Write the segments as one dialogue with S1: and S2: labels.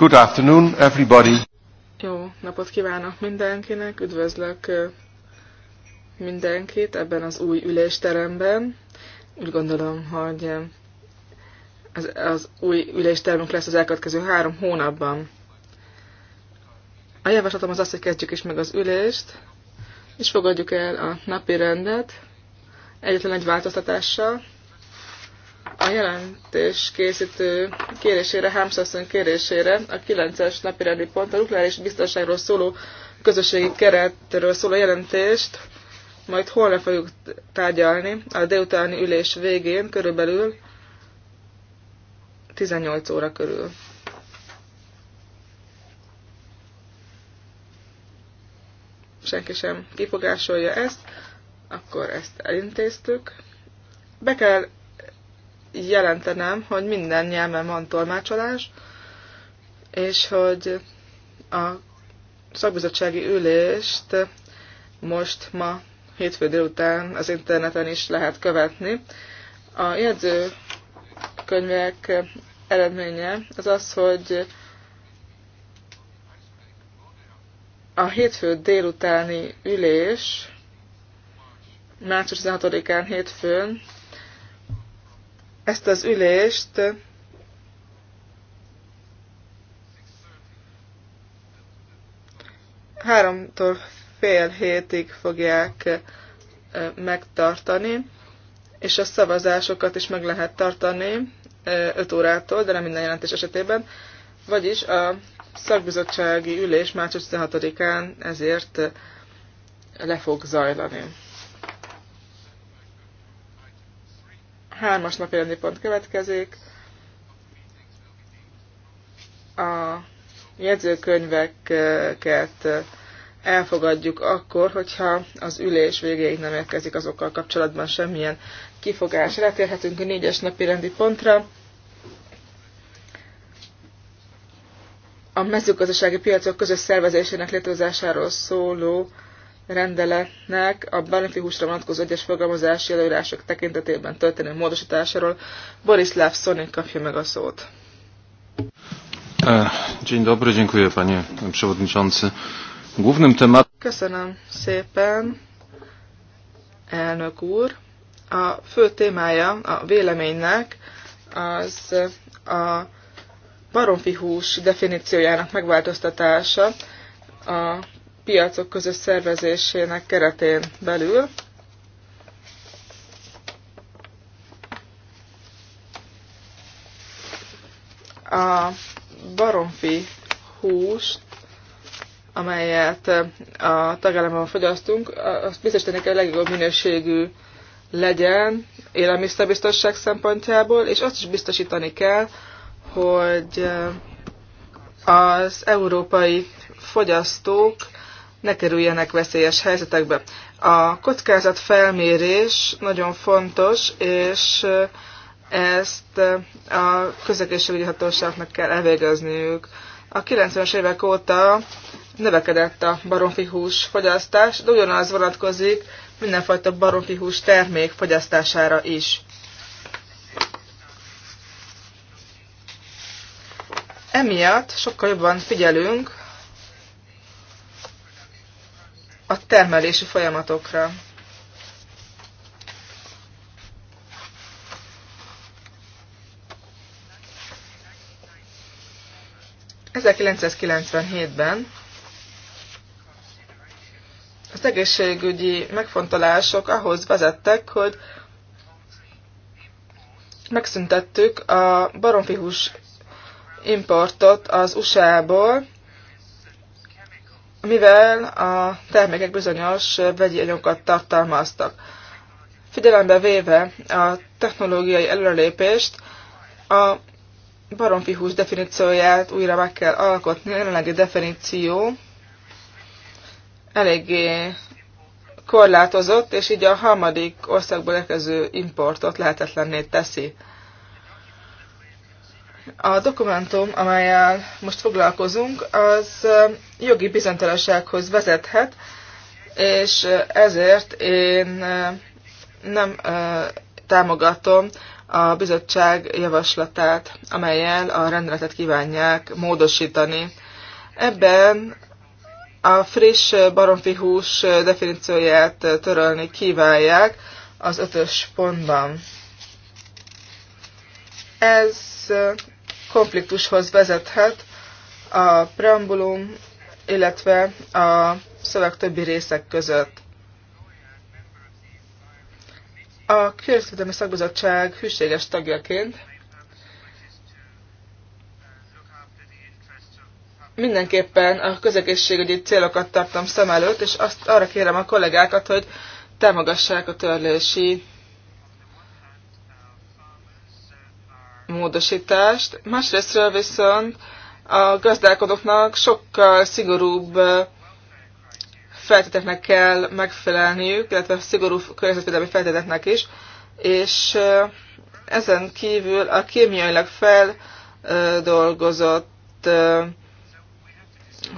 S1: Good afternoon, everybody.
S2: Jó napot kívánok mindenkinek, üdvözlök mindenkit ebben az új ülésteremben. Úgy gondolom, hogy az, az új ülésteremünk lesz az elkövetkező három hónapban. A javaslatom az az, hogy kezdjük is meg az ülést, és fogadjuk el a napi rendet, egyetlen egy változtatással, a jelentés készítő kérésére, Hámsasszony kérésére a 9-es napirendi pont a nukleáris biztonságról szóló közösségi keretről szóló jelentést majd holnap fogjuk tárgyalni a délutáni ülés végén, körülbelül 18 óra körül. Senki sem kifogásolja ezt, akkor ezt elintéztük. Be kell jelentenem, hogy minden nyelven van tolmácsolás, és hogy a szakbizottsági ülést most ma hétfő délután az interneten is lehet követni. A jegyzőkönyvek eredménye az az, hogy a hétfő délutáni ülés március 16-án hétfőn ezt az ülést háromtól fél hétig fogják megtartani, és a szavazásokat is meg lehet tartani 5 órától, de nem minden jelentés esetében, vagyis a szakbizottsági ülés március 16-án ezért le fog zajlani. Hármas napi rendi pont következik. A jegyzőkönyveket elfogadjuk akkor, hogyha az ülés végéig nem érkezik azokkal kapcsolatban semmilyen kifogás. Rátérhetünk a négyes napi rendi pontra. A mezőgazdasági piacok közös szervezésének létrehozásáról szóló rendeletnek a bármiféle húsra vonatkozó egyes fogalmazási előírások tekintetében történő módosításáról. Borislav Szonik kapja meg a szót.
S1: Eh, dzień dobry, dziękuję panie przewodniczący. Głównym temat...
S2: Köszönöm szépen, elnök úr. A fő témája a véleménynek az a hús definíciójának megváltoztatása, a piacok közös szervezésének keretén belül. A baromfi húst, amelyet a tagállamban fogyasztunk, azt biztosítani kell, a legjobb minőségű legyen élelmiszerbiztonság szempontjából, és azt is biztosítani kell, hogy az európai fogyasztók ne kerüljenek veszélyes helyzetekbe. A kockázat felmérés nagyon fontos, és eh, ezt eh, a közegészségügyi hatóságnak kell elvégezniük. A 90-es évek óta növekedett a hús fogyasztás, de ugyanaz vonatkozik mindenfajta hús termék fogyasztására is. Emiatt sokkal jobban figyelünk a termelési folyamatokra. Ezek ...1997-ben az egészségügyi megfontolások ahhoz vezettek, hogy megszüntettük a baromfihús importot az USA-ból, mivel a termékek bizonyos vegyi anyagokat tartalmaztak. Figyelembe véve a technológiai előrelépést, a baromfihús definícióját újra meg kell alkotni, a jelenlegi definíció eléggé korlátozott, és így a harmadik országból érkező importot lehetetlenné teszi. A dokumentum, amelyel most foglalkozunk, az jogi bizonytalansághoz vezethet, és ezért én nem támogatom a bizottság javaslatát, amelyel a rendeletet kívánják módosítani. Ebben a friss baromfi hús definícióját törölni kívánják az ötös pontban. Ez konfliktushoz vezethet a preambulum, illetve a szöveg többi részek között. A Környezetvédelmi Szakbizottság hűséges tagjaként mindenképpen a közegészségügyi célokat tartom szem előtt, és azt arra kérem a kollégákat, hogy támogassák a törlési módosítást, másrésztről viszont a gazdálkodóknak sokkal szigorúbb feltételeknek kell megfelelniük, illetve szigorú környezetvédelmi feltételeknek is, és ezen kívül a kémiailag feldolgozott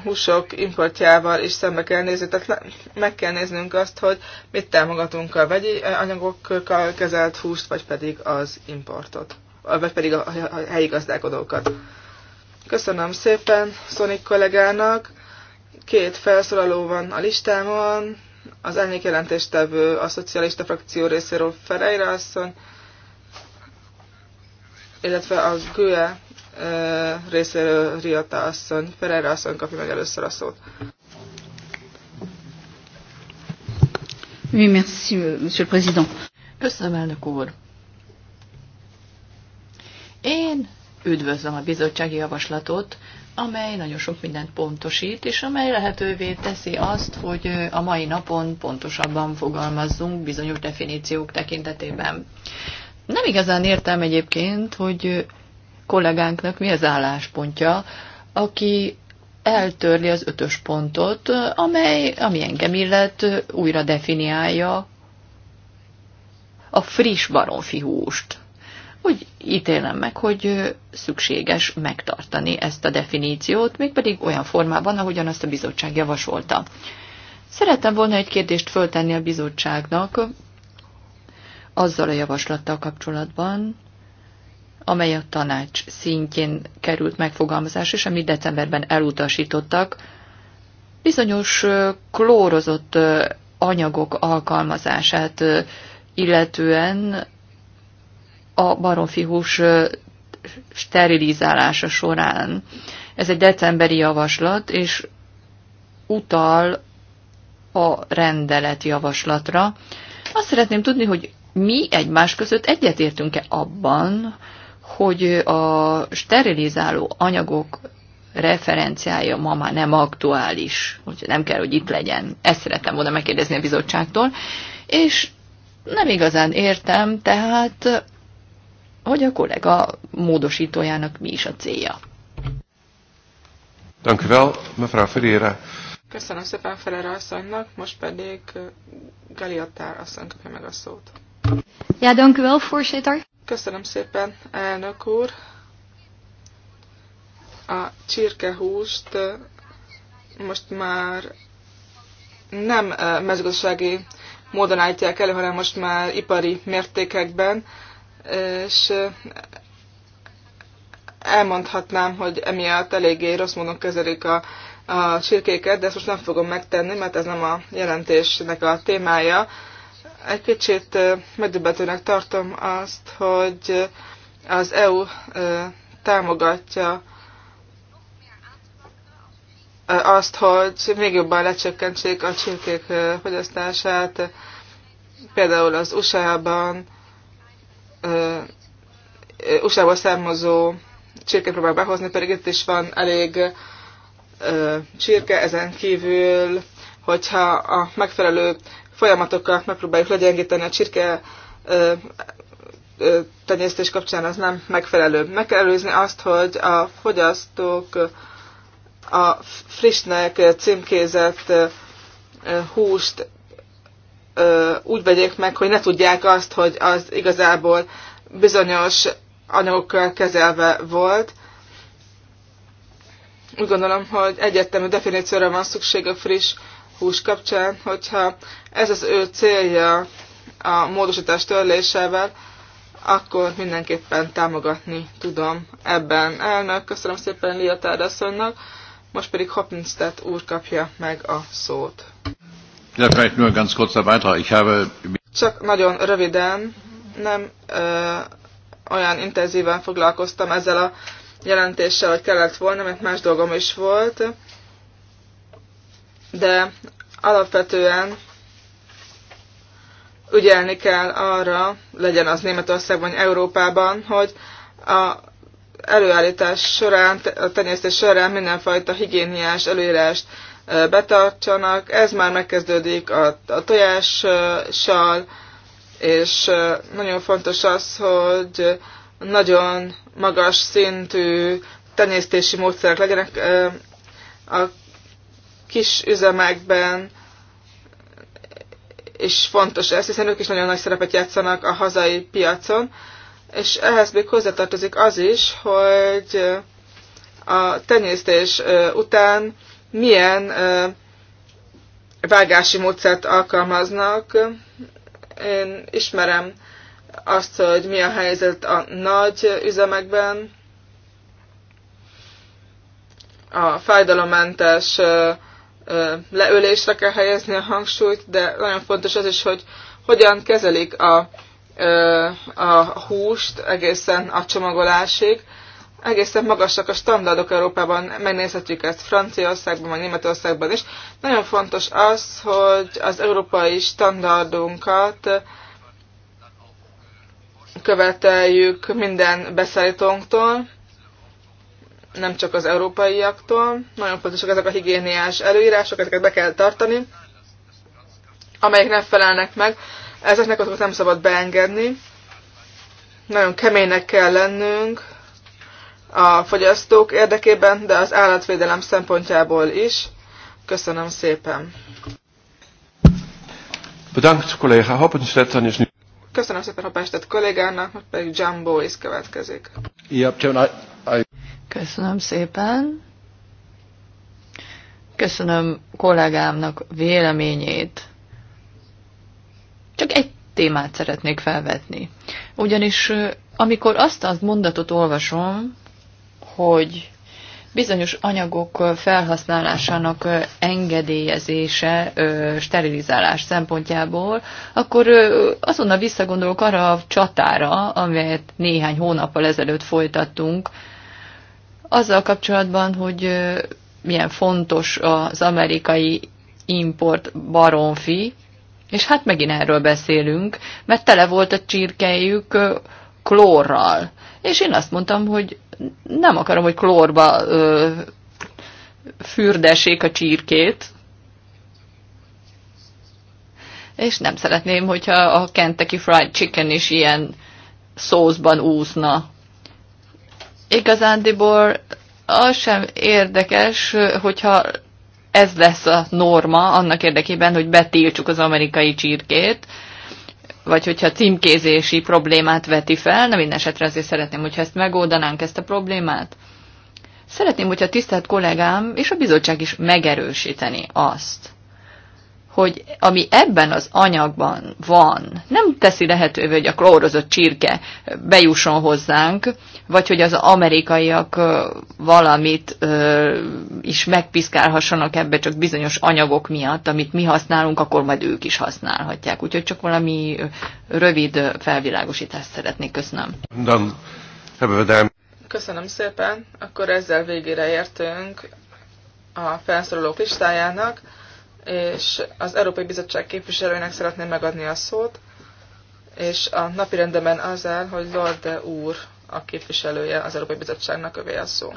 S2: húsok importjával is szembe kell nézni, tehát meg kell néznünk azt, hogy mit támogatunk a vegyi anyagokkal kezelt húst, vagy pedig az importot vagy pedig a helyi gazdálkodókat. Köszönöm szépen Szonik kollégának. Két felszólaló van a listámon. Az elnyék jelentéstevő a szocialista frakció részéről Ferreira asszony, illetve a GUE részéről Riata asszony. Ferreira asszony kapja meg először a szót.
S1: Oui, merci, euh, monsieur le président. Köszönöm, elnök úr. üdvözlöm a bizottsági javaslatot, amely nagyon sok mindent pontosít, és amely lehetővé teszi azt, hogy a mai napon pontosabban fogalmazzunk bizonyos definíciók tekintetében. Nem igazán értem egyébként, hogy kollégánknak mi az álláspontja, aki eltörli az ötös pontot, amely, ami engem illet, újra definiálja a friss baromfi húst úgy ítélem meg, hogy szükséges megtartani ezt a definíciót, mégpedig olyan formában, ahogyan azt a bizottság javasolta. Szerettem volna egy kérdést föltenni a bizottságnak azzal a javaslattal kapcsolatban, amely a tanács szintjén került megfogalmazás, és amit decemberben elutasítottak, bizonyos klórozott anyagok alkalmazását illetően a baromfihús sterilizálása során. Ez egy decemberi javaslat, és utal a rendelet javaslatra. Azt szeretném tudni, hogy mi egymás között egyetértünk-e abban, hogy a sterilizáló anyagok referenciája ma már nem aktuális, úgyhogy nem kell, hogy itt legyen. Ezt szerettem volna megkérdezni a bizottságtól, és nem igazán értem, tehát hogy a kollega módosítójának mi is a célja. Dank mevrouw Ferreira.
S2: Köszönöm szépen Ferreira asszonynak, most pedig eh, Galiattár asszony kapja meg a szót. Ja, dank u wel, voorzitter. Köszönöm szépen, elnök úr. A csirkehúst eh, most már nem eh, mezőgazdasági módon állítják elő, hanem most már ipari mértékekben és elmondhatnám, hogy emiatt eléggé rossz módon kezelik a, a csirkéket, de ezt most nem fogom megtenni, mert ez nem a jelentésnek a témája. Egy kicsit megdöbbetőnek tartom azt, hogy az EU támogatja azt, hogy még jobban lecsökkentsék a csirkék fogyasztását, például az USA-ban, USA-ból származó csirke próbál behozni, pedig itt is van elég ö, csirke, ezen kívül, hogyha a megfelelő folyamatokkal megpróbáljuk legyengíteni a csirke ö, ö, tenyésztés kapcsán, az nem megfelelő. Meg kell előzni azt, hogy a fogyasztók a frissnek címkézett húst úgy vegyék meg, hogy ne tudják azt, hogy az igazából bizonyos anyagokkal kezelve volt. Úgy gondolom, hogy egyértelmű definícióra van szükség a friss hús kapcsán, hogyha ez az ő célja a módosítás törlésével, akkor mindenképpen támogatni tudom ebben. Elnök, köszönöm szépen Lia Tárdasszonynak, most pedig Hopinstedt úr kapja meg a szót. Csak nagyon röviden, nem ö, olyan intenzíven foglalkoztam ezzel a jelentéssel, hogy kellett volna, mert más dolgom is volt. De alapvetően ügyelni kell arra, legyen az Németországban vagy Európában, hogy a előállítás során, a tenyésztés során mindenfajta higiéniás előírást betartsanak. Ez már megkezdődik a, a tojással, és nagyon fontos az, hogy nagyon magas szintű tenyésztési módszerek legyenek a kis üzemekben, és fontos ez, hiszen ők is nagyon nagy szerepet játszanak a hazai piacon, és ehhez még hozzátartozik az is, hogy a tenyésztés után milyen vágási módszert alkalmaznak. Én ismerem azt, hogy mi a helyzet a nagy üzemekben, a fájdalommentes leölésre kell helyezni a hangsúlyt, de nagyon fontos az is, hogy hogyan kezelik a, a húst egészen a csomagolásig egészen magasak a standardok Európában, megnézhetjük ezt Franciaországban, vagy Németországban is. Nagyon fontos az, hogy az európai standardunkat követeljük minden beszállítónktól, nem csak az európaiaktól. Nagyon fontosak ezek a higiéniás előírások, ezeket be kell tartani, amelyek nem felelnek meg. Ezeknek azokat nem szabad beengedni. Nagyon keménynek kell lennünk, a fogyasztók érdekében, de az állatvédelem szempontjából is. Köszönöm szépen! Köszönöm szépen Hoppenstedt kollégának, most pedig Jumbo is következik.
S1: Köszönöm szépen! Köszönöm kollégámnak véleményét. Csak egy témát szeretnék felvetni. Ugyanis amikor azt az mondatot olvasom, hogy bizonyos anyagok felhasználásának engedélyezése sterilizálás szempontjából, akkor azonnal visszagondolok arra a csatára, amelyet néhány hónappal ezelőtt folytattunk, azzal kapcsolatban, hogy milyen fontos az amerikai import baronfi, és hát megint erről beszélünk, mert tele volt a csirkejük klórral és én azt mondtam, hogy nem akarom, hogy klórba ö, fürdessék a csirkét, és nem szeretném, hogyha a Kentucky Fried Chicken is ilyen szózban úszna. Igazándiból az sem érdekes, hogyha ez lesz a norma annak érdekében, hogy betiltsuk az amerikai csirkét, vagy hogyha címkézési problémát veti fel, nem minden esetre azért szeretném, hogyha ezt megoldanánk, ezt a problémát. Szeretném, hogyha tisztelt kollégám és a bizottság is megerősíteni azt, hogy ami ebben az anyagban van, nem teszi lehetővé, hogy a klórozott csirke bejusson hozzánk, vagy hogy az amerikaiak valamit is megpiszkálhassanak ebbe csak bizonyos anyagok miatt, amit mi használunk, akkor majd ők is használhatják. Úgyhogy csak valami rövid felvilágosítást szeretnék. Köszönöm.
S2: Köszönöm szépen. Akkor ezzel végére értünk a felszorolók listájának és az Európai Bizottság képviselőinek szeretném megadni a szót, és a napi rendemen az áll, hogy Lorde úr a képviselője az Európai Bizottságnak övé a szó.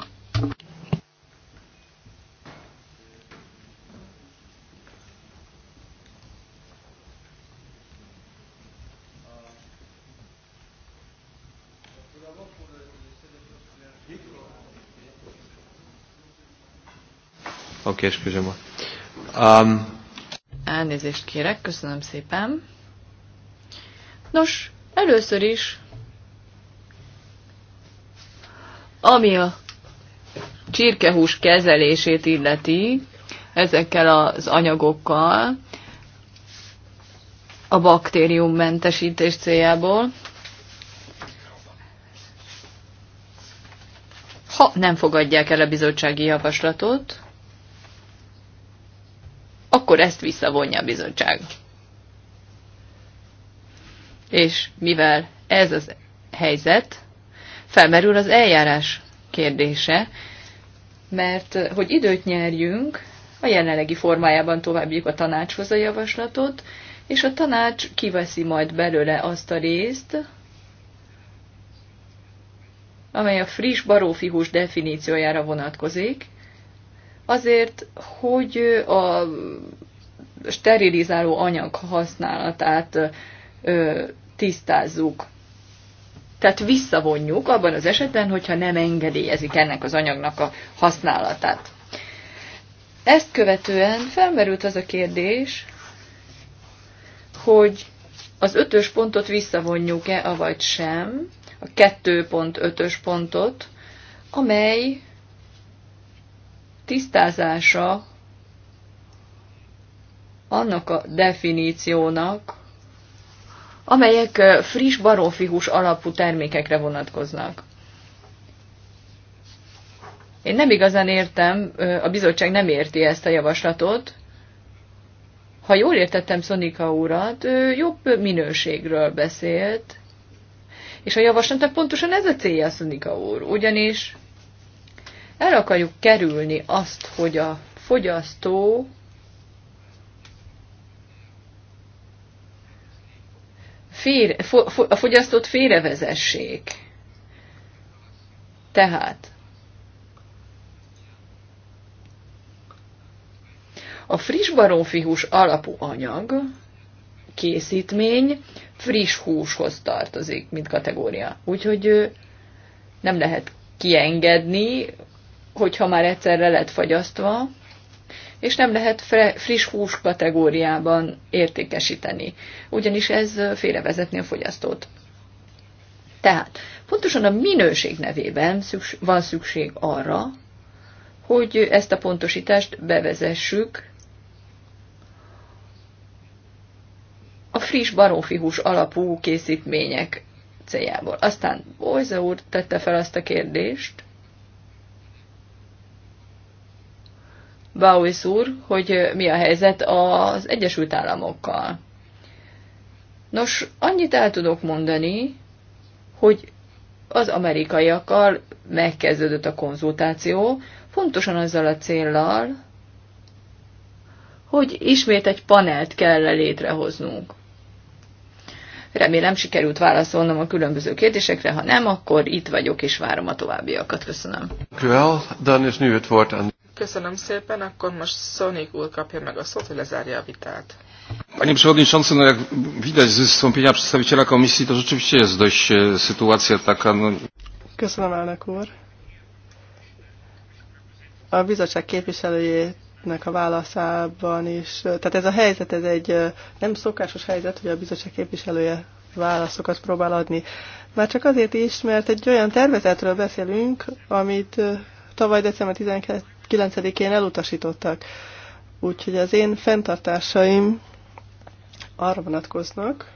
S1: Ok, excusez-moi. Um, Elnézést kérek, köszönöm szépen. Nos, először is, ami a csirkehús kezelését illeti, ezekkel az anyagokkal, a baktériummentesítés céljából, ha nem fogadják el a bizottsági javaslatot, akkor ezt visszavonja a bizottság. És mivel ez az helyzet, felmerül az eljárás kérdése, mert eh, hogy időt nyerjünk, a jelenlegi formájában továbbjuk a tanácshoz a javaslatot, és a tanács kiveszi majd belőle azt a részt, amely a friss barófi hús definíciójára vonatkozik, azért, hogy a sterilizáló anyag használatát tisztázzuk. Tehát visszavonjuk abban az esetben, hogyha nem engedélyezik ennek az anyagnak a használatát. Ezt követően felmerült az a kérdés, hogy az ötös pontot visszavonjuk-e, avagy sem, a 2.5-ös pontot, amely tisztázása annak a definíciónak, amelyek friss barófihús alapú termékekre vonatkoznak. Én nem igazán értem, a bizottság nem érti ezt a javaslatot. Ha jól értettem Szonika úrat, ő jobb minőségről beszélt, és a javaslatnak pontosan ez a célja, Szonika úr, ugyanis el akarjuk kerülni azt, hogy a fogyasztó félre, fo, fo, a fogyasztót félrevezessék. Tehát a friss baromfihús alapú anyag készítmény friss húshoz tartozik, mint kategória. Úgyhogy nem lehet kiengedni hogyha már egyszerre lett fagyasztva, és nem lehet friss hús kategóriában értékesíteni, ugyanis ez félrevezetni a fogyasztót. Tehát pontosan a minőség nevében szükség, van szükség arra, hogy ezt a pontosítást bevezessük a friss hús alapú készítmények céljából. Aztán Bojza úr tette fel azt a kérdést, Bauis úr, hogy mi a helyzet az Egyesült Államokkal. Nos, annyit el tudok mondani, hogy az amerikaiakkal megkezdődött a konzultáció, pontosan azzal a céllal, hogy ismét egy panelt kell -e létrehoznunk. Remélem sikerült válaszolnom a különböző kérdésekre, ha nem, akkor itt vagyok és várom a továbbiakat. Köszönöm. Köszönöm. Dan is nu het
S2: Köszönöm szépen, akkor most Sonic úr kapja meg a szót, hogy lezárja a vitát.
S1: Panie Przewodniczący, no jak widać z wystąpienia przedstawiciela Komisji, to rzeczywiście jest dość e, sytuacja taka... No...
S2: Köszönöm, elnök úr.
S3: A bizottság képviselőjének a válaszában is, e, tehát ez a helyzet, ez egy e, nem szokásos helyzet, hogy a bizottság képviselője válaszokat próbál adni. Már csak azért is, mert egy olyan tervezetről beszélünk, amit tavaly december 12 9-én elutasították. Úgyhogy az én fenntartásaim arra vonatkoznak,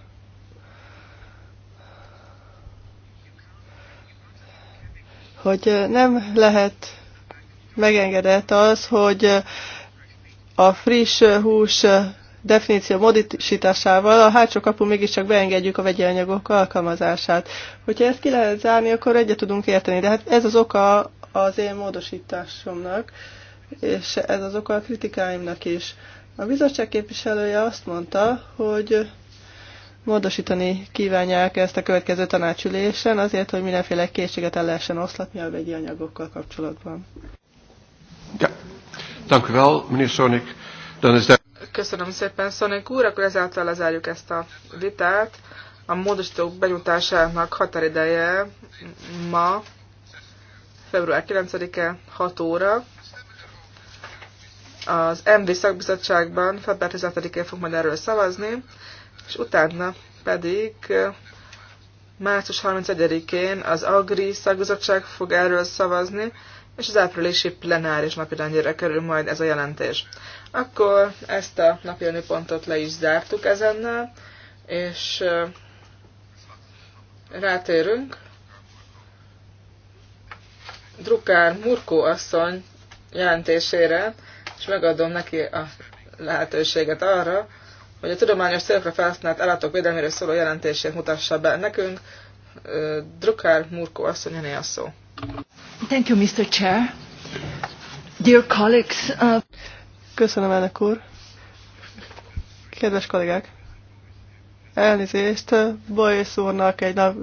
S3: hogy nem lehet megengedett az, hogy a friss hús definíció modisításával a hátsó kapu mégiscsak beengedjük a vegyi anyagok alkalmazását. Hogyha ezt ki lehet zárni, akkor egyet tudunk érteni, de hát ez az oka az én módosításomnak, és ez az oka a kritikáimnak is. A bizottság képviselője azt mondta, hogy módosítani kívánják ezt a következő tanácsülésen azért, hogy mindenféle készséget el lehessen oszlatni a vegyi anyagokkal kapcsolatban.
S1: Ja. Dank u Sonik.
S2: Köszönöm szépen, Sonik úr, akkor ezáltal lezárjuk ezt a vitát. A módosítók benyújtásának határideje ma február 9-e 6 óra. Az MV szakbizottságban február 17 én fog majd erről szavazni, és utána pedig eh, március 31-én az Agri szakbizottság fog erről szavazni, és az áprilisi plenáris napirendjére kerül majd ez a jelentés. Akkor ezt a napi pontot le is zártuk ezennel, és eh, rátérünk Drukár Murkó asszony jelentésére, és megadom neki a lehetőséget arra, hogy a tudományos célokra felhasznált állatok védelméről szóló jelentését mutassa be nekünk. Drukár Murkó asszony, jönné a szó.
S3: Thank you, Mr. Chair. Dear colleagues, uh... Köszönöm, elnök úr. Kedves kollégák, elnézést, Bajsz úrnak egy nap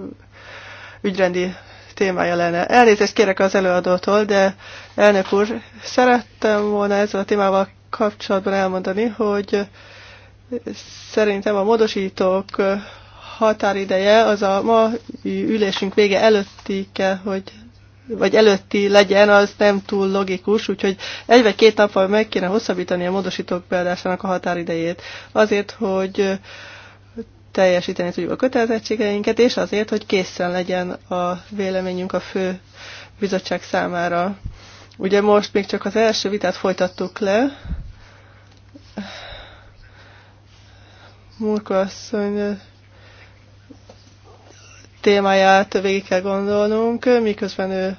S3: ügyrendi témája lenne. Elnézést kérek az előadótól, de elnök úr, szerettem volna ezzel a témával kapcsolatban elmondani, hogy szerintem a módosítók határideje az a ma ülésünk vége előtti kell, hogy vagy előtti legyen, az nem túl logikus, úgyhogy egy vagy két nappal meg kéne hosszabbítani a módosítók beadásának a határidejét. Azért, hogy teljesíteni tudjuk a kötelezettségeinket, és azért, hogy készen legyen a véleményünk a fő bizottság számára. Ugye most még csak az első vitát folytattuk le. Murka asszony témáját végig kell gondolnunk, miközben ő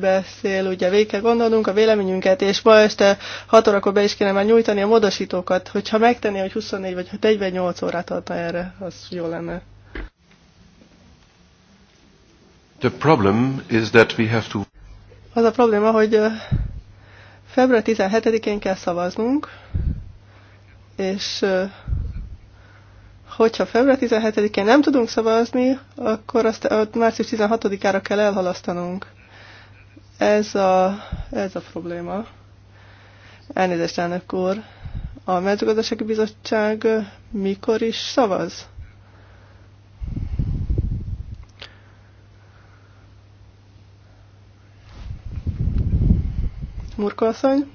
S3: beszél, ugye végig kell gondolnunk a véleményünket, és ma este 6 órakor be is kéne már nyújtani a módosítókat. Hogyha megtenné, hogy 24 vagy 48 órát adna erre, az jó lenne.
S1: The problem is that we have to...
S3: Az a probléma, hogy február 17-én kell szavaznunk, és hogyha február 17-én nem tudunk szavazni, akkor azt a március 16-ára kell elhalasztanunk. Ez a, ez a probléma. Elnézést, elnök úr. A mezőgazdasági bizottság mikor is szavaz? Murka asszony.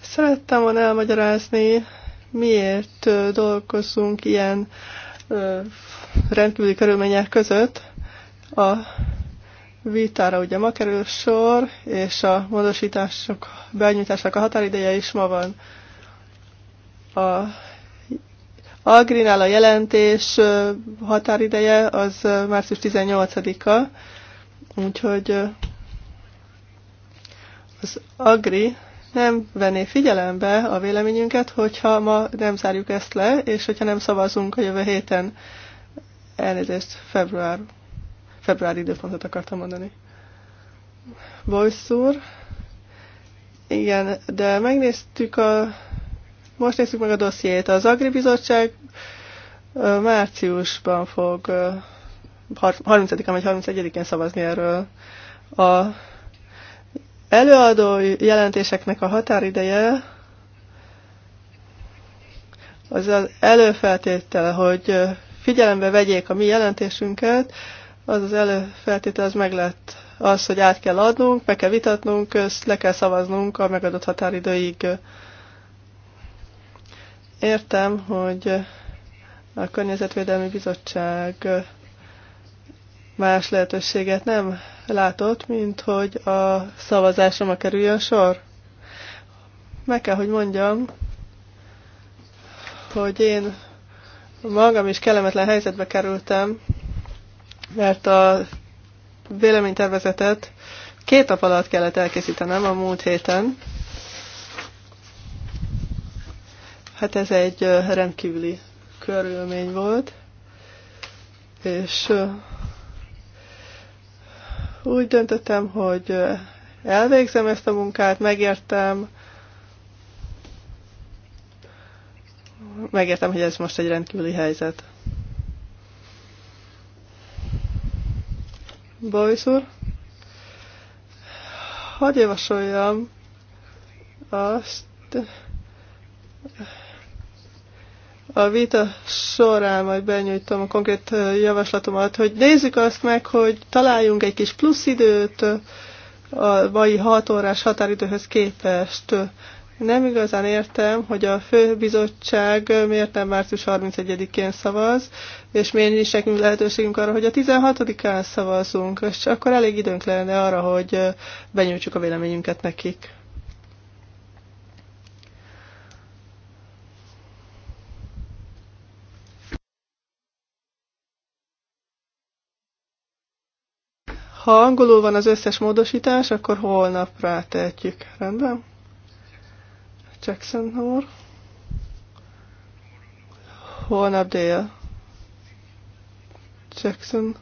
S3: Szerettem volna elmagyarázni, miért dolgozunk ilyen rendkívüli körülmények között. A vitára ugye ma kerül sor, és a módosítások benyújtásnak a határideje is ma van. A Agrinál a jelentés határideje az március 18-a, úgyhogy az Agri nem venné figyelembe a véleményünket, hogyha ma nem zárjuk ezt le, és hogyha nem szavazunk a jövő héten elnézést február februári időpontot akartam mondani. Bajszúr. igen, de megnéztük a, most nézzük meg a dossziét. Az Agri Bizottság márciusban fog 30-án vagy 31-én szavazni erről. A előadó jelentéseknek a határideje az az előfeltétele, hogy figyelembe vegyék a mi jelentésünket, az az előfeltétel az meg lett az, hogy át kell adnunk, meg kell vitatnunk, ezt le kell szavaznunk a megadott határidőig. Értem, hogy a Környezetvédelmi Bizottság más lehetőséget nem látott, mint hogy a szavazásra ma kerüljön sor. Meg kell, hogy mondjam, hogy én magam is kellemetlen helyzetbe kerültem, mert a véleménytervezetet két nap alatt kellett elkészítenem a múlt héten. Hát ez egy rendkívüli körülmény volt, és úgy döntöttem, hogy elvégzem ezt a munkát, megértem, megértem, hogy ez most egy rendkívüli helyzet. Bajsz úr. Hogy javasoljam azt a vita során majd benyújtom a konkrét javaslatomat, hogy nézzük azt meg, hogy találjunk egy kis plusz időt a mai 6 órás határidőhöz képest nem igazán értem, hogy a főbizottság miért nem március 31-én szavaz, és miért is nekünk lehetőségünk arra, hogy a 16-án szavazunk, és akkor elég időnk lenne arra, hogy benyújtsuk a véleményünket nekik. Ha angolul van az összes módosítás, akkor holnap rátehetjük. Rendben? Jackson úr. Holnap dél. Jackson.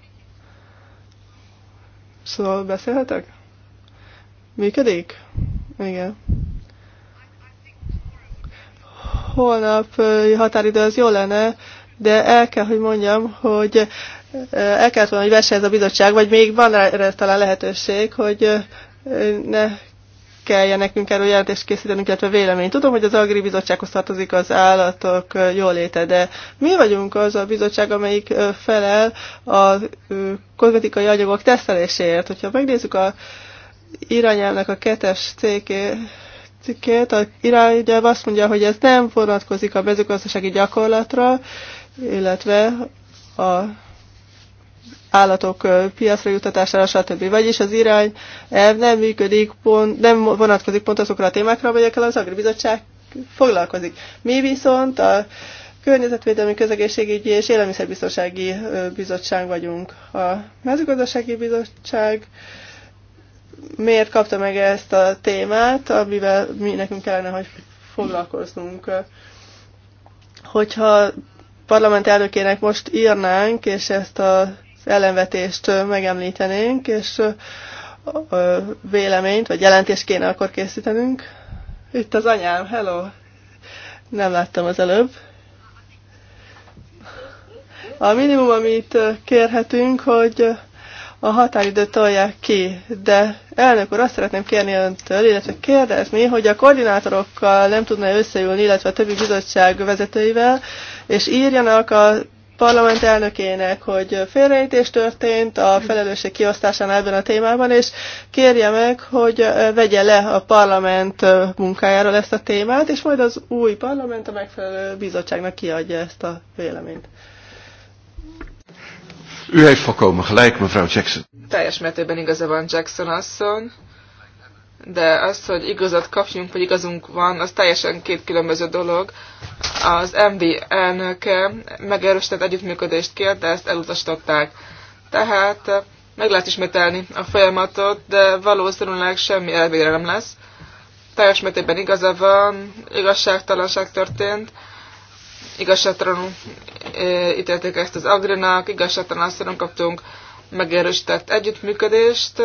S3: Szóval beszélhetek? Működik? Igen. Holnap határidő az jó lenne, de el kell, hogy mondjam, hogy el kellett volna, hogy ez a bizottság, vagy még van erre talán lehetőség, hogy ne kelljen nekünk erről jelentést készítenünk, illetve vélemény. Tudom, hogy az Agri Bizottsághoz tartozik az állatok jóléte, de mi vagyunk az a bizottság, amelyik felel a kozmetikai anyagok teszteléséért. Hogyha megnézzük a irányelvnek a kettes cékét, cikkét, a irányelv azt mondja, hogy ez nem vonatkozik a mezőgazdasági gyakorlatra, illetve a állatok piacra jutatására, stb. Vagyis az irány e, nem működik, pont, nem vonatkozik pont azokra a témákra, amelyekkel az Agribizottság foglalkozik. Mi viszont a Környezetvédelmi, Közegészségügyi és Élelmiszerbiztonsági Bizottság vagyunk. A Mezőgazdasági Bizottság miért kapta meg ezt a témát, amivel mi nekünk kellene, hogy foglalkoznunk. Hogyha parlament elnökének most írnánk, és ezt a ellenvetést megemlítenénk, és véleményt, vagy jelentést kéne akkor készítenünk. Itt az anyám, hello! Nem láttam az előbb. A minimum, amit kérhetünk, hogy a határidőt tolják ki, de elnök úr, azt szeretném kérni öntől, illetve kérdezni, hogy a koordinátorokkal nem tudna összeülni, illetve a többi bizottság vezetőivel, és írjanak a parlament elnökének, hogy félreértés történt a felelősség kiosztásán ebben a témában, és kérje meg, hogy vegye le a parlament munkájáról ezt a témát, és majd az új parlament a megfelelő bizottságnak kiadja ezt a véleményt.
S1: Ő egy volkomen like, mevrouw Jackson.
S2: Teljes mértékben igaza van Jackson asszony de az, hogy igazat kapjunk, vagy igazunk van, az teljesen két különböző dolog. Az MD elnöke megerősített együttműködést kért, de ezt elutasították. Tehát eh, meg lehet ismételni a folyamatot, de valószínűleg semmi elvére nem lesz. Teljes mértékben igaza van, igazságtalanság történt, igazságtalanul eh, ítélték ezt az Agrinak, igazságtalan kaptunk megerősített együttműködést,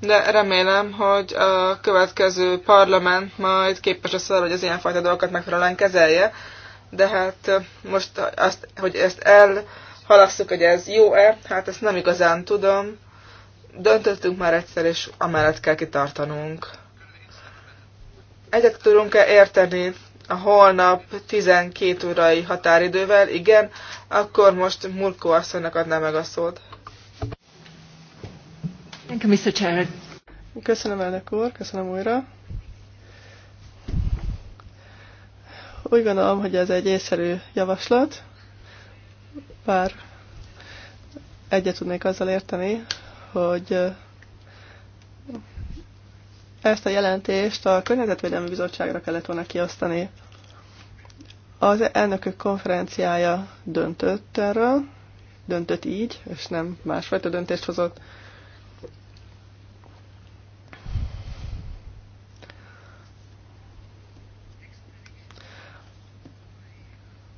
S2: de remélem, hogy a következő parlament majd képes lesz arra, hogy az ilyenfajta dolgokat megfelelően kezelje, de hát most azt, hogy ezt elhalasszuk, hogy ez jó-e, hát ezt nem igazán tudom. Döntöttünk már egyszer, és amellett kell kitartanunk. Egyet tudunk-e érteni a holnap 12 órai határidővel? Igen, akkor most Murko asszonynak adná meg a szót.
S1: Thank you, Mr. Chair.
S3: Köszönöm, elnök úr, köszönöm újra. Úgy gondolom, hogy ez egy észszerű javaslat, bár egyet tudnék azzal érteni, hogy ezt a jelentést a Környezetvédelmi Bizottságra kellett volna kiosztani. Az elnökök konferenciája döntött erről, döntött így, és nem másfajta döntést hozott.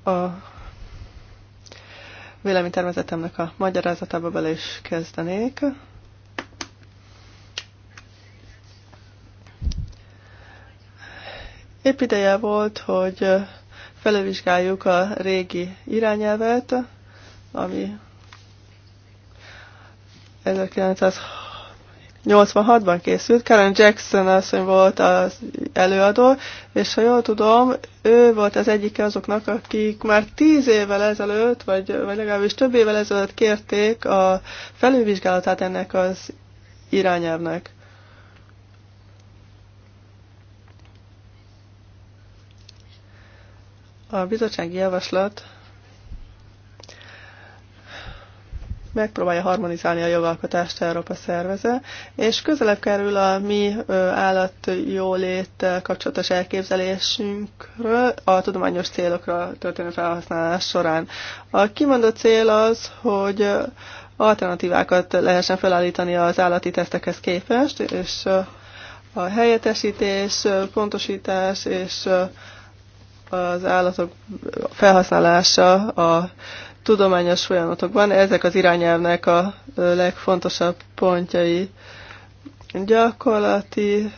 S3: A véleménytervezetemnek a magyarázatába bele is kezdenék. Épp ideje volt, hogy felülvizsgáljuk a régi irányelvet, ami 1960 86-ban készült, Karen Jackson asszony volt az előadó, és ha jól tudom, ő volt az egyike azoknak, akik már tíz évvel ezelőtt, vagy, vagy legalábbis több évvel ezelőtt kérték a felülvizsgálatát ennek az irányelvnek. A bizottsági javaslat megpróbálja harmonizálni a jogalkotást Európa szerveze, és közelebb kerül a mi állatjólét kapcsolatos elképzelésünkről a tudományos célokra történő felhasználás során. A kimondott cél az, hogy alternatívákat lehessen felállítani az állati tesztekhez képest, és a helyettesítés, pontosítás és az állatok felhasználása a tudományos folyamatokban. Ezek az irányelvnek a legfontosabb pontjai. Gyakorlati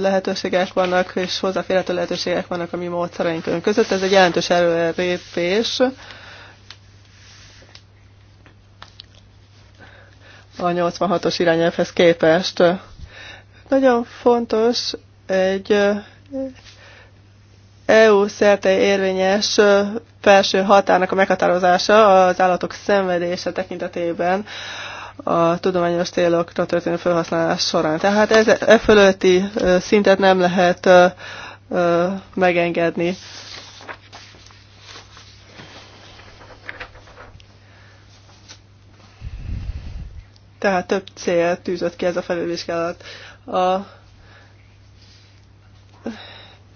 S3: lehetőségek vannak, és hozzáférhető lehetőségek vannak a mi módszereink között. Ez egy jelentős előrépés. a 86-os irányelvhez képest. Nagyon fontos egy EU szerte érvényes felső határnak a meghatározása az állatok szenvedése tekintetében a tudományos célokra történő felhasználás során. Tehát ez, e fölötti szintet nem lehet megengedni. Tehát több cél tűzött ki ez a felülvizsgálat. A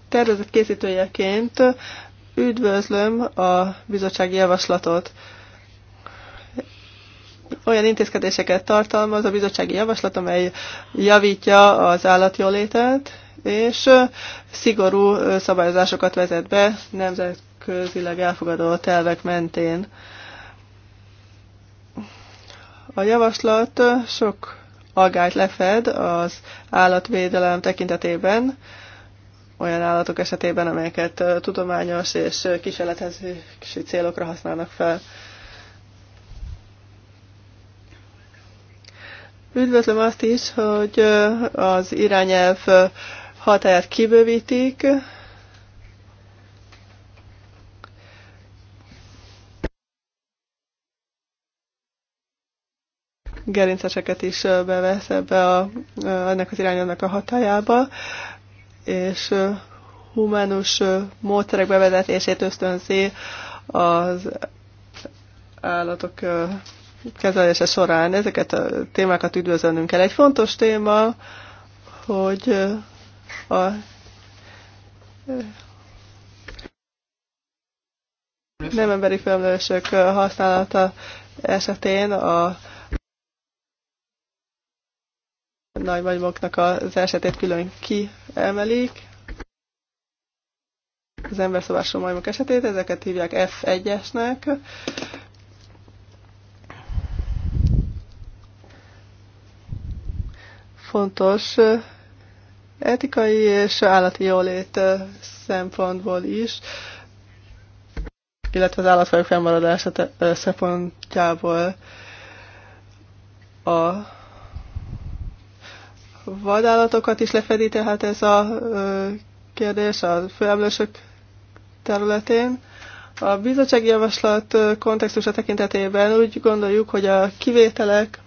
S3: tervezet készítőjeként üdvözlöm a bizottsági javaslatot. Olyan intézkedéseket tartalmaz a bizottsági javaslat, amely javítja az állatjólétet, és szigorú szabályozásokat vezet be nemzetközileg elfogadott elvek mentén. A javaslat sok agályt lefed az állatvédelem tekintetében, olyan állatok esetében, amelyeket tudományos és kísérletezési célokra használnak fel. Üdvözlöm azt is, hogy az irányelv hatáját kibővítik, gerinceseket is bevesz ebbe a, ennek az irányának a hatájába és humánus módszerek bevezetését ösztönzi az állatok kezelése során. Ezeket a témákat üdvözölnünk kell. Egy fontos téma, hogy a nem emberi felmelősök használata esetén a nagymagymoknak az esetét külön ki emelik az emberszabású majmok esetét, ezeket hívják F1-esnek. Fontos etikai és állati jólét szempontból is, illetve az állatfajok fennmaradása szempontjából a vadállatokat is lefedi, tehát ez a kérdés a főemlősök területén. A bizottsági javaslat kontextusa tekintetében úgy gondoljuk, hogy a kivételek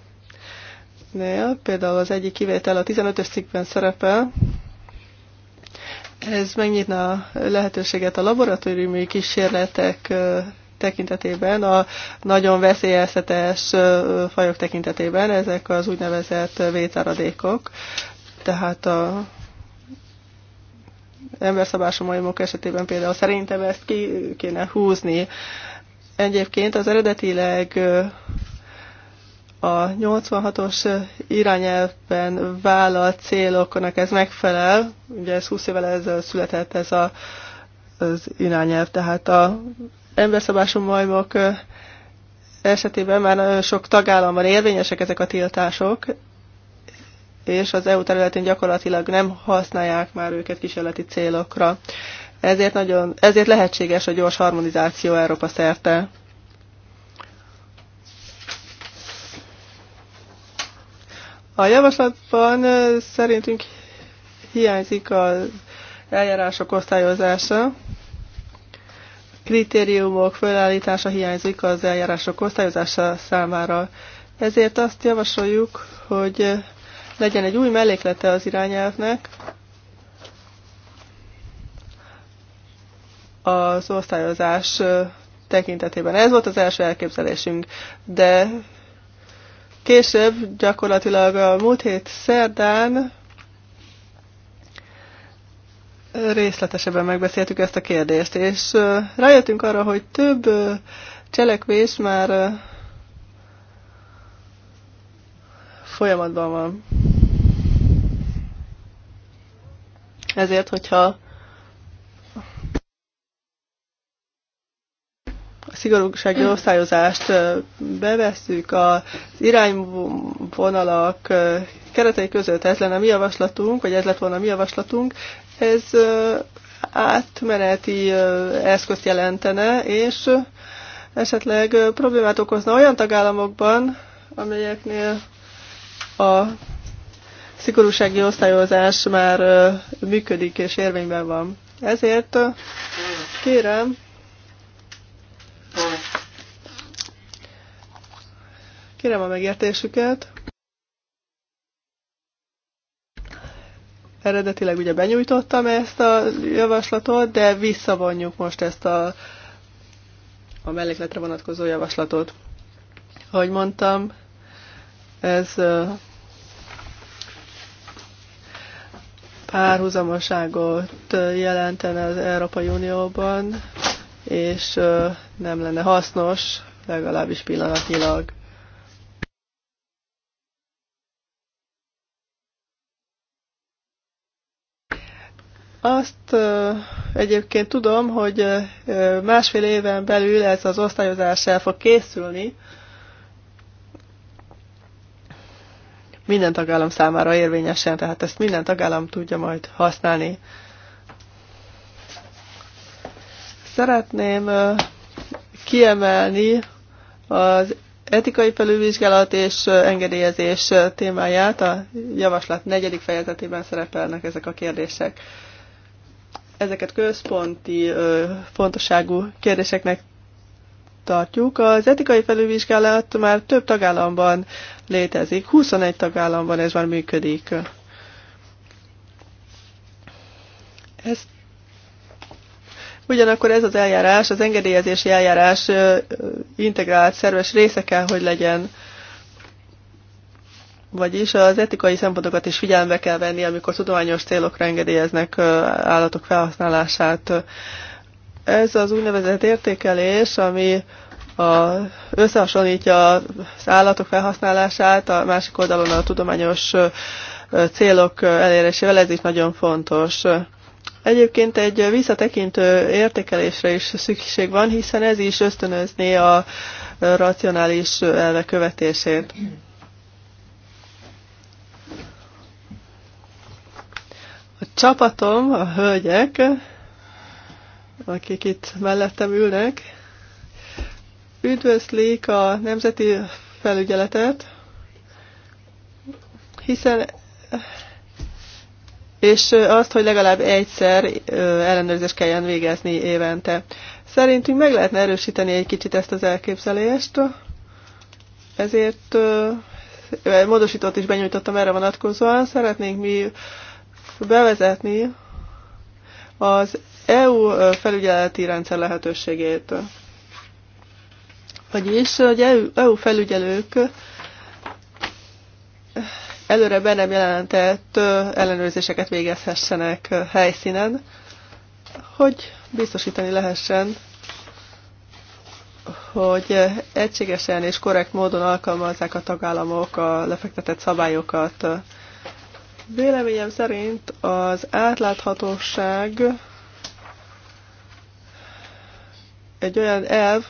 S3: például az egyik kivétel a 15-ös cikkben szerepel, ez megnyitna a lehetőséget a laboratóriumi kísérletek tekintetében, a nagyon veszélyeztetes fajok tekintetében, ezek az úgynevezett vétáradékok, tehát a emberszabású majmok esetében például szerintem ezt ki kéne húzni. Egyébként az eredetileg a 86-os irányelvben vállalt céloknak ez megfelel, ugye ez 20 évvel ezelőtt született ez a, az irányelv, tehát a emberszabású majmok esetében már nagyon sok tagállamban érvényesek ezek a tiltások, és az EU területén gyakorlatilag nem használják már őket kísérleti célokra. Ezért, nagyon, ezért lehetséges a gyors harmonizáció Európa szerte. A javaslatban szerintünk hiányzik az eljárások osztályozása kritériumok felállítása hiányzik az eljárások osztályozása számára. Ezért azt javasoljuk, hogy legyen egy új melléklete az irányelvnek, az osztályozás tekintetében. Ez volt az első elképzelésünk, de később, gyakorlatilag a múlt hét szerdán részletesebben megbeszéltük ezt a kérdést, és rájöttünk arra, hogy több cselekvés már folyamatban van. Ezért, hogyha a szigorúsági osztályozást bevesszük, az irányvonalak keretei között ez lenne mi javaslatunk, vagy ez lett volna mi javaslatunk, ez átmeneti eszközt jelentene, és esetleg problémát okozna olyan tagállamokban, amelyeknél a szigorúsági osztályozás már működik és érvényben van. Ezért kérem, kérem a megértésüket. Eredetileg ugye benyújtottam ezt a javaslatot, de visszavonjuk most ezt a, a mellékletre vonatkozó javaslatot. Ahogy mondtam, ez párhuzamoságot jelentene az Európai Unióban, és nem lenne hasznos, legalábbis pillanatnyilag. Azt egyébként tudom, hogy másfél éven belül ez az osztályozás el fog készülni, minden tagállam számára érvényesen, tehát ezt minden tagállam tudja majd használni. Szeretném kiemelni az etikai felülvizsgálat és engedélyezés témáját. A javaslat negyedik fejezetében szerepelnek ezek a kérdések ezeket központi fontosságú kérdéseknek tartjuk. Az etikai felülvizsgálat már több tagállamban létezik, 21 tagállamban ez már működik. Ez Ugyanakkor ez az eljárás, az engedélyezési eljárás integrált szerves része kell, hogy legyen vagyis az etikai szempontokat is figyelembe kell venni, amikor tudományos célokra engedélyeznek állatok felhasználását. Ez az úgynevezett értékelés, ami a, összehasonlítja az állatok felhasználását a másik oldalon a tudományos célok elérésével, ez is nagyon fontos. Egyébként egy visszatekintő értékelésre is szükség van, hiszen ez is ösztönözné a racionális elve követését. csapatom, a hölgyek, akik itt mellettem ülnek, üdvözlik a Nemzeti Felügyeletet, hiszen és azt, hogy legalább egyszer ellenőrzést kelljen végezni évente. Szerintünk meg lehetne erősíteni egy kicsit ezt az elképzelést, ezért módosítót is benyújtottam erre vonatkozóan. Szeretnénk mi bevezetni az EU felügyeleti rendszer lehetőségét. Vagyis, hogy EU e felügyelők előre be nem jelentett ellenőrzéseket végezhessenek helyszínen, hogy biztosítani lehessen, hogy egységesen és korrekt módon alkalmazzák a tagállamok a lefektetett szabályokat Véleményem szerint az átláthatóság egy olyan elv,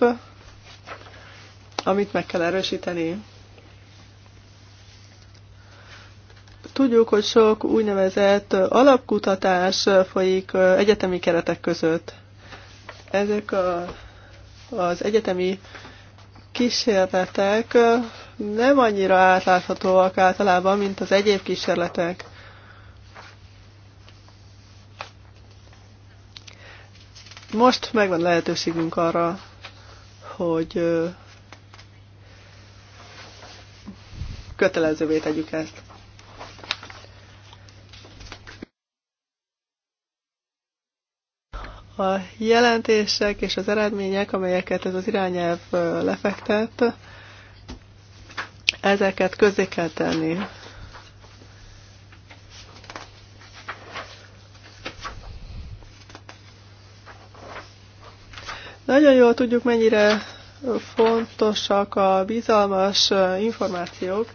S3: amit meg kell erősíteni. Tudjuk, hogy sok úgynevezett alapkutatás folyik egyetemi keretek között. Ezek a, az egyetemi kísérletek nem annyira átláthatóak általában, mint az egyéb kísérletek. Most megvan lehetőségünk arra, hogy kötelezővé tegyük ezt. A jelentések és az eredmények, amelyeket ez az irányelv lefektet, Ezeket közé kell tenni. Nagyon jól tudjuk, mennyire fontosak a bizalmas információk,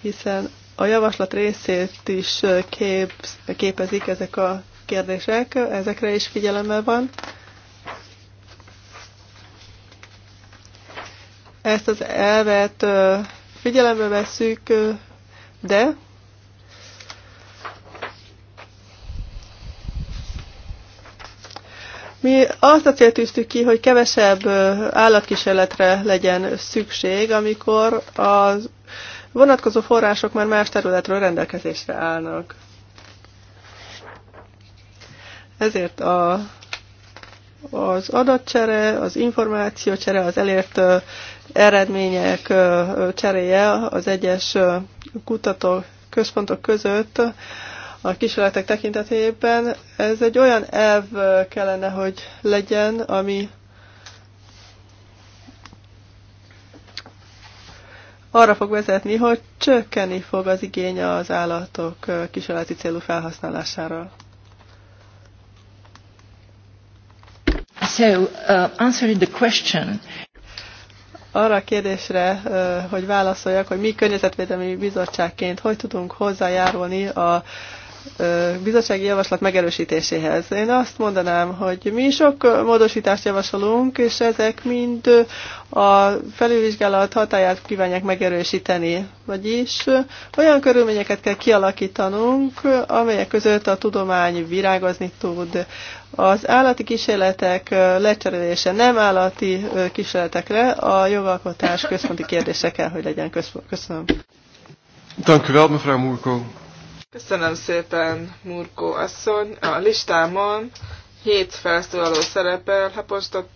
S3: hiszen a javaslat részét is kép, képezik ezek a kérdések, ezekre is figyelemmel van. Ezt az elvet figyelembe veszük, de Mi azt a célt tűztük ki, hogy kevesebb állatkísérletre legyen szükség, amikor a vonatkozó források már más területről rendelkezésre állnak. Ezért a az adatcsere, az információcsere, az elért eredmények cseréje az egyes kutató központok között a kísérletek tekintetében. Ez egy olyan elv kellene, hogy legyen, ami arra fog vezetni, hogy csökkenni fog az igény az állatok kísérleti célú felhasználására.
S1: So, uh, answering the question. Arra a
S3: kérdésre, uh, hogy válaszoljak, hogy mi környezetvédelmi bizottságként hogy tudunk hozzájárulni a uh, bizottsági javaslat megerősítéséhez. Én azt mondanám, hogy mi sok módosítást javasolunk, és ezek mind a felülvizsgálat hatáját kívánják megerősíteni. Vagyis olyan körülményeket kell kialakítanunk, amelyek között a tudomány virágozni tud, az állati kísérletek lecserélése nem állati kísérletekre, a jogalkotás központi kérdése kell, hogy legyen. Köszönöm.
S1: Dank u Murko.
S2: Köszönöm szépen, Murko asszony. A listámon hét felszólaló szerepel, Hapostot,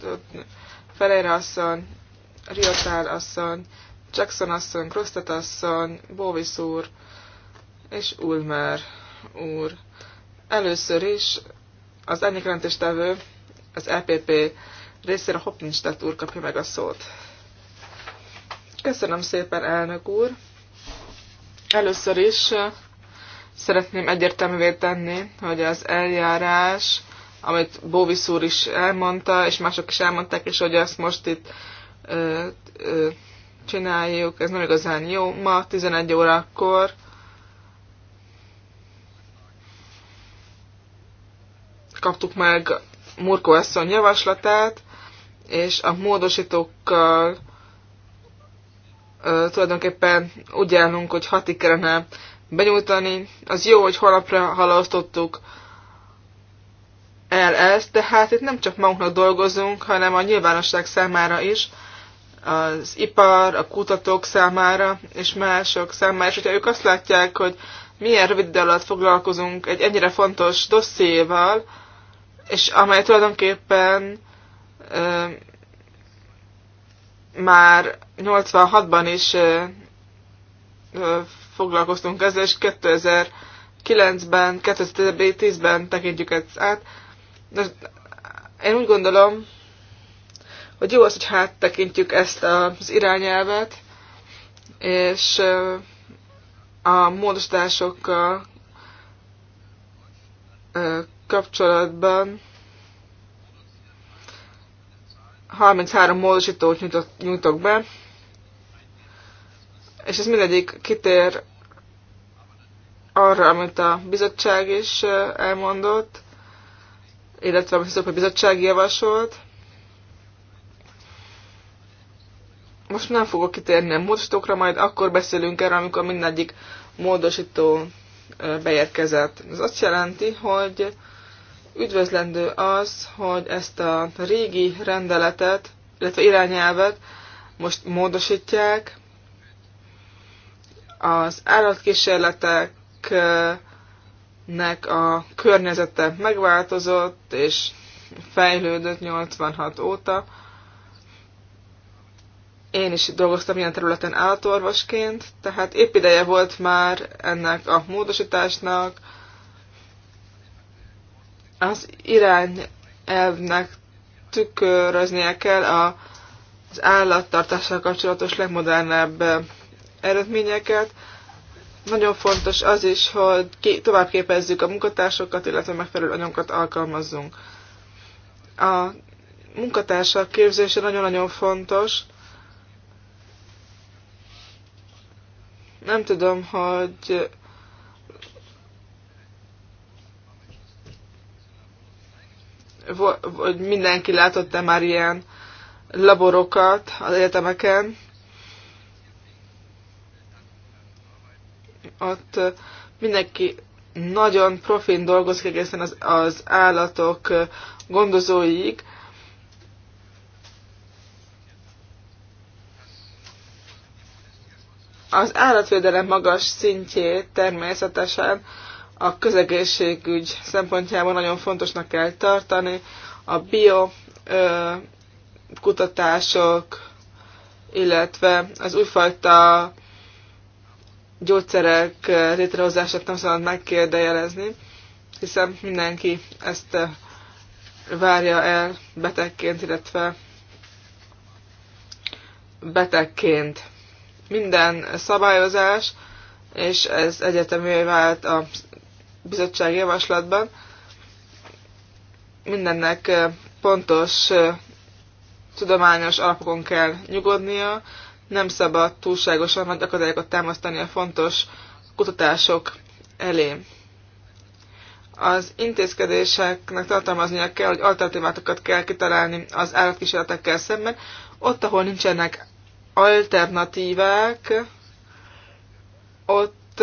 S2: Ferreira asszony, Riotál asszony, Jackson asszony, Krosztet asszony, Bóvisz úr és Ulmer úr. Először is az ennek tevő, az EPP részére Hopinstedt úr kapja meg a szót. Köszönöm szépen, elnök úr! Először is szeretném egyértelművé tenni, hogy az eljárás, amit Bóvisz úr is elmondta, és mások is elmondták, és hogy ezt most itt ö, ö, csináljuk, ez nem igazán jó. Ma 11 órakor kaptuk meg Murko Eszon javaslatát, és a módosítókkal ö, tulajdonképpen úgy állunk, hogy hatig kellene benyújtani. Az jó, hogy holnapra halasztottuk el ezt, de hát itt nem csak magunknak dolgozunk, hanem a nyilvánosság számára is, az ipar, a kutatók számára, és mások számára, és hogyha ők azt látják, hogy milyen rövid alatt foglalkozunk egy ennyire fontos dossziéval, és amely tulajdonképpen ö, már 86-ban is ö, ö, foglalkoztunk ezzel, és 2009-ben, 2010-ben tekintjük ezt át. De én úgy gondolom, hogy jó az, hogy hát tekintjük ezt az irányelvet, és a módosításokkal kapcsolatban 33 módosítót nyújtok, nyújtok be, és ez mindegyik kitér arra, amit a bizottság is elmondott, illetve amit az Európai Bizottság javasolt. Most nem fogok kitérni a módosítókra, majd akkor beszélünk erről, amikor mindegyik módosító beérkezett. Ez azt jelenti, hogy üdvözlendő az, hogy ezt a régi rendeletet, illetve irányelvet most módosítják. Az állatkísérleteknek a környezete megváltozott, és fejlődött 86 óta. Én is dolgoztam ilyen területen állatorvosként, tehát épp ideje volt már ennek a módosításnak, az irányelvnek tükröznie kell a, az állattartással kapcsolatos legmodernebb eredményeket. Nagyon fontos az is, hogy továbbképezzük tovább képezzük a munkatársokat, illetve megfelelő anyagokat alkalmazzunk. A munkatársak képzése nagyon-nagyon fontos. Nem tudom, hogy hogy mindenki látott-e már ilyen laborokat az egyetemeken. Ott mindenki nagyon profin dolgozik egészen az, az állatok gondozóig. Az állatvédelem magas szintjét természetesen a közegészségügy szempontjából nagyon fontosnak kell tartani, a bio ö, kutatások, illetve az újfajta gyógyszerek létrehozását nem szabad megkérdejelezni, hiszen mindenki ezt várja el betegként, illetve betegként. Minden szabályozás, és ez egyetemű vált az bizottság javaslatban. Mindennek pontos tudományos alapokon kell nyugodnia, nem szabad túlságosan nagy akadályokat támasztani a fontos kutatások elé. Az intézkedéseknek tartalmaznia kell, hogy alternatívákat kell kitalálni az állatkísérletekkel szemben, ott, ahol nincsenek alternatívák, ott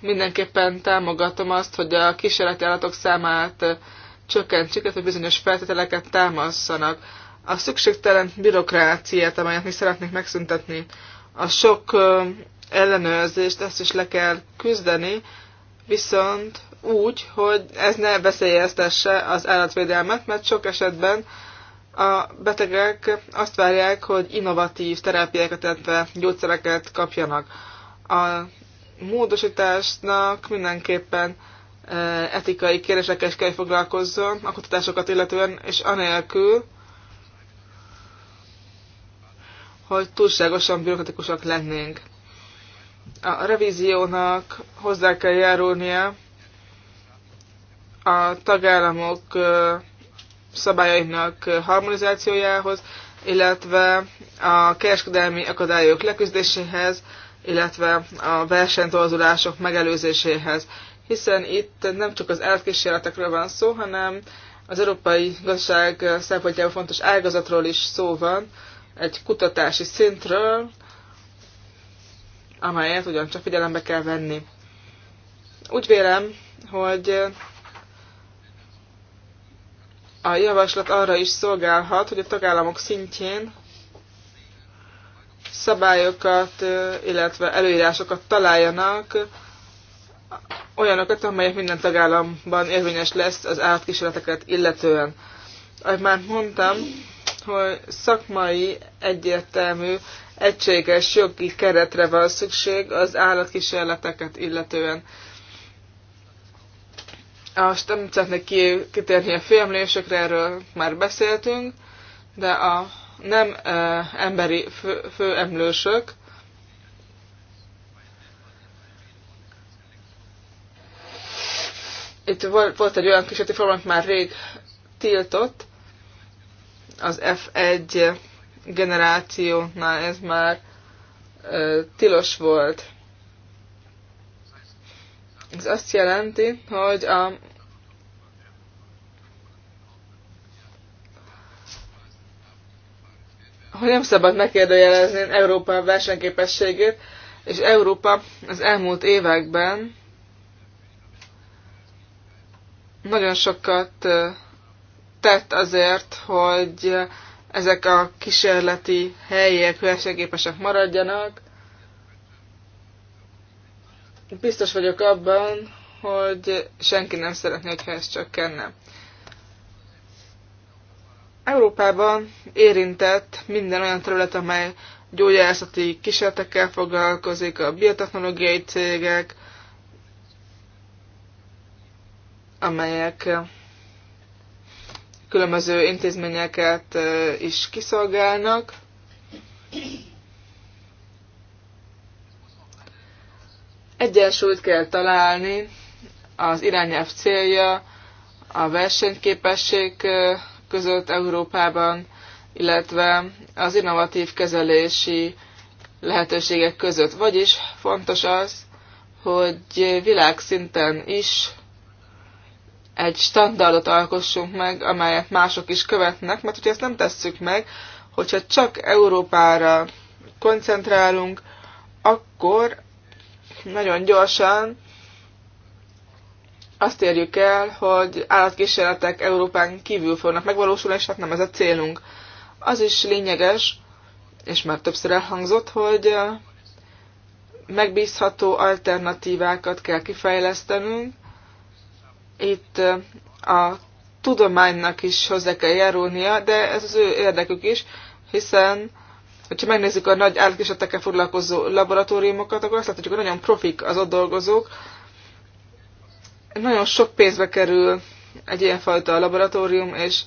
S2: mindenképpen támogatom azt, hogy a kísérleti állatok számát csökkentsük, illetve bizonyos feltételeket támaszanak. A szükségtelen bürokráciát, amelyet mi szeretnék megszüntetni, a sok ellenőrzést, ezt is le kell küzdeni, viszont úgy, hogy ez ne veszélyeztesse az állatvédelmet, mert sok esetben a betegek azt várják, hogy innovatív terápiákat, illetve gyógyszereket kapjanak. A módosításnak mindenképpen etikai kérdésekkel is kell foglalkozzon, a kutatásokat illetően, és anélkül, hogy túlságosan bürokratikusak lennénk. A revíziónak hozzá kell járulnia a tagállamok szabályainak harmonizációjához, illetve a kereskedelmi akadályok leküzdéséhez, illetve a versenytorzulások megelőzéséhez. Hiszen itt nem csak az elkísérletekről van szó, hanem az európai gazdaság szempontjából fontos ágazatról is szó van, egy kutatási szintről, amelyet ugyancsak figyelembe kell venni. Úgy vélem, hogy a javaslat arra is szolgálhat, hogy a tagállamok szintjén szabályokat, illetve előírásokat találjanak, olyanokat, amelyek minden tagállamban érvényes lesz az állatkísérleteket illetően. Ahogy már mondtam, hogy szakmai, egyértelmű, egységes jogi keretre van szükség az állatkísérleteket illetően. Most nem szeretnék kitérni a félemlésekre, erről már beszéltünk, de a nem emberi fő, főemlősök, itt volt, volt egy olyan kísérleti forma, amit már rég tiltott, az F1 generációnál ez már e, tilos volt. Ez azt jelenti, hogy a hogy nem szabad megkérdőjelezni Európa versenyképességét, és Európa az elmúlt években nagyon sokat tett azért, hogy ezek a kísérleti helyek versenyképesek maradjanak. Biztos vagyok abban, hogy senki nem szeretné, hogyha ez csökkenne. Európában érintett minden olyan terület, amely gyógyászati kísérletekkel foglalkozik, a biotechnológiai cégek, amelyek különböző intézményeket is kiszolgálnak. Egyensúlyt kell találni az irányelv célja, a versenyképesség között Európában, illetve az innovatív kezelési lehetőségek között. Vagyis fontos az, hogy világszinten is egy standardot alkossunk meg, amelyet mások is követnek, mert hogyha ezt nem tesszük meg, hogyha csak Európára koncentrálunk, akkor nagyon gyorsan azt érjük el, hogy állatkísérletek Európán kívül fognak megvalósulni, és hát nem ez a célunk. Az is lényeges, és már többször elhangzott, hogy megbízható alternatívákat kell kifejlesztenünk. Itt a tudománynak is hozzá kell járulnia, de ez az ő érdekük is, hiszen hogyha megnézzük a nagy állatkísérletekkel foglalkozó laboratóriumokat, akkor azt látjuk, hogy nagyon profik az ott dolgozók, nagyon sok pénzbe kerül egy ilyenfajta laboratórium, és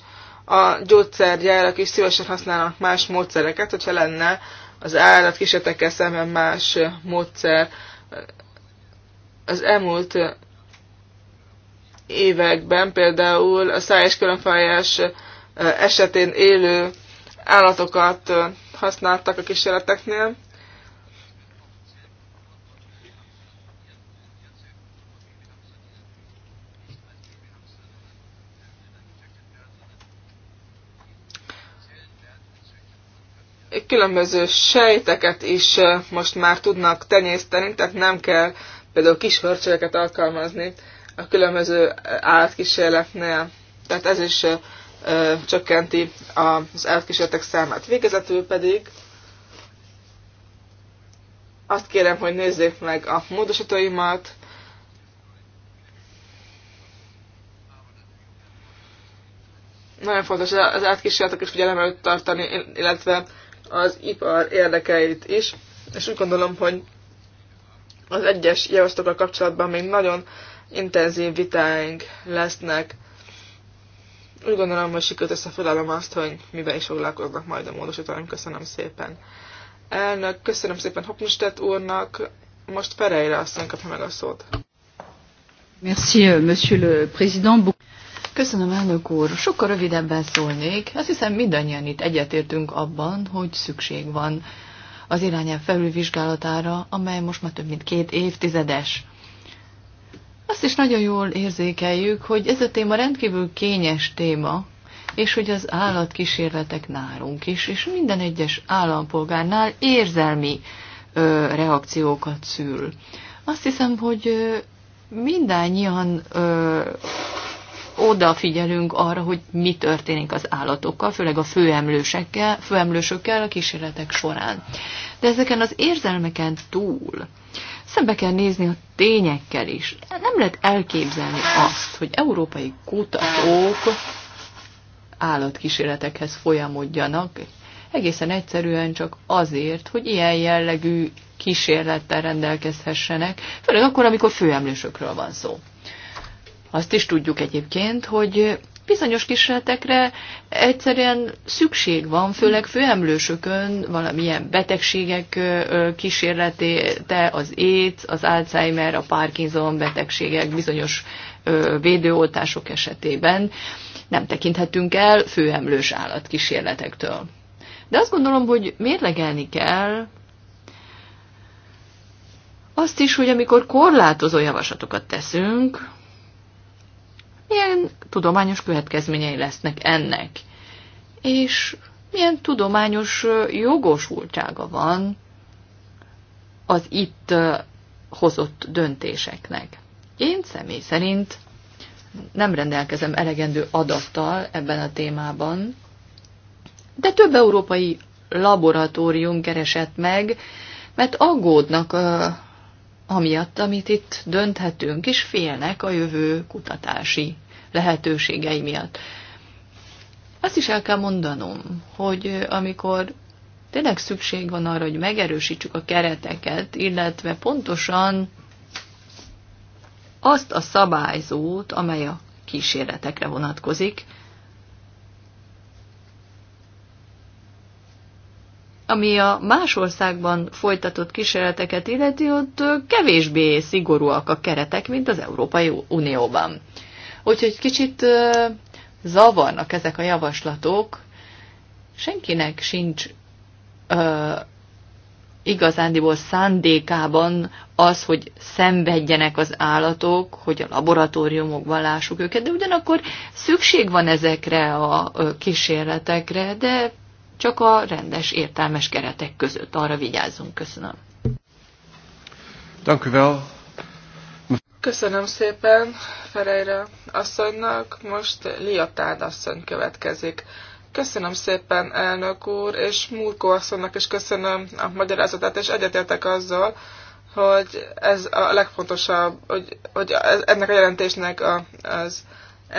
S2: a gyógyszergyárak is szívesen használnak más módszereket, hogyha lenne az állat kísérletekkel szemben más módszer. Az elmúlt években például a és különfájás esetén élő állatokat használtak a kísérleteknél, különböző sejteket is most már tudnak tenyészteni, tehát nem kell például kis hörcsöleket alkalmazni a különböző állatkísérletnél. Tehát ez is csökkenti az állatkísérletek számát. Végezetül pedig azt kérem, hogy nézzék meg a módosítóimat, nagyon fontos az is figyelem előtt tartani, illetve az ipar érdekeit is, és úgy gondolom, hogy az egyes javaslatokkal kapcsolatban még nagyon intenzív vitáink lesznek. Úgy gondolom, hogy sikert összefoglalom azt, hogy mivel is foglalkoznak majd a módosítanak. Köszönöm szépen. Elnök, köszönöm szépen Hopmustet úrnak. Most Pereira asszony kapja meg a szót.
S1: Merci, euh, monsieur le président. Köszönöm, elnök úr. Sokkal rövidebben szólnék. Azt hiszem mindannyian itt egyetértünk abban, hogy szükség van az irányelv felülvizsgálatára, amely most már több mint két évtizedes. Azt is nagyon jól érzékeljük, hogy ez a téma rendkívül kényes téma, és hogy az állatkísérletek nálunk is, és minden egyes állampolgárnál érzelmi ö, reakciókat szül. Azt hiszem, hogy ö, mindannyian ö, odafigyelünk arra, hogy mi történik az állatokkal, főleg a főemlősekkel, főemlősökkel a kísérletek során. De ezeken az érzelmeken túl szembe kell nézni a tényekkel is. Nem lehet elképzelni azt, hogy európai kutatók állatkísérletekhez folyamodjanak, egészen egyszerűen csak azért, hogy ilyen jellegű kísérlettel rendelkezhessenek, főleg akkor, amikor főemlősökről van szó. Azt is tudjuk egyébként, hogy bizonyos kísérletekre egyszerűen szükség van, főleg főemlősökön, valamilyen betegségek kísérletéte, az AIDS, az Alzheimer, a Parkinson betegségek, bizonyos védőoltások esetében nem tekinthetünk el főemlős állatkísérletektől. De azt gondolom, hogy mérlegelni kell azt is, hogy amikor korlátozó javaslatokat teszünk, milyen tudományos következményei lesznek ennek, és milyen tudományos jogosultsága van az itt hozott döntéseknek. Én személy szerint nem rendelkezem elegendő adattal ebben a témában, de több európai laboratórium keresett meg, mert aggódnak a amiatt, amit itt dönthetünk, és félnek a jövő kutatási lehetőségei miatt. Azt is el kell mondanom, hogy amikor tényleg szükség van arra, hogy megerősítsük a kereteket, illetve pontosan azt a szabályzót, amely a kísérletekre vonatkozik, ami a más országban folytatott kísérleteket illeti, ott kevésbé szigorúak a keretek, mint az Európai Unióban. Úgyhogy kicsit zavarnak ezek a javaslatok. Senkinek sincs ö, igazándiból szándékában az, hogy szenvedjenek az állatok, hogy a laboratóriumokban lássuk őket, de ugyanakkor szükség van ezekre a kísérletekre, de csak a rendes, értelmes keretek között. Arra vigyázzunk. Köszönöm. Dank
S2: Köszönöm szépen Ferejre asszonynak, most Liatád asszony következik. Köszönöm szépen, elnök úr, és Murko asszonynak is köszönöm a magyarázatát, és egyetértek azzal, hogy ez a legfontosabb, hogy, hogy ennek a jelentésnek a, az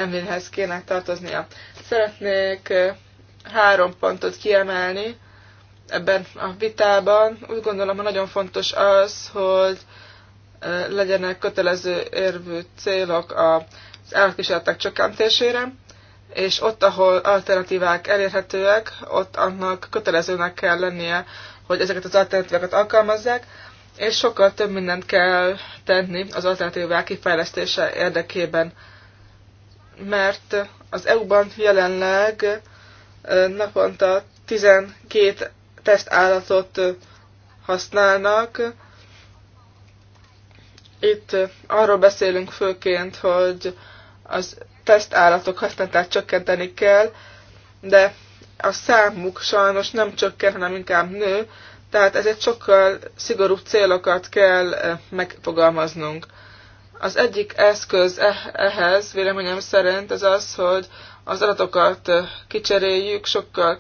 S2: MV-hez kéne tartoznia. Szeretnék három pontot kiemelni ebben a vitában. Úgy gondolom, hogy nagyon fontos az, hogy legyenek kötelező érvű célok az állatkísérletek csökkentésére, és ott, ahol alternatívák elérhetőek, ott annak kötelezőnek kell lennie, hogy ezeket az alternatívákat alkalmazzák, és sokkal több mindent kell tenni az alternatívák kifejlesztése érdekében. Mert az EU-ban jelenleg naponta 12 tesztállatot használnak, itt arról beszélünk főként, hogy az tesztállatok használatát csökkenteni kell, de a számuk sajnos nem csökken, hanem inkább nő, tehát ezért sokkal szigorúbb célokat kell eh, megfogalmaznunk. Az egyik eszköz eh, ehhez véleményem szerint az az, hogy az adatokat eh, kicseréljük, sokkal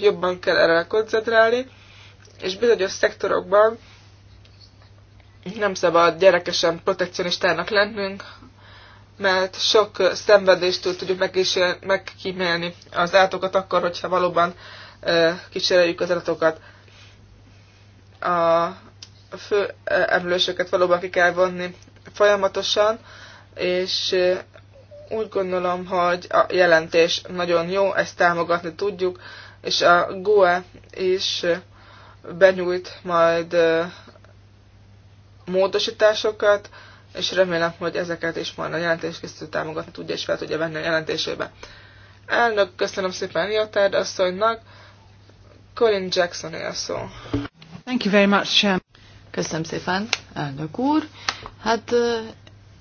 S2: jobban kell erre koncentrálni, és bizonyos szektorokban nem szabad gyerekesen protekcionistának lennünk, mert sok szenvedéstől tudjuk megkímélni az állatokat akkor, hogyha valóban kísérjük az állatokat. A fő emlősöket valóban ki kell vonni folyamatosan, és úgy gondolom, hogy a jelentés nagyon jó, ezt támogatni tudjuk, és a GOE is benyújt majd módosításokat, és remélem, hogy ezeket is majd a jelentéskészítő támogatni tudja és fel tudja venni a jelentésébe. Elnök, köszönöm szépen Liotard asszonynak. Colin Jackson él szó.
S1: Thank you very much, Sam. Köszönöm szépen, elnök úr. Hát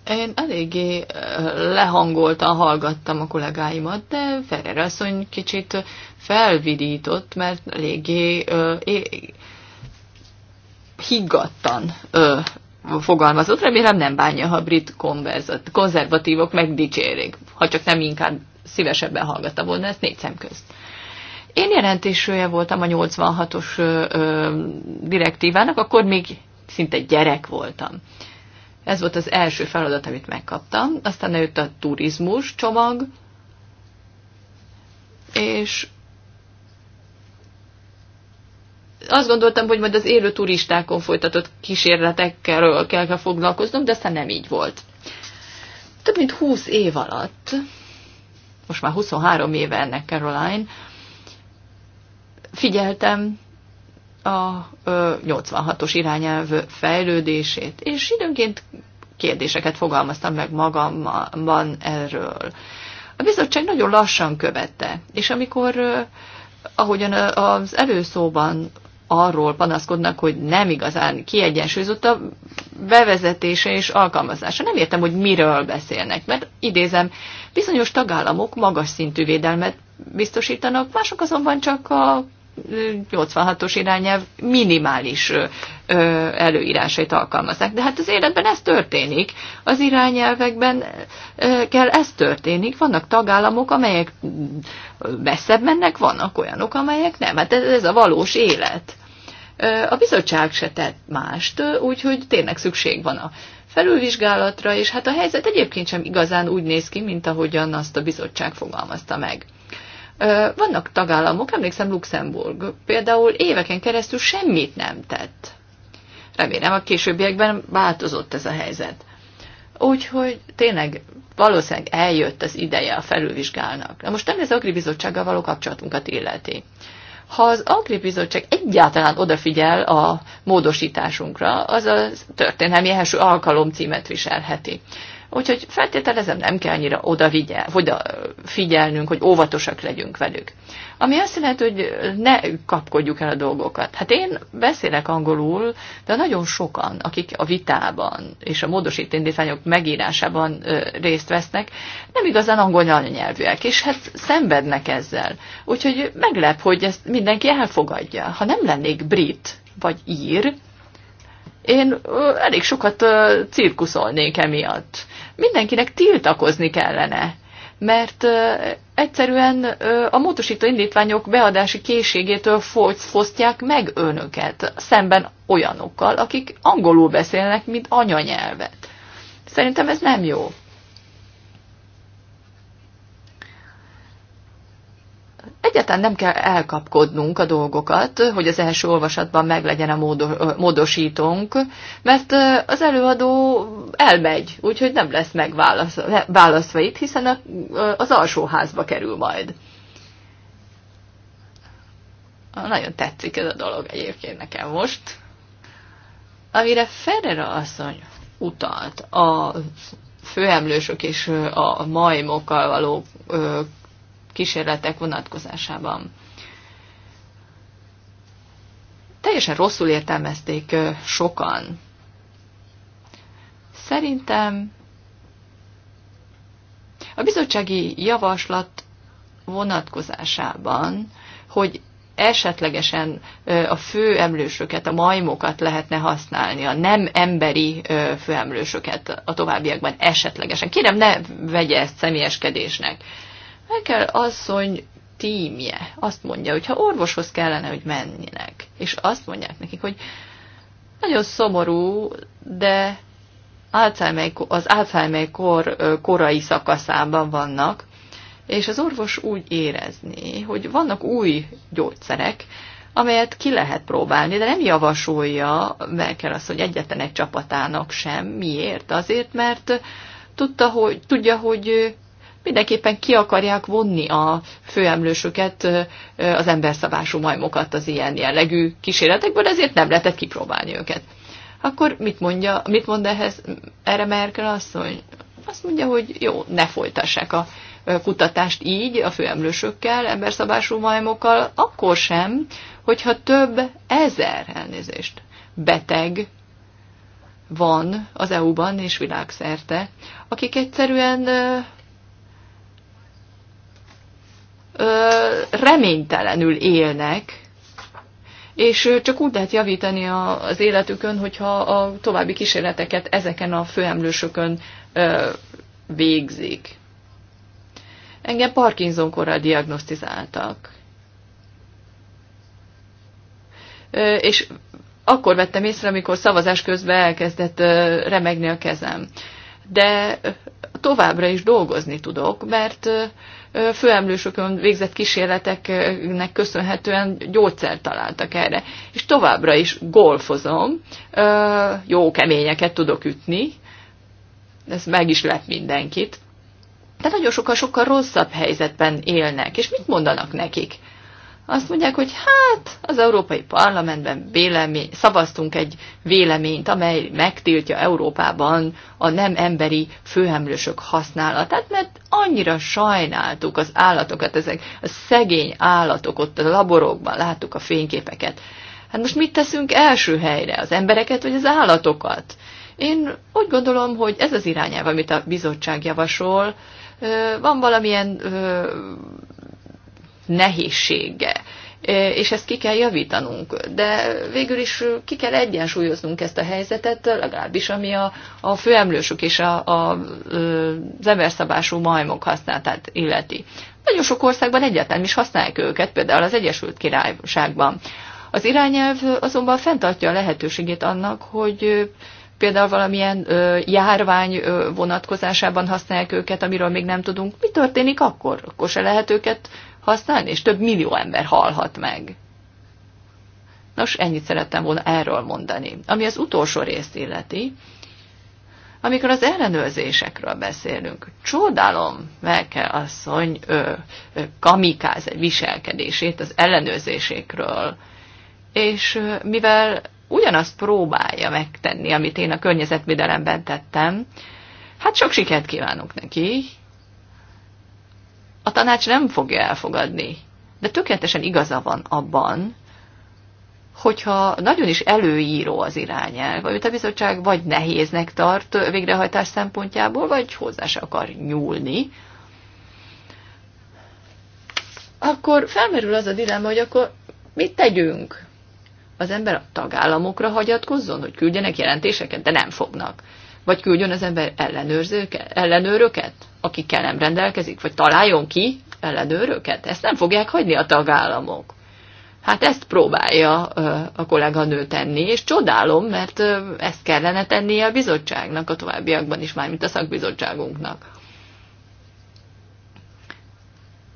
S1: én eléggé lehangoltan hallgattam a kollégáimat, de Ferrer asszony kicsit felvidított, mert eléggé higgadtan ö, fogalmazott. Remélem nem bánja, ha a brit konzervatívok megdicsérik, ha csak nem inkább szívesebben hallgatta volna ezt négy szem közt. Én jelentésője voltam a 86-os direktívának, akkor még szinte gyerek voltam. Ez volt az első feladat, amit megkaptam. Aztán jött a turizmus csomag, és azt gondoltam, hogy majd az élő turistákon folytatott kísérletekkel kell foglalkoznom, de aztán nem így volt. Több mint 20 év alatt, most már 23 éve ennek Caroline, figyeltem a 86-os irányelv fejlődését, és időnként kérdéseket fogalmaztam meg magamban erről. A bizottság nagyon lassan követte, és amikor ahogyan az előszóban arról panaszkodnak, hogy nem igazán kiegyensúlyozott a bevezetése és alkalmazása. Nem értem, hogy miről beszélnek, mert idézem, bizonyos tagállamok magas szintű védelmet biztosítanak, mások azonban csak a 86-os irányelv minimális előírásait alkalmazzák. De hát az életben ez történik. Az irányelvekben kell ez történik. Vannak tagállamok, amelyek messzebb mennek, vannak olyanok, amelyek nem. Hát ez, ez a valós élet. A bizottság se tett mást, úgyhogy tényleg szükség van a felülvizsgálatra, és hát a helyzet egyébként sem igazán úgy néz ki, mint ahogyan azt a bizottság fogalmazta meg. Vannak tagállamok, emlékszem Luxemburg például éveken keresztül semmit nem tett. Remélem a későbbiekben változott ez a helyzet. Úgyhogy tényleg valószínűleg eljött az ideje a felülvizsgálnak. Na most nem az Agribizottsággal való kapcsolatunkat illeti. Ha az Agribizottság egyáltalán odafigyel a módosításunkra, az a történelmi első alkalom címet viselheti. Úgyhogy feltételezem, nem kell annyira oda, figyelnünk, hogy óvatosak legyünk velük. Ami azt jelenti, hogy ne kapkodjuk el a dolgokat. Hát én beszélek angolul, de nagyon sokan, akik a vitában és a módosító indítványok megírásában részt vesznek, nem igazán angol nyelvűek, és hát szenvednek ezzel. Úgyhogy meglep, hogy ezt mindenki elfogadja. Ha nem lennék brit vagy ír, én elég sokat cirkuszolnék emiatt. Mindenkinek tiltakozni kellene, mert egyszerűen a módosító indítványok beadási készségétől fosztják meg önöket, szemben olyanokkal, akik angolul beszélnek, mint anyanyelvet. Szerintem ez nem jó. egyáltalán nem kell elkapkodnunk a dolgokat, hogy az első olvasatban meglegyen a módosítónk, mert az előadó elmegy, úgyhogy nem lesz megválasztva itt, hiszen az alsóházba kerül majd. Nagyon tetszik ez a dolog egyébként nekem most. Amire Ferrera asszony utalt, a főemlősök és a majmokkal való kísérletek vonatkozásában. Teljesen rosszul értelmezték sokan. Szerintem a bizottsági javaslat vonatkozásában, hogy esetlegesen a főemlősöket, a majmokat lehetne használni, a nem emberi főemlősöket a továbbiakban esetlegesen. Kérem, ne vegye ezt személyeskedésnek. Eker asszony tímje azt mondja, hogy ha orvoshoz kellene, hogy menjenek, és azt mondják nekik, hogy nagyon szomorú, de Alzheimer, az Alzheimer kor korai szakaszában vannak, és az orvos úgy érezni, hogy vannak új gyógyszerek, amelyet ki lehet próbálni, de nem javasolja Merkel azt, hogy egyetlen egy csapatának sem. Miért? Azért, mert tudta, hogy, tudja, hogy mindenképpen ki akarják vonni a főemlősöket, az emberszabású majmokat az ilyen jellegű kísérletekből, ezért nem lehetett kipróbálni őket. Akkor mit, mondja, mit mond ehhez, erre Merkel asszony? Azt mondja, hogy jó, ne folytassák a kutatást így a főemlősökkel, emberszabású majmokkal, akkor sem, hogyha több ezer elnézést beteg van az EU-ban és világszerte, akik egyszerűen reménytelenül élnek, és csak úgy lehet javítani a az életükön, hogyha a további kísérleteket ezeken a főemlősökön végzik. Engem Parkinson korral diagnosztizáltak. És akkor vettem észre, amikor szavazás közben elkezdett remegni a kezem. De továbbra is dolgozni tudok, mert főemlősökön végzett kísérleteknek köszönhetően gyógyszert találtak erre. És továbbra is golfozom, jó keményeket tudok ütni, ez meg is lett mindenkit. De nagyon sokan sokkal rosszabb helyzetben élnek, és mit mondanak nekik? azt mondják, hogy hát az Európai Parlamentben vélemény, szavaztunk egy véleményt, amely megtiltja Európában a nem emberi főemlősök használatát, mert annyira sajnáltuk az állatokat, ezek a szegény állatok ott a laborokban, láttuk a fényképeket. Hát most mit teszünk első helyre, az embereket vagy az állatokat? Én úgy gondolom, hogy ez az irányelv, amit a bizottság javasol, van valamilyen nehézsége, e, és ezt ki kell javítanunk. De végül is ki kell egyensúlyoznunk ezt a helyzetet, legalábbis ami a, a főemlősök és a, a, az e, emberszabású majmok használatát illeti. Nagyon sok országban egyáltalán is használják őket, például az Egyesült Királyságban. Az irányelv azonban fenntartja a lehetőségét annak, hogy e, például valamilyen ö, járvány ö, vonatkozásában használják őket, amiről még nem tudunk. Mi történik akkor? Akkor se lehet őket használni, és több millió ember halhat meg. Nos, ennyit szerettem volna erről mondani. Ami az utolsó részt illeti, amikor az ellenőrzésekről beszélünk, csodálom Merkel asszony ö, ö, kamikáze viselkedését az ellenőrzésekről, és ö, mivel ugyanazt próbálja megtenni, amit én a környezetvédelemben tettem, hát sok sikert kívánok neki, a tanács nem fogja elfogadni. De tökéletesen igaza van abban, hogyha nagyon is előíró az irányelv, vagy a bizottság vagy nehéznek tart végrehajtás szempontjából, vagy hozzá se akar nyúlni, akkor felmerül az a dilemma, hogy akkor mit tegyünk? Az ember a tagállamokra hagyatkozzon, hogy küldjenek jelentéseket, de nem fognak. Vagy küldjön az ember ellenőröket, akikkel nem rendelkezik, vagy találjon ki ellenőröket. Ezt nem fogják hagyni a tagállamok. Hát ezt próbálja a kolléganő tenni, és csodálom, mert ezt kellene tennie a bizottságnak a továbbiakban is, mármint a szakbizottságunknak.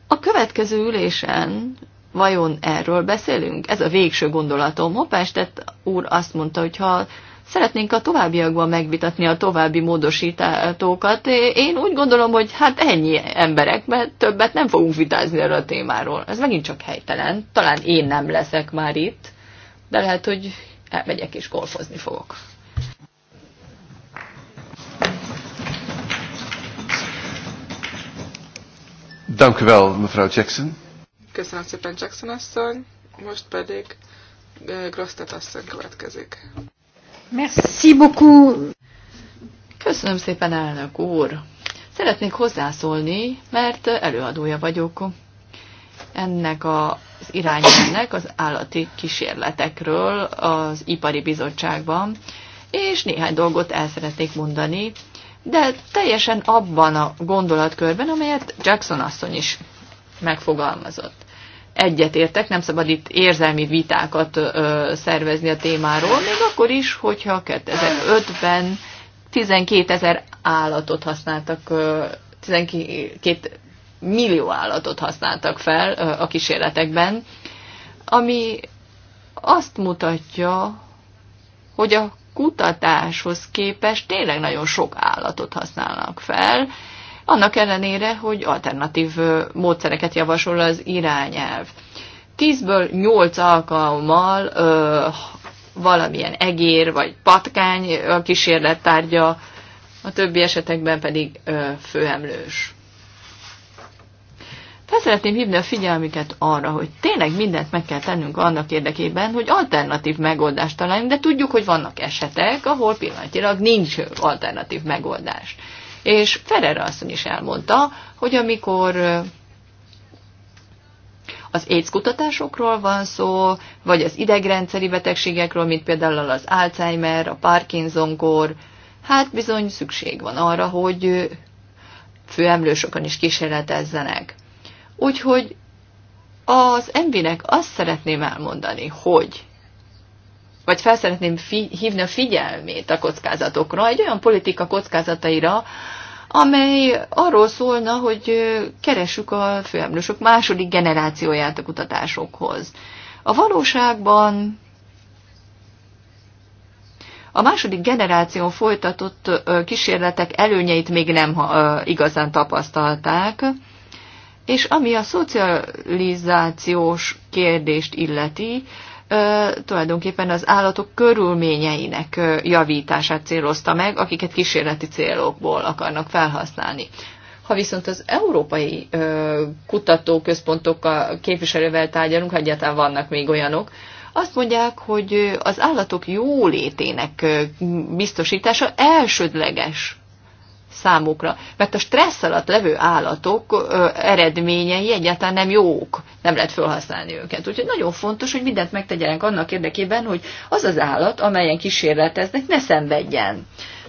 S1: A következő ülésen vajon erről beszélünk? Ez a végső gondolatom. Hoppástet úr azt mondta, hogy ha Szeretnénk a továbbiakban megvitatni a további módosítókat. Én úgy gondolom, hogy hát ennyi emberek, mert többet nem fogunk vitázni erről a témáról. Ez megint csak helytelen. Talán én nem leszek már itt, de lehet, hogy elmegyek és golfozni fogok. Dank u wel, mevrouw Jackson.
S2: Köszönöm szépen Jackson asszony, most pedig eh, Grosztet asszony következik.
S1: Merci beaucoup. Köszönöm szépen, elnök úr. Szeretnék hozzászólni, mert előadója vagyok ennek az irányának, az állati kísérletekről az Ipari Bizottságban, és néhány dolgot el szeretnék mondani, de teljesen abban a gondolatkörben, amelyet Jackson asszony is megfogalmazott egyetértek, nem szabad itt érzelmi vitákat ö, szervezni a témáról, még akkor is, hogyha 2005-ben 12 ezer állatot használtak, ö, 12 millió állatot használtak fel ö, a kísérletekben, ami azt mutatja, hogy a kutatáshoz képest tényleg nagyon sok állatot használnak fel, annak ellenére, hogy alternatív módszereket javasol az irányelv. Tízből nyolc alkalommal ö, valamilyen egér vagy patkány a kísérlettárgya, a többi esetekben pedig ö, főemlős. Fel szeretném hívni a figyelmüket arra, hogy tényleg mindent meg kell tennünk annak érdekében, hogy alternatív megoldást találjunk, de tudjuk, hogy vannak esetek, ahol pillanatilag nincs alternatív megoldás. És Ferrer asszony is elmondta, hogy amikor az AIDS kutatásokról van szó, vagy az idegrendszeri betegségekről, mint például az Alzheimer, a Parkinson-kor, hát bizony szükség van arra, hogy főemlősökön is kísérletezzenek. Úgyhogy az MV-nek azt szeretném elmondani, hogy vagy fel szeretném hívni a figyelmét a kockázatokra, egy olyan politika kockázataira, amely arról szólna, hogy keressük a főemlősök második generációját a kutatásokhoz. A valóságban a második generáción folytatott kísérletek előnyeit még nem igazán tapasztalták, és ami a szocializációs kérdést illeti, tulajdonképpen az állatok körülményeinek javítását célozta meg, akiket kísérleti célokból akarnak felhasználni. Ha viszont az európai ö, kutatóközpontokkal képviselővel tárgyalunk, egyáltalán vannak még olyanok, azt mondják, hogy az állatok jólétének biztosítása elsődleges számukra. Mert a stressz alatt levő állatok ö, eredményei egyáltalán nem jók, nem lehet felhasználni őket. Úgyhogy nagyon fontos, hogy mindent megtegyenek annak érdekében, hogy az az állat, amelyen kísérleteznek, ne szenvedjen.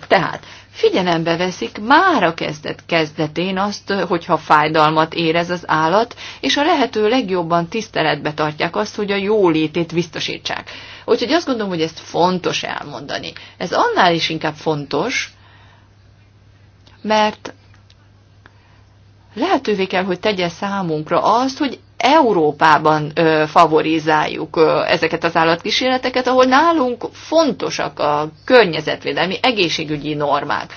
S1: Tehát figyelembe veszik már a kezdet kezdetén azt, hogyha fájdalmat érez az állat, és a lehető legjobban tiszteletbe tartják azt, hogy a jólétét biztosítsák. Úgyhogy azt gondolom, hogy ezt fontos elmondani. Ez annál is inkább fontos, mert lehetővé kell, hogy tegye számunkra azt, hogy Európában ö, favorizáljuk ö, ezeket az állatkísérleteket, ahol nálunk fontosak a környezetvédelmi, egészségügyi normák.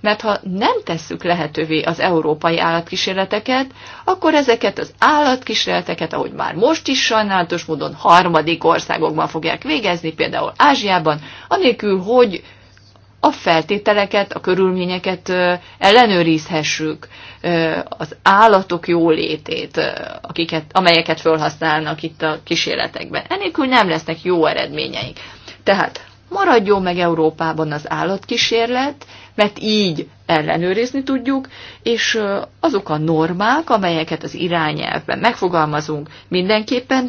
S1: Mert ha nem tesszük lehetővé az európai állatkísérleteket, akkor ezeket az állatkísérleteket, ahogy már most is sajnálatos módon harmadik országokban fogják végezni, például Ázsiában, anélkül, hogy a feltételeket, a körülményeket ellenőrizhessük, az állatok jólétét, akiket, amelyeket felhasználnak itt a kísérletekben. Enélkül nem lesznek jó eredményeik. Tehát maradjon meg Európában az állatkísérlet, mert így ellenőrizni tudjuk, és azok a normák, amelyeket az irányelvben megfogalmazunk, mindenképpen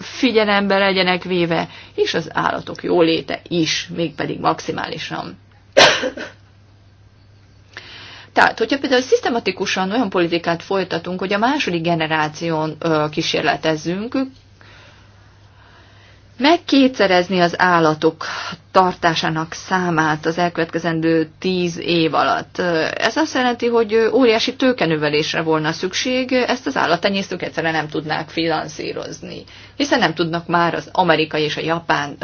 S1: figyelembe legyenek véve, és az állatok jóléte is, mégpedig maximálisan. Tehát, hogyha például szisztematikusan olyan politikát folytatunk, hogy a második generáción ö, kísérletezzünk, megkétszerezni az állatok tartásának számát az elkövetkezendő tíz év alatt. Ez azt jelenti, hogy óriási tőkenövelésre volna szükség, ezt az állattenyésztők egyszerűen nem tudnák finanszírozni, hiszen nem tudnak már az amerikai és a japán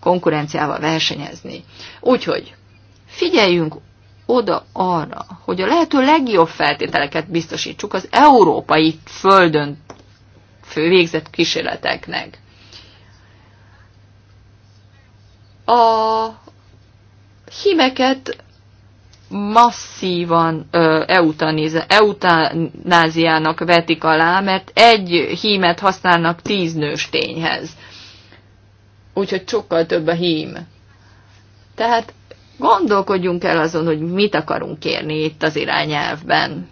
S1: konkurenciával versenyezni. Úgyhogy figyeljünk oda arra, hogy a lehető legjobb feltételeket biztosítsuk az európai földön végzett kísérleteknek a hímeket masszívan ö, eutanáziának vetik alá, mert egy hímet használnak tíz nőstényhez. Úgyhogy sokkal több a hím. Tehát gondolkodjunk el azon, hogy mit akarunk kérni itt az irányelvben.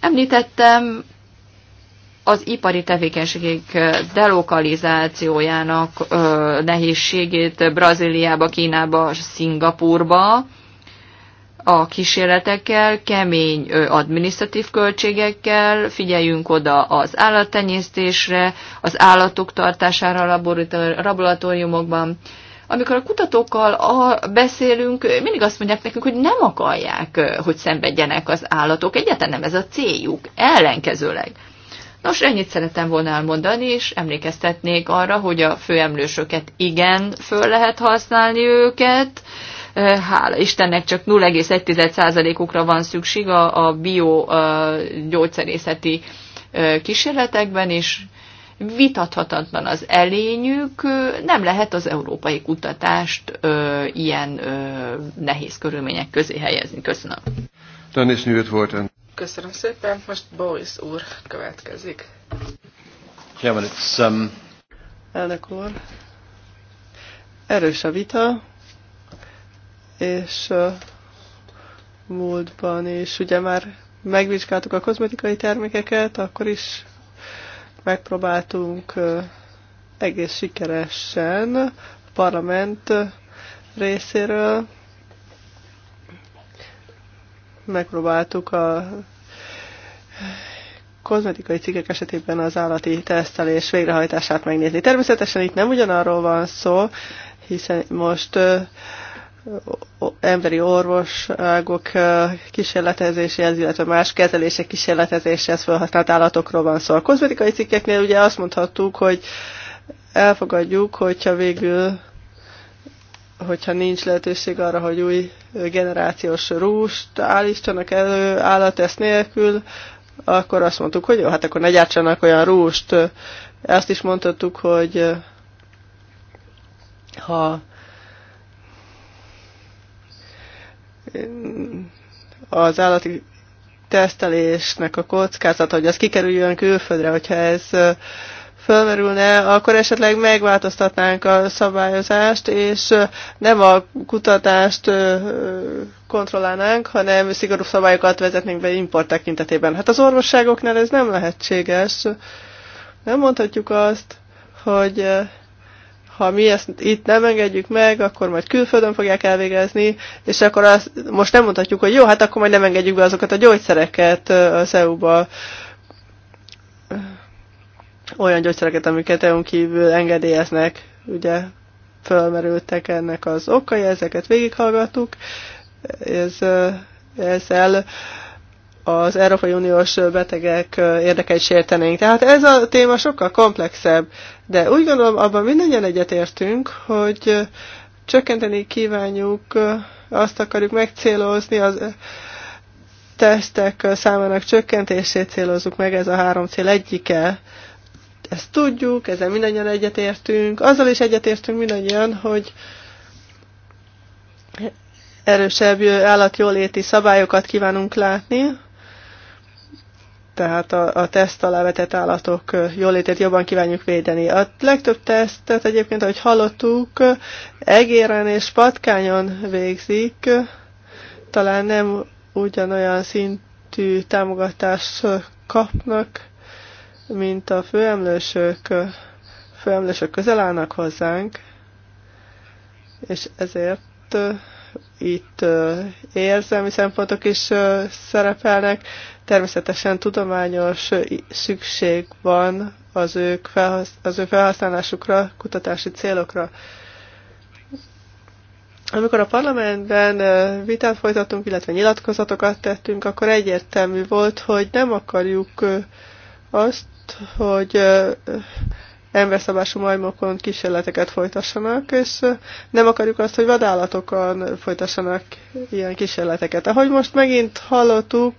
S1: Említettem az ipari tevékenységek delokalizációjának ö, nehézségét Brazíliába, Kínába, Szingapurba a kísérletekkel, kemény ö, adminisztratív költségekkel, figyeljünk oda az állattenyésztésre, az állatok tartására a laboratóriumokban. Amikor a kutatókkal a, beszélünk, mindig azt mondják nekünk, hogy nem akarják, hogy szenvedjenek az állatok. Egyáltalán nem ez a céljuk, ellenkezőleg Nos, ennyit szerettem volna elmondani, és emlékeztetnék arra, hogy a főemlősöket igen, föl lehet használni őket. Eh, hála Istennek csak 0,1%-ukra van szükség a, a bio a eh, gyógyszerészeti eh, kísérletekben, és vitathatatlan az elényük, nem lehet az európai kutatást ö, ilyen ö, nehéz körülmények közé helyezni. Köszönöm. Tanis volt. Köszönöm szépen,
S2: most Boris úr következik.
S1: Chairman, it's, um...
S2: Elnök úr,
S3: erős a vita, és uh, múltban is ugye már megvizsgáltuk a kozmetikai termékeket, akkor is megpróbáltunk uh, egész sikeresen parlament részéről megpróbáltuk a kozmetikai cikkek esetében az állati tesztelés végrehajtását megnézni. Természetesen itt nem ugyanarról van szó, hiszen most emberi orvoságok kísérletezéséhez, illetve más kezelések kísérletezéséhez felhasznált állatokról van szó. A kozmetikai cikkeknél ugye azt mondhattuk, hogy elfogadjuk, hogyha végül hogyha nincs lehetőség arra, hogy új generációs rúst állítsanak elő állatesz nélkül, akkor azt mondtuk, hogy jó, hát akkor ne gyártsanak olyan rúst. Azt is mondhattuk, hogy ha az állati tesztelésnek a kockázata, hogy az kikerüljön külföldre, hogyha ez fölmerülne, akkor esetleg megváltoztatnánk a szabályozást, és nem a kutatást kontrollálnánk, hanem szigorú szabályokat vezetnénk be import tekintetében. Hát az orvosságoknál ez nem lehetséges. Nem mondhatjuk azt, hogy ha mi ezt itt nem engedjük meg, akkor majd külföldön fogják elvégezni, és akkor azt most nem mondhatjuk, hogy jó, hát akkor majd nem engedjük be azokat a gyógyszereket az EU-ba olyan gyógyszereket, amiket EU-n kívül engedélyeznek, ugye felmerültek ennek az okai, ezeket végighallgattuk. Ez, ezzel az Európai Uniós betegek érdekeit sértenénk. Tehát ez a téma sokkal komplexebb, de úgy gondolom, abban mindannyian egyetértünk, hogy csökkenteni kívánjuk, azt akarjuk megcélozni, az tesztek számának csökkentését célozzuk meg, ez a három cél egyike, ezt tudjuk, ezzel mindannyian egyetértünk. Azzal is egyetértünk mindannyian, hogy erősebb állatjóléti szabályokat kívánunk látni, tehát a, a teszt alá vetett állatok jólétét jobban kívánjuk védeni. A legtöbb tesztet egyébként, ahogy hallottuk, egéren és patkányon végzik, talán nem ugyanolyan szintű támogatást kapnak, mint a főemlősök, főemlősök közel állnak hozzánk, és ezért itt érzelmi szempontok is szerepelnek. Természetesen tudományos szükség van az, ők felhasz, az ő felhasználásukra, kutatási célokra. Amikor a parlamentben vitát folytattunk, illetve nyilatkozatokat tettünk, akkor egyértelmű volt, hogy nem akarjuk azt, hogy emberszabású majmokon kísérleteket folytassanak, és nem akarjuk azt, hogy vadállatokon folytassanak ilyen kísérleteket. Ahogy most megint hallottuk,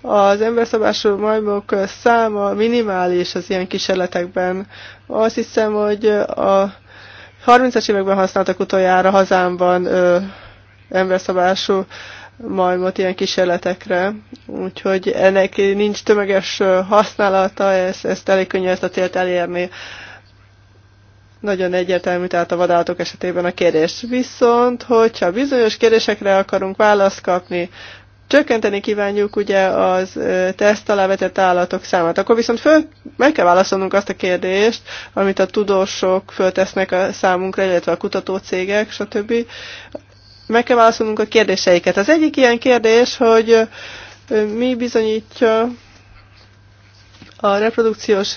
S3: az emberszabású majmok száma minimális az ilyen kísérletekben. Azt hiszem, hogy a 30-as években használtak utoljára hazámban emberszabású majmot ilyen kísérletekre, úgyhogy ennek nincs tömeges használata, ezt, ezt elég könnyű ezt a célt elérni. Nagyon egyértelmű, tehát a vadállatok esetében a kérdés. Viszont, hogyha bizonyos kérdésekre akarunk választ kapni, csökkenteni kívánjuk ugye az teszt alá vetett állatok számát. Akkor viszont föl, meg kell válaszolnunk azt a kérdést, amit a tudósok föltesznek a számunkra, illetve a kutatócégek, stb meg kell válaszolnunk a kérdéseiket. Az egyik ilyen kérdés, hogy mi bizonyítja a reprodukciós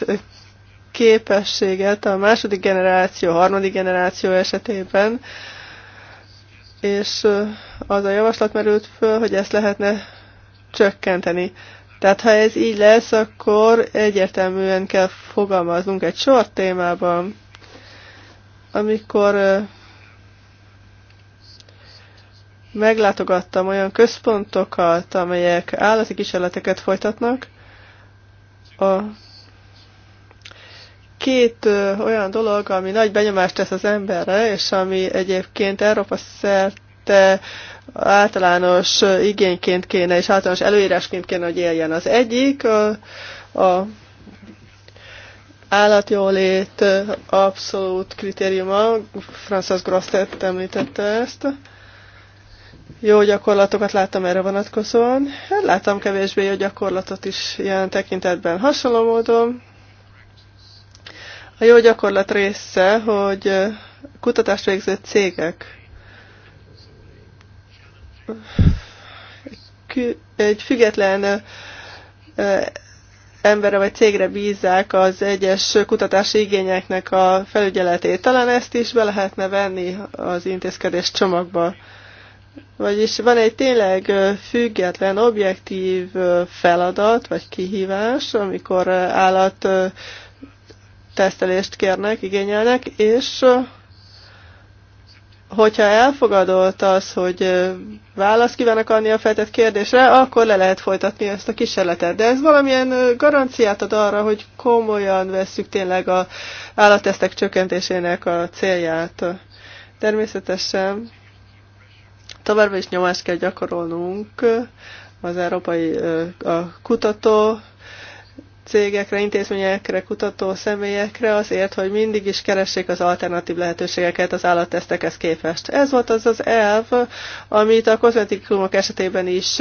S3: képességet a második generáció, harmadik generáció esetében, és az a javaslat merült föl, hogy ezt lehetne csökkenteni. Tehát ha ez így lesz, akkor egyértelműen kell fogalmaznunk egy sor témában, amikor meglátogattam olyan központokat, amelyek állati kísérleteket folytatnak. A két olyan dolog, ami nagy benyomást tesz az emberre, és ami egyébként Európa szerte általános igényként kéne, és általános előírásként kéne, hogy éljen. Az egyik a, a állatjólét abszolút kritériuma, Francis Grosset említette ezt, jó gyakorlatokat láttam erre vonatkozóan. Hát láttam kevésbé jó gyakorlatot is ilyen tekintetben hasonló módon. A jó gyakorlat része, hogy kutatást végző cégek egy független emberre vagy cégre bízzák az egyes kutatási igényeknek a felügyeletét. Talán ezt is be lehetne venni az intézkedés csomagba. Vagyis van egy tényleg független, objektív feladat vagy kihívás, amikor állat tesztelést kérnek, igényelnek, és hogyha elfogadott az, hogy választ kívánok adni a feltett kérdésre, akkor le lehet folytatni ezt a kísérletet. De ez valamilyen garanciát ad arra, hogy komolyan vesszük tényleg az állattesztek csökkentésének a célját. Természetesen továbbra is nyomást kell gyakorolnunk az európai a kutató cégekre, intézményekre, kutató személyekre azért, hogy mindig is keressék az alternatív lehetőségeket az állattesztekhez képest. Ez volt az az elv, amit a kozmetikumok esetében is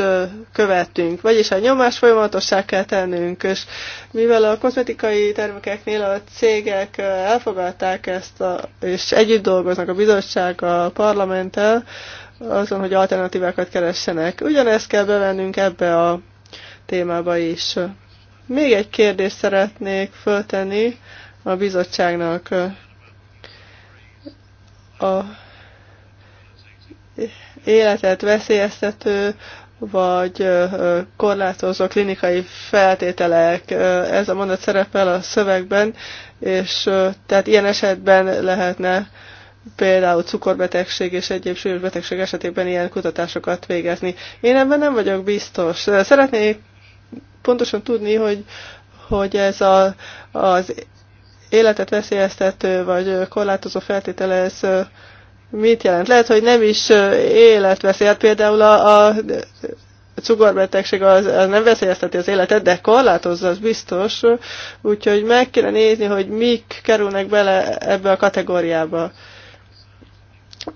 S3: követtünk, vagyis a nyomás folyamatosság kell tennünk, és mivel a kozmetikai termékeknél a cégek elfogadták ezt, a, és együtt dolgoznak a bizottság a parlamenttel, azon, hogy alternatívákat keressenek. Ugyanezt kell bevennünk ebbe a témába is. Még egy kérdést szeretnék föltenni a bizottságnak. A életet veszélyeztető vagy korlátozó klinikai feltételek. Ez a mondat szerepel a szövegben, és tehát ilyen esetben lehetne például cukorbetegség és egyéb súlyos betegség esetében ilyen kutatásokat végezni. Én ebben nem vagyok biztos. Szeretnék pontosan tudni, hogy, hogy ez a, az életet veszélyeztető vagy korlátozó feltétele, ez mit jelent? Lehet, hogy nem is életveszélyt hát például a, a cukorbetegség az, az nem veszélyezteti az életet, de korlátozza, az biztos. Úgyhogy meg kéne nézni, hogy mik kerülnek bele ebbe a kategóriába.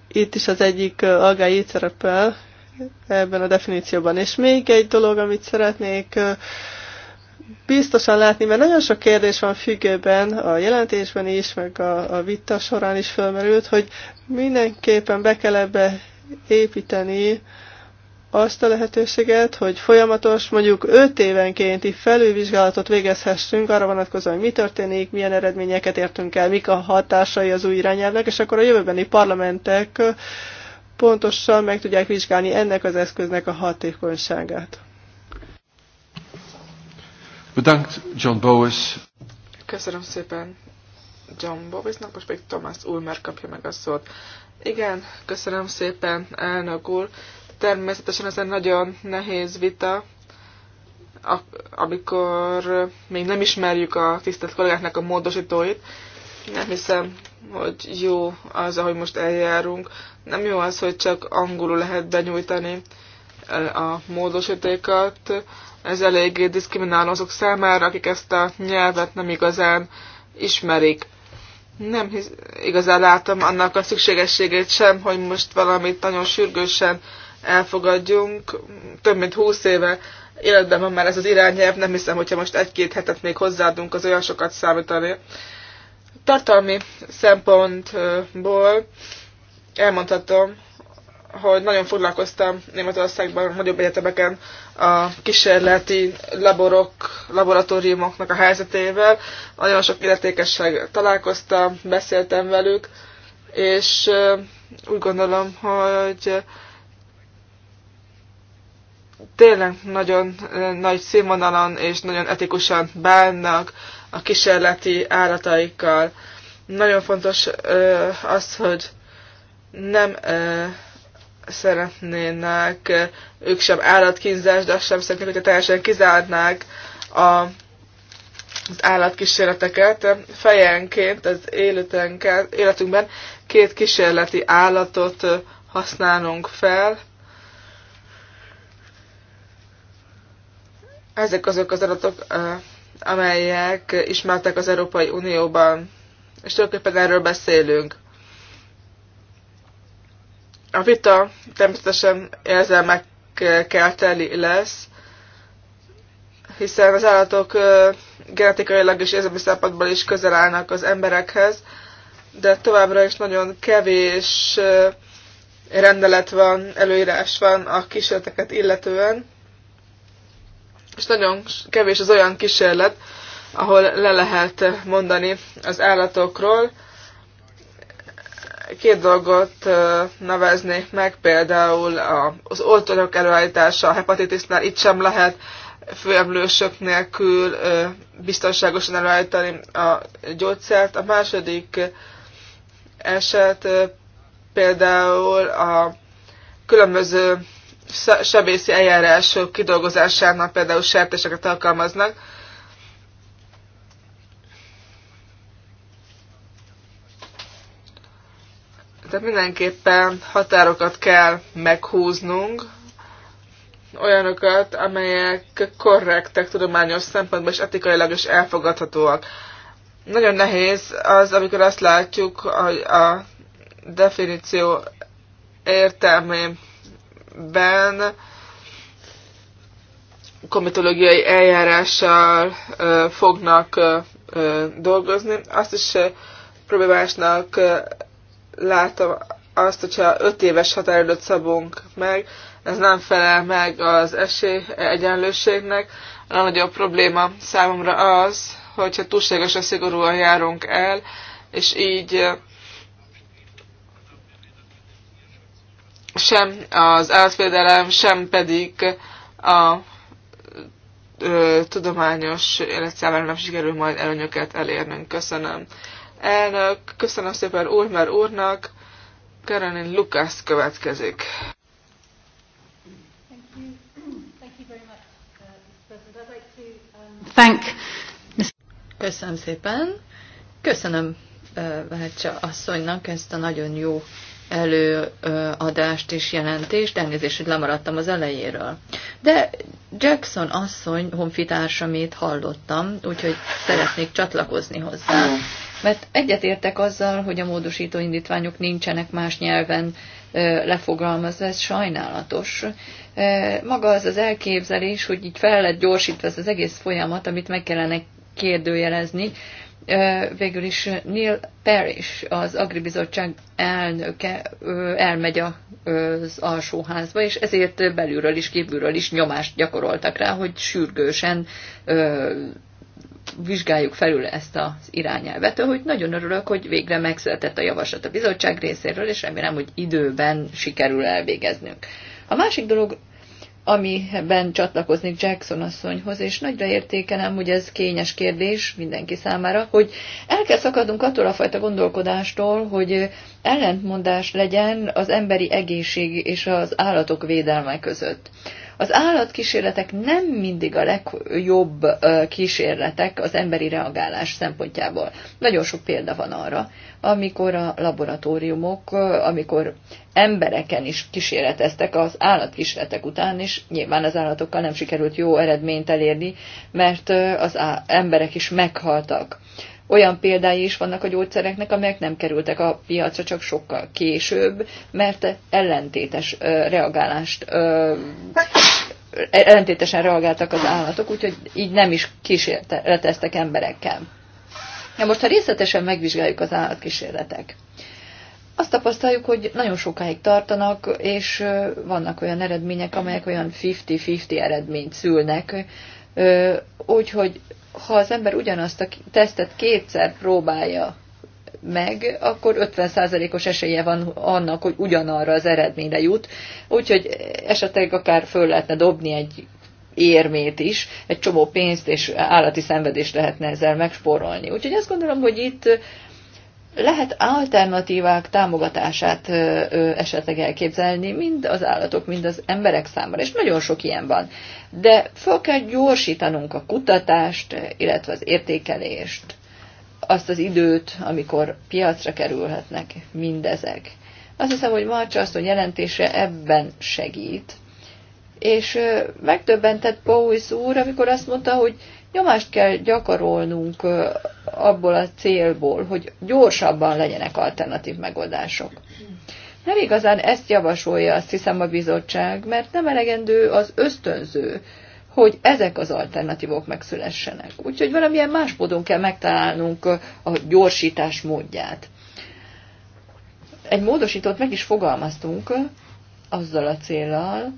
S3: Itt is az egyik aggály így szerepel ebben a definícióban. És még egy dolog, amit szeretnék biztosan látni, mert nagyon sok kérdés van függőben, a jelentésben is, meg a, a vita során is felmerült, hogy mindenképpen be kell ebbe építeni azt a lehetőséget, hogy folyamatos, mondjuk 5 évenkénti felülvizsgálatot végezhessünk arra vonatkozóan, hogy mi történik, milyen eredményeket értünk el, mik a hatásai az új irányelvnek, és akkor a jövőbeni parlamentek pontosan meg tudják vizsgálni ennek az eszköznek a hatékonyságát.
S1: John Bowes.
S2: Köszönöm szépen John Bowisnak, most pedig Thomas Ulmer kapja meg a szót. Igen, köszönöm szépen, elnök úr. Természetesen ez egy nagyon nehéz vita, amikor még nem ismerjük a tisztelt kollégáknak a módosítóit. Nem hiszem, hogy jó az, ahogy most eljárunk. Nem jó az, hogy csak angolul lehet benyújtani a módosítékat. Ez eléggé diszkrimináló azok számára, akik ezt a nyelvet nem igazán ismerik. Nem hisz, igazán látom annak a szükségességét sem, hogy most valamit nagyon sürgősen elfogadjunk. Több mint húsz éve életben van már ez az irányelv, nem hiszem, hogyha most egy-két hetet még hozzáadunk, az olyan sokat számítani. Tartalmi szempontból elmondhatom, hogy nagyon foglalkoztam Németországban, nagyobb egyetemeken a kísérleti laborok, laboratóriumoknak a helyzetével. Nagyon sok illetékesség találkoztam, beszéltem velük, és úgy gondolom, hogy tényleg nagyon nagy színvonalon és nagyon etikusan bánnak a kísérleti állataikkal. Nagyon fontos az, hogy nem szeretnének ők sem állatkínzást, de azt sem szeretnék, hogyha teljesen kizárnák a, az állatkísérleteket. Fejenként az életünkben két kísérleti állatot használunk fel, Ezek azok az adatok, amelyek ismertek az Európai Unióban, és tulajdonképpen erről beszélünk. A vita természetesen érzelmekkel teli lesz, hiszen az állatok genetikailag és érzelmi szempontból is közel állnak az emberekhez, de továbbra is nagyon kevés rendelet van, előírás van a kísérleteket illetően és nagyon kevés az olyan kísérlet, ahol le lehet mondani az állatokról. Két dolgot neveznék meg, például az oltóanyag előállítása a hepatitisnál, itt sem lehet főemlősök nélkül biztonságosan előállítani a gyógyszert. A második eset például a különböző sebészi eljárások kidolgozásának például sertéseket alkalmaznak. Tehát mindenképpen határokat kell meghúznunk, olyanokat, amelyek korrektek tudományos szempontból és etikailag is elfogadhatóak. Nagyon nehéz az, amikor azt látjuk, hogy a definíció értelmében ben komitológiai eljárással fognak dolgozni. Azt is problémásnak látom azt, hogyha öt éves határidőt szabunk meg, ez nem felel meg az esély egyenlőségnek. A nagyobb probléma számomra az, hogyha túlságosan szigorúan járunk el, és így sem az állatvédelem, sem pedig a ö, tudományos élet számára nem sikerül majd előnyöket elérnünk. Köszönöm. Elnök, köszönöm szépen Ulmer úrnak. Karenin Lukász következik.
S1: Thank. Köszönöm szépen. Köszönöm Vácsa asszonynak ezt a nagyon jó előadást és jelentést, elnézést, hogy lemaradtam az elejéről. De Jackson asszony honfitársamét hallottam, úgyhogy szeretnék csatlakozni hozzá. Mert egyetértek azzal, hogy a módosító indítványok nincsenek más nyelven lefogalmazva, ez sajnálatos. Maga az az elképzelés, hogy így fel lett gyorsítva ez az egész folyamat, amit meg kellene kérdőjelezni, végül is Neil Parrish, az Agribizottság elnöke elmegy az alsóházba, és ezért belülről is, kívülről is nyomást gyakoroltak rá, hogy sürgősen vizsgáljuk felül ezt az irányelvet, hogy nagyon örülök, hogy végre megszületett a javaslat a bizottság részéről, és remélem, hogy időben sikerül elvégeznünk. A másik dolog amiben csatlakozni Jackson asszonyhoz, és nagyra értékelem, hogy ez kényes kérdés mindenki számára, hogy el kell szakadnunk attól a fajta gondolkodástól, hogy ellentmondás legyen az emberi egészség és az állatok védelme között. Az állatkísérletek nem mindig a legjobb kísérletek az emberi reagálás szempontjából. Nagyon sok példa van arra, amikor a laboratóriumok, amikor embereken is kísérleteztek az állatkísérletek után, és nyilván az állatokkal nem sikerült jó eredményt elérni, mert az emberek is meghaltak. Olyan példái is vannak a gyógyszereknek, amelyek nem kerültek a piacra csak sokkal később, mert ellentétes reagálást ellentétesen reagáltak az állatok, úgyhogy így nem is kísérleteztek emberekkel. Na most, ha részletesen megvizsgáljuk az állatkísérletek, azt tapasztaljuk, hogy nagyon sokáig tartanak, és vannak olyan eredmények, amelyek olyan 50-50 eredményt szülnek Úgyhogy ha az ember ugyanazt a tesztet kétszer próbálja meg, akkor 50%-os esélye van annak, hogy ugyanarra az eredményre jut. Úgyhogy esetleg akár föl lehetne dobni egy érmét is, egy csomó pénzt és állati szenvedést lehetne ezzel megsporolni. Úgyhogy azt gondolom, hogy itt lehet alternatívák támogatását esetleg elképzelni, mind az állatok, mind az emberek számára, és nagyon sok ilyen van. De fel kell gyorsítanunk a kutatást, illetve az értékelést, azt az időt, amikor piacra kerülhetnek mindezek. Azt hiszem, hogy Marcsa asszony jelentése ebben segít, és megtöbbentett Bowis úr, amikor azt mondta, hogy nyomást kell gyakorolnunk abból a célból, hogy gyorsabban legyenek alternatív megoldások. Nem igazán ezt javasolja, azt hiszem, a bizottság, mert nem elegendő az ösztönző, hogy ezek az alternatívok megszülessenek. Úgyhogy valamilyen más módon kell megtalálnunk a gyorsítás módját. Egy módosítót meg is fogalmaztunk azzal a célral,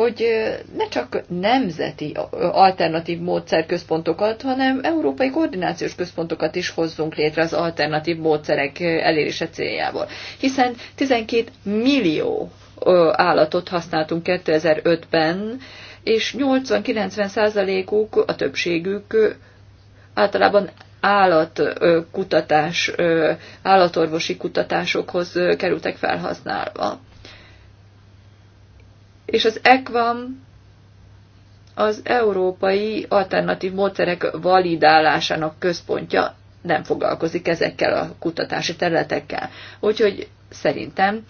S1: hogy ne csak nemzeti alternatív módszerközpontokat, hanem európai koordinációs központokat is hozzunk létre az alternatív módszerek elérése céljából. Hiszen 12 millió állatot használtunk 2005-ben, és 80-90 százalékuk, a többségük általában állatkutatás, állatorvosi kutatásokhoz kerültek felhasználva és az ECVAM az európai alternatív módszerek validálásának központja nem foglalkozik ezekkel a kutatási területekkel. Úgyhogy szerintem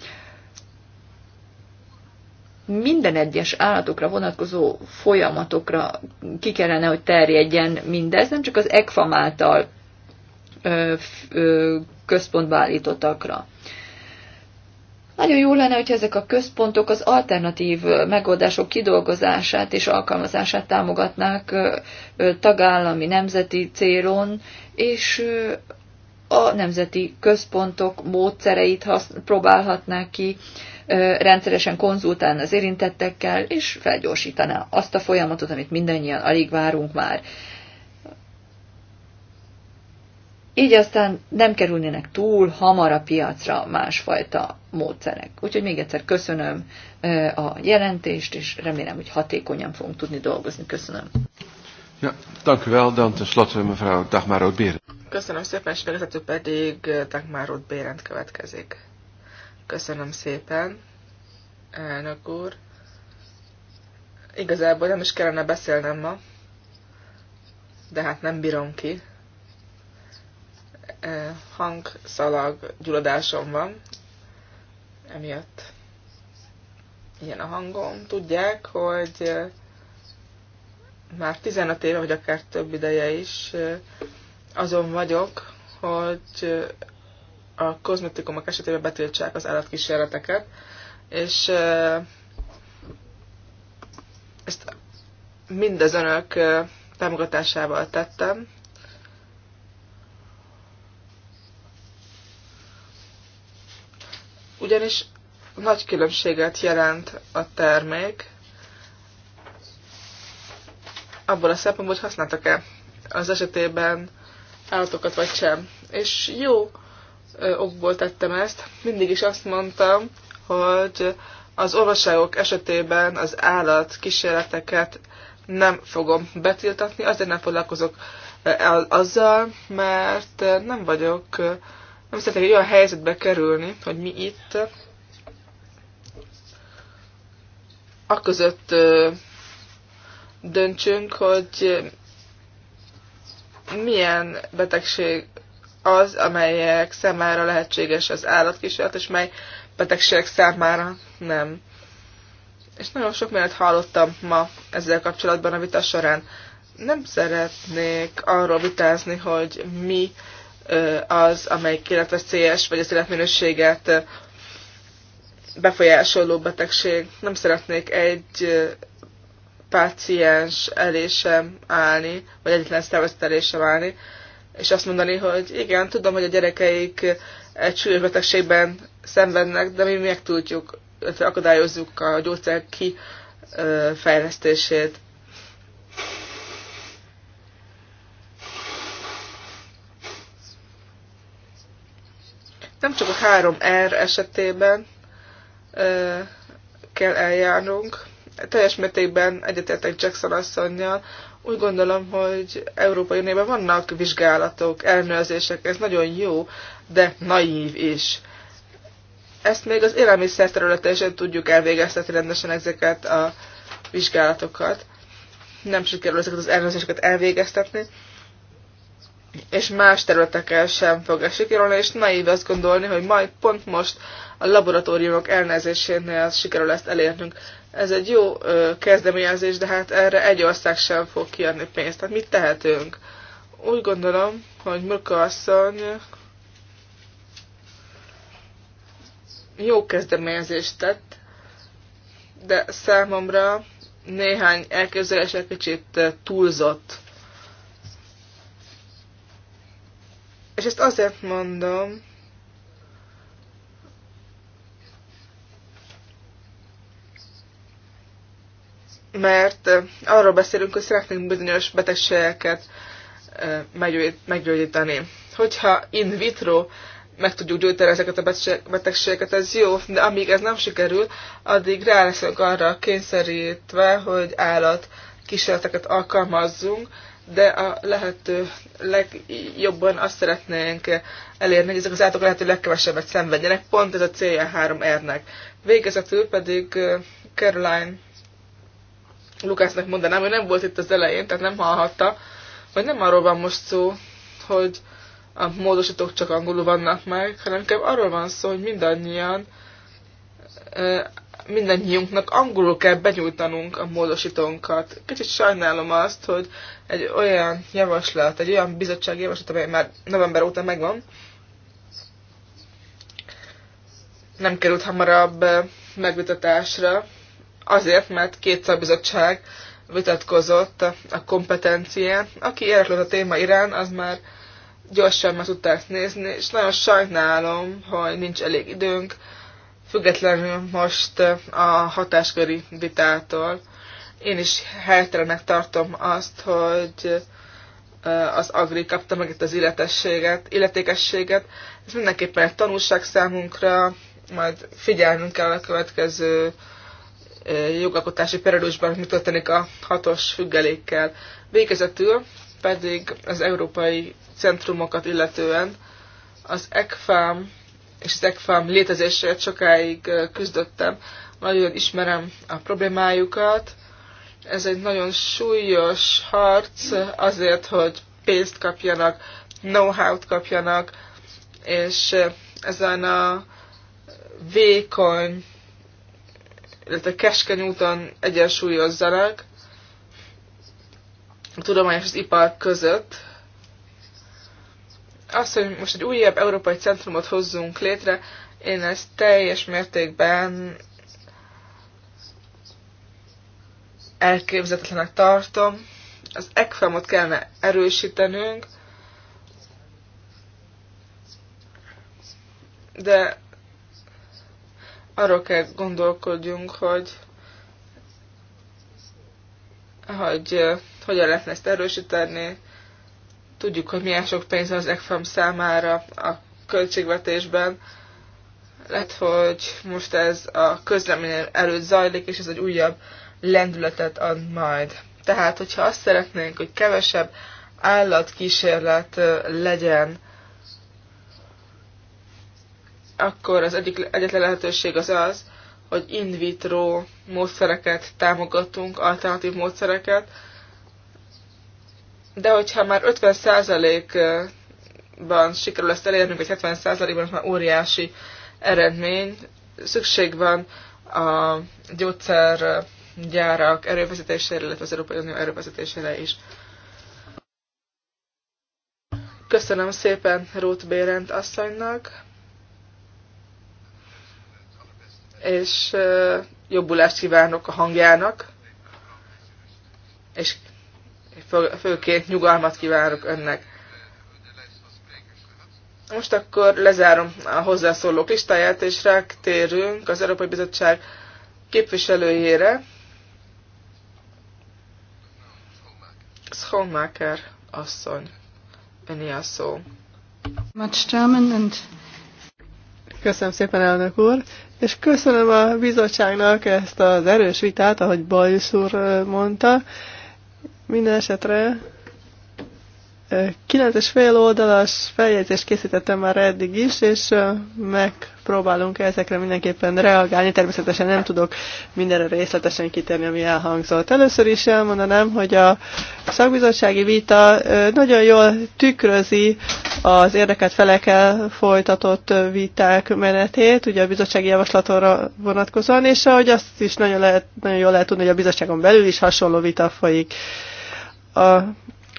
S1: minden egyes állatokra vonatkozó folyamatokra ki kellene, hogy terjedjen mindez, nem csak az ECFAM által központba állítottakra. Nagyon jó lenne, hogyha ezek a központok az alternatív megoldások kidolgozását és alkalmazását támogatnák tagállami, nemzeti célon, és a nemzeti központok módszereit próbálhatnák ki, rendszeresen konzultálna az érintettekkel, és felgyorsítaná azt a folyamatot, amit mindannyian alig várunk már így aztán nem kerülnének túl hamar a piacra másfajta módszerek. Úgyhogy még egyszer köszönöm a jelentést, és remélem, hogy hatékonyan fogunk tudni dolgozni. Köszönöm. Ja, dank u wel. Dan tenslotte mevrouw Dagmar Rood-Berend.
S2: Köszönöm szépen, és végezetül pedig Dagmar Rood-Berend következik. Köszönöm szépen, elnök úr. Igazából nem is kellene beszélnem ma, de hát nem bírom ki hangszalag gyulladásom van, emiatt ilyen a hangom. Tudják, hogy már 15 éve, vagy akár több ideje is azon vagyok, hogy a kozmetikumok esetében betiltsák az állatkísérleteket, és ezt mindez önök támogatásával tettem, ugyanis nagy különbséget jelent a termék, abból a szempontból, hogy használtak-e az esetében állatokat vagy sem. És jó okból tettem ezt, mindig is azt mondtam, hogy az orvosságok esetében az állat kísérleteket nem fogom betiltatni, azért nem foglalkozok azzal, mert nem vagyok nem szeretnék egy olyan helyzetbe kerülni, hogy mi itt a között döntsünk, hogy milyen betegség az, amelyek számára lehetséges az állatkísérlet, és mely betegségek számára nem. És nagyon sok mindent hallottam ma ezzel kapcsolatban a vita során. Nem szeretnék arról vitázni, hogy mi az, amelyik életveszélyes, vagy az életminőséget befolyásoló betegség. Nem szeretnék egy páciens elésem állni, vagy egyetlen szervezet elésem állni, és azt mondani, hogy igen, tudom, hogy a gyerekeik egy súlyos betegségben szenvednek, de mi meg tudjuk, akadályozzuk a gyógyszer kifejlesztését. Nem csak a 3R esetében ö, kell eljárnunk. Teljes mértékben egyetértek Jackson asszonynal. Úgy gondolom, hogy Európai Unióban vannak vizsgálatok, ellenőrzések, ez nagyon jó, de naív is ezt még az élelmiszer területen sem tudjuk elvégeztetni rendesen ezeket a vizsgálatokat. Nem sikerül ezeket az ellenőrzéseket elvégeztetni és más területeken sem fog sikerülni, és naív azt gondolni, hogy majd pont most a laboratóriumok elnezésénél sikerül ezt elérnünk. Ez egy jó ö, kezdeményezés, de hát erre egy ország sem fog kiadni pénzt. Tehát mit tehetünk? Úgy gondolom, hogy Murka asszony jó kezdeményezést tett, de számomra néhány elképzelés egy kicsit túlzott És ezt azért mondom, mert arról beszélünk, hogy szeretnénk bizonyos betegségeket meggyógyítani. Hogyha in vitro meg tudjuk gyógyítani ezeket a betegségeket, ez jó, de amíg ez nem sikerül, addig rá leszünk arra kényszerítve, hogy állat kísérleteket alkalmazzunk, de a lehető legjobban azt szeretnénk elérni, hogy ezek az állatok lehető legkevesebbet szenvedjenek, pont ez a célja 3R-nek. Végezetül pedig Caroline Lukásznak mondanám, hogy nem volt itt az elején, tehát nem hallhatta, hogy nem arról van most szó, hogy a módosítók csak angolul vannak meg, hanem inkább arról van szó, hogy mindannyian mindannyiunknak angolul kell benyújtanunk a módosítónkat. Kicsit sajnálom azt, hogy egy olyan javaslat, egy olyan bizottsági javaslat, amely már november óta megvan, nem került hamarabb eh, megvitatásra, azért, mert két szabizottság vitatkozott a kompetencián. Aki érdeklődött a téma irán, az már gyorsan meg tudták nézni, és nagyon sajnálom, hogy nincs elég időnk, függetlenül most eh, a hatásköri vitától. Én is helytelenek tartom azt, hogy eh, az Agri kapta meg itt az illetességet, illetékességet. Ez mindenképpen egy tanulság számunkra, majd figyelnünk kell a következő eh, jogalkotási periódusban, mi történik a hatos függelékkel. Végezetül pedig az európai centrumokat illetően az ECFAM és az ECFAM létezésért sokáig küzdöttem. Nagyon ismerem a problémájukat. Ez egy nagyon súlyos harc azért, hogy pénzt kapjanak, know-how-t kapjanak, és ezen a vékony, illetve keskeny úton egyensúlyozzanak a tudományos az ipar között, azt hogy most egy újabb európai centrumot hozzunk létre, én ezt teljes mértékben elképzetlenek tartom. Az ECFAM-ot kellene erősítenünk, de arról kell gondolkodjunk, hogy hogy eh, hogyan lehetne ezt erősíteni, Tudjuk, hogy milyen sok pénz az EGFAM számára a költségvetésben. Lehet, hogy most ez a közlemény előtt zajlik, és ez egy újabb lendületet ad majd. Tehát, hogyha azt szeretnénk, hogy kevesebb állatkísérlet legyen, akkor az egyik, egyetlen lehetőség az az, hogy in vitro módszereket támogatunk, alternatív módszereket, de hogyha már 50%-ban sikerül ezt elérni, vagy 70%-ban, már óriási eredmény, szükség van a gyógyszergyárak erővezetésére, illetve az Európai Unió erővezetésére is. Köszönöm szépen Ruth Bérent asszonynak, és jobbulást kívánok a hangjának, és főként nyugalmat kívánok önnek. Most akkor lezárom a hozzászólók listáját, és rátérünk az Európai Bizottság képviselőjére. Schoenmaker asszony. önni a szó.
S3: Köszönöm szépen, elnök úr, és köszönöm a bizottságnak ezt az erős vitát, ahogy Bajusz úr mondta, minden esetre kilenc és fél oldalas feljegyzést készítettem már eddig is, és megpróbálunk ezekre mindenképpen reagálni. Természetesen nem tudok mindenre részletesen kitérni, ami elhangzott. Először is elmondanám, hogy a szakbizottsági vita nagyon jól tükrözi az érdekelt felekkel folytatott viták menetét, ugye a bizottsági javaslatóra vonatkozóan, és ahogy azt is nagyon, lehet, nagyon jól lehet tudni, hogy a bizottságon belül is hasonló vita folyik. A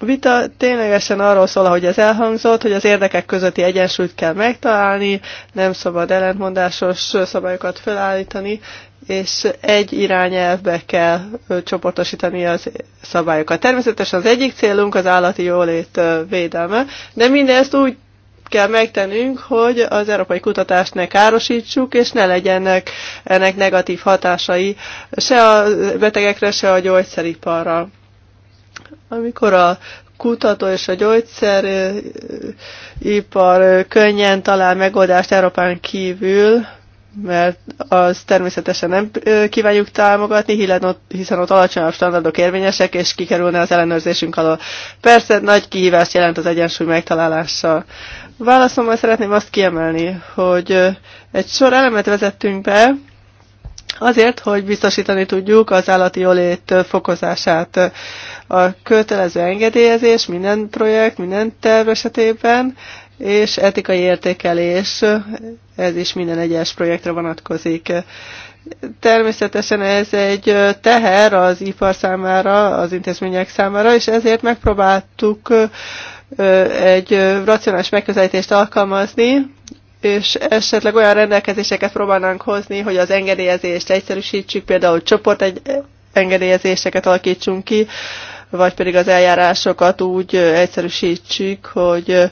S3: vita ténylegesen arról szól, ahogy ez elhangzott, hogy az érdekek közötti egyensúlyt kell megtalálni, nem szabad ellentmondásos szabályokat felállítani, és egy irányelvbe kell csoportosítani az szabályokat. Természetesen az egyik célunk az állati jólét védelme, de mindezt úgy kell megtennünk, hogy az európai kutatást ne károsítsuk, és ne legyenek ennek negatív hatásai se a betegekre, se a gyógyszeriparra amikor a kutató és a gyógyszeripar könnyen talál megoldást Európán kívül, mert az természetesen nem kívánjuk támogatni, hiszen ott alacsonyabb standardok érvényesek, és kikerülne az ellenőrzésünk alól. Persze nagy kihívást jelent az egyensúly megtalálása. Válaszomban szeretném azt kiemelni, hogy egy sor elemet vezettünk be, azért, hogy biztosítani tudjuk az állati jólét fokozását. A kötelező engedélyezés minden projekt, minden terv esetében, és etikai értékelés, ez is minden egyes projektre vonatkozik. Természetesen ez egy teher az ipar számára, az intézmények számára, és ezért megpróbáltuk egy racionális megközelítést alkalmazni, és esetleg olyan rendelkezéseket próbálnánk hozni, hogy az engedélyezést egyszerűsítsük, például csoport egy engedélyezéseket alakítsunk ki, vagy pedig az eljárásokat úgy egyszerűsítsük, hogy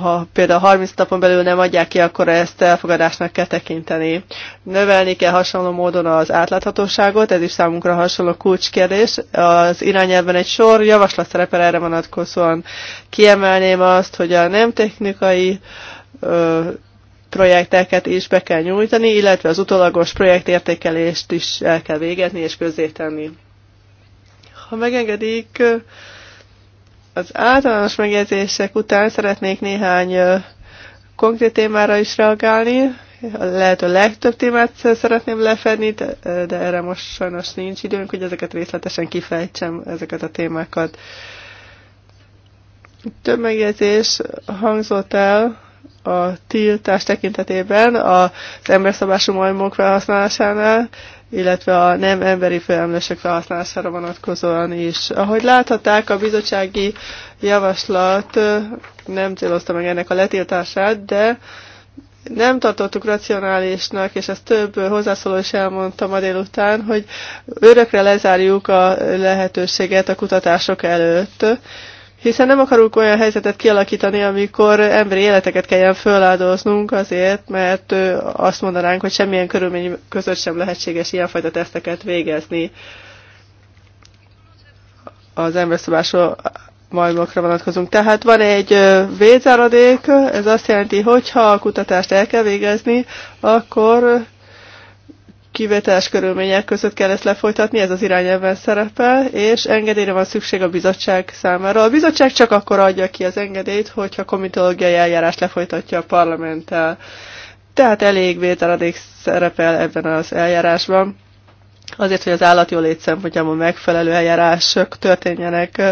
S3: ha például 30 napon belül nem adják ki, akkor ezt elfogadásnak kell tekinteni. Növelni kell hasonló módon az átláthatóságot, ez is számunkra hasonló kulcskérdés. Az irányelvben egy sor javaslat szerepel erre vonatkozóan. Kiemelném azt, hogy a nem technikai ö, projekteket is be kell nyújtani, illetve az utolagos projektértékelést is el kell végezni és közzétenni. Ha megengedik, az általános megjegyzések után szeretnék néhány konkrét témára is reagálni. Lehet, a legtöbb témát szeretném lefedni, de, de erre most sajnos nincs időnk, hogy ezeket részletesen kifejtsem, ezeket a témákat. Több megjegyzés hangzott el a tiltás tekintetében, az emberszabású majmok felhasználásánál, illetve a nem emberi főemlősök felhasználására vonatkozóan is. Ahogy láthatták, a bizottsági javaslat nem célozta meg ennek a letiltását, de nem tartottuk racionálisnak, és ezt több hozzászóló is elmondta ma délután, hogy örökre lezárjuk a lehetőséget a kutatások előtt, hiszen nem akarunk olyan helyzetet kialakítani, amikor emberi életeket kelljen föláldoznunk azért, mert azt mondanánk, hogy semmilyen körülmény között sem lehetséges ilyenfajta teszteket végezni. Az emberszabásról majmokra vonatkozunk. Tehát van egy védzáradék, ez azt jelenti, hogy ha a kutatást el kell végezni, akkor kivételes körülmények között kell ezt lefolytatni, ez az irányelven szerepel, és engedélyre van szükség a bizottság számára. A bizottság csak akkor adja ki az engedélyt, hogyha komitológiai eljárás lefolytatja a parlamenttel. Tehát elég vételadék szerepel ebben az eljárásban. Azért, hogy az állatjólét szempontjából megfelelő eljárások történjenek.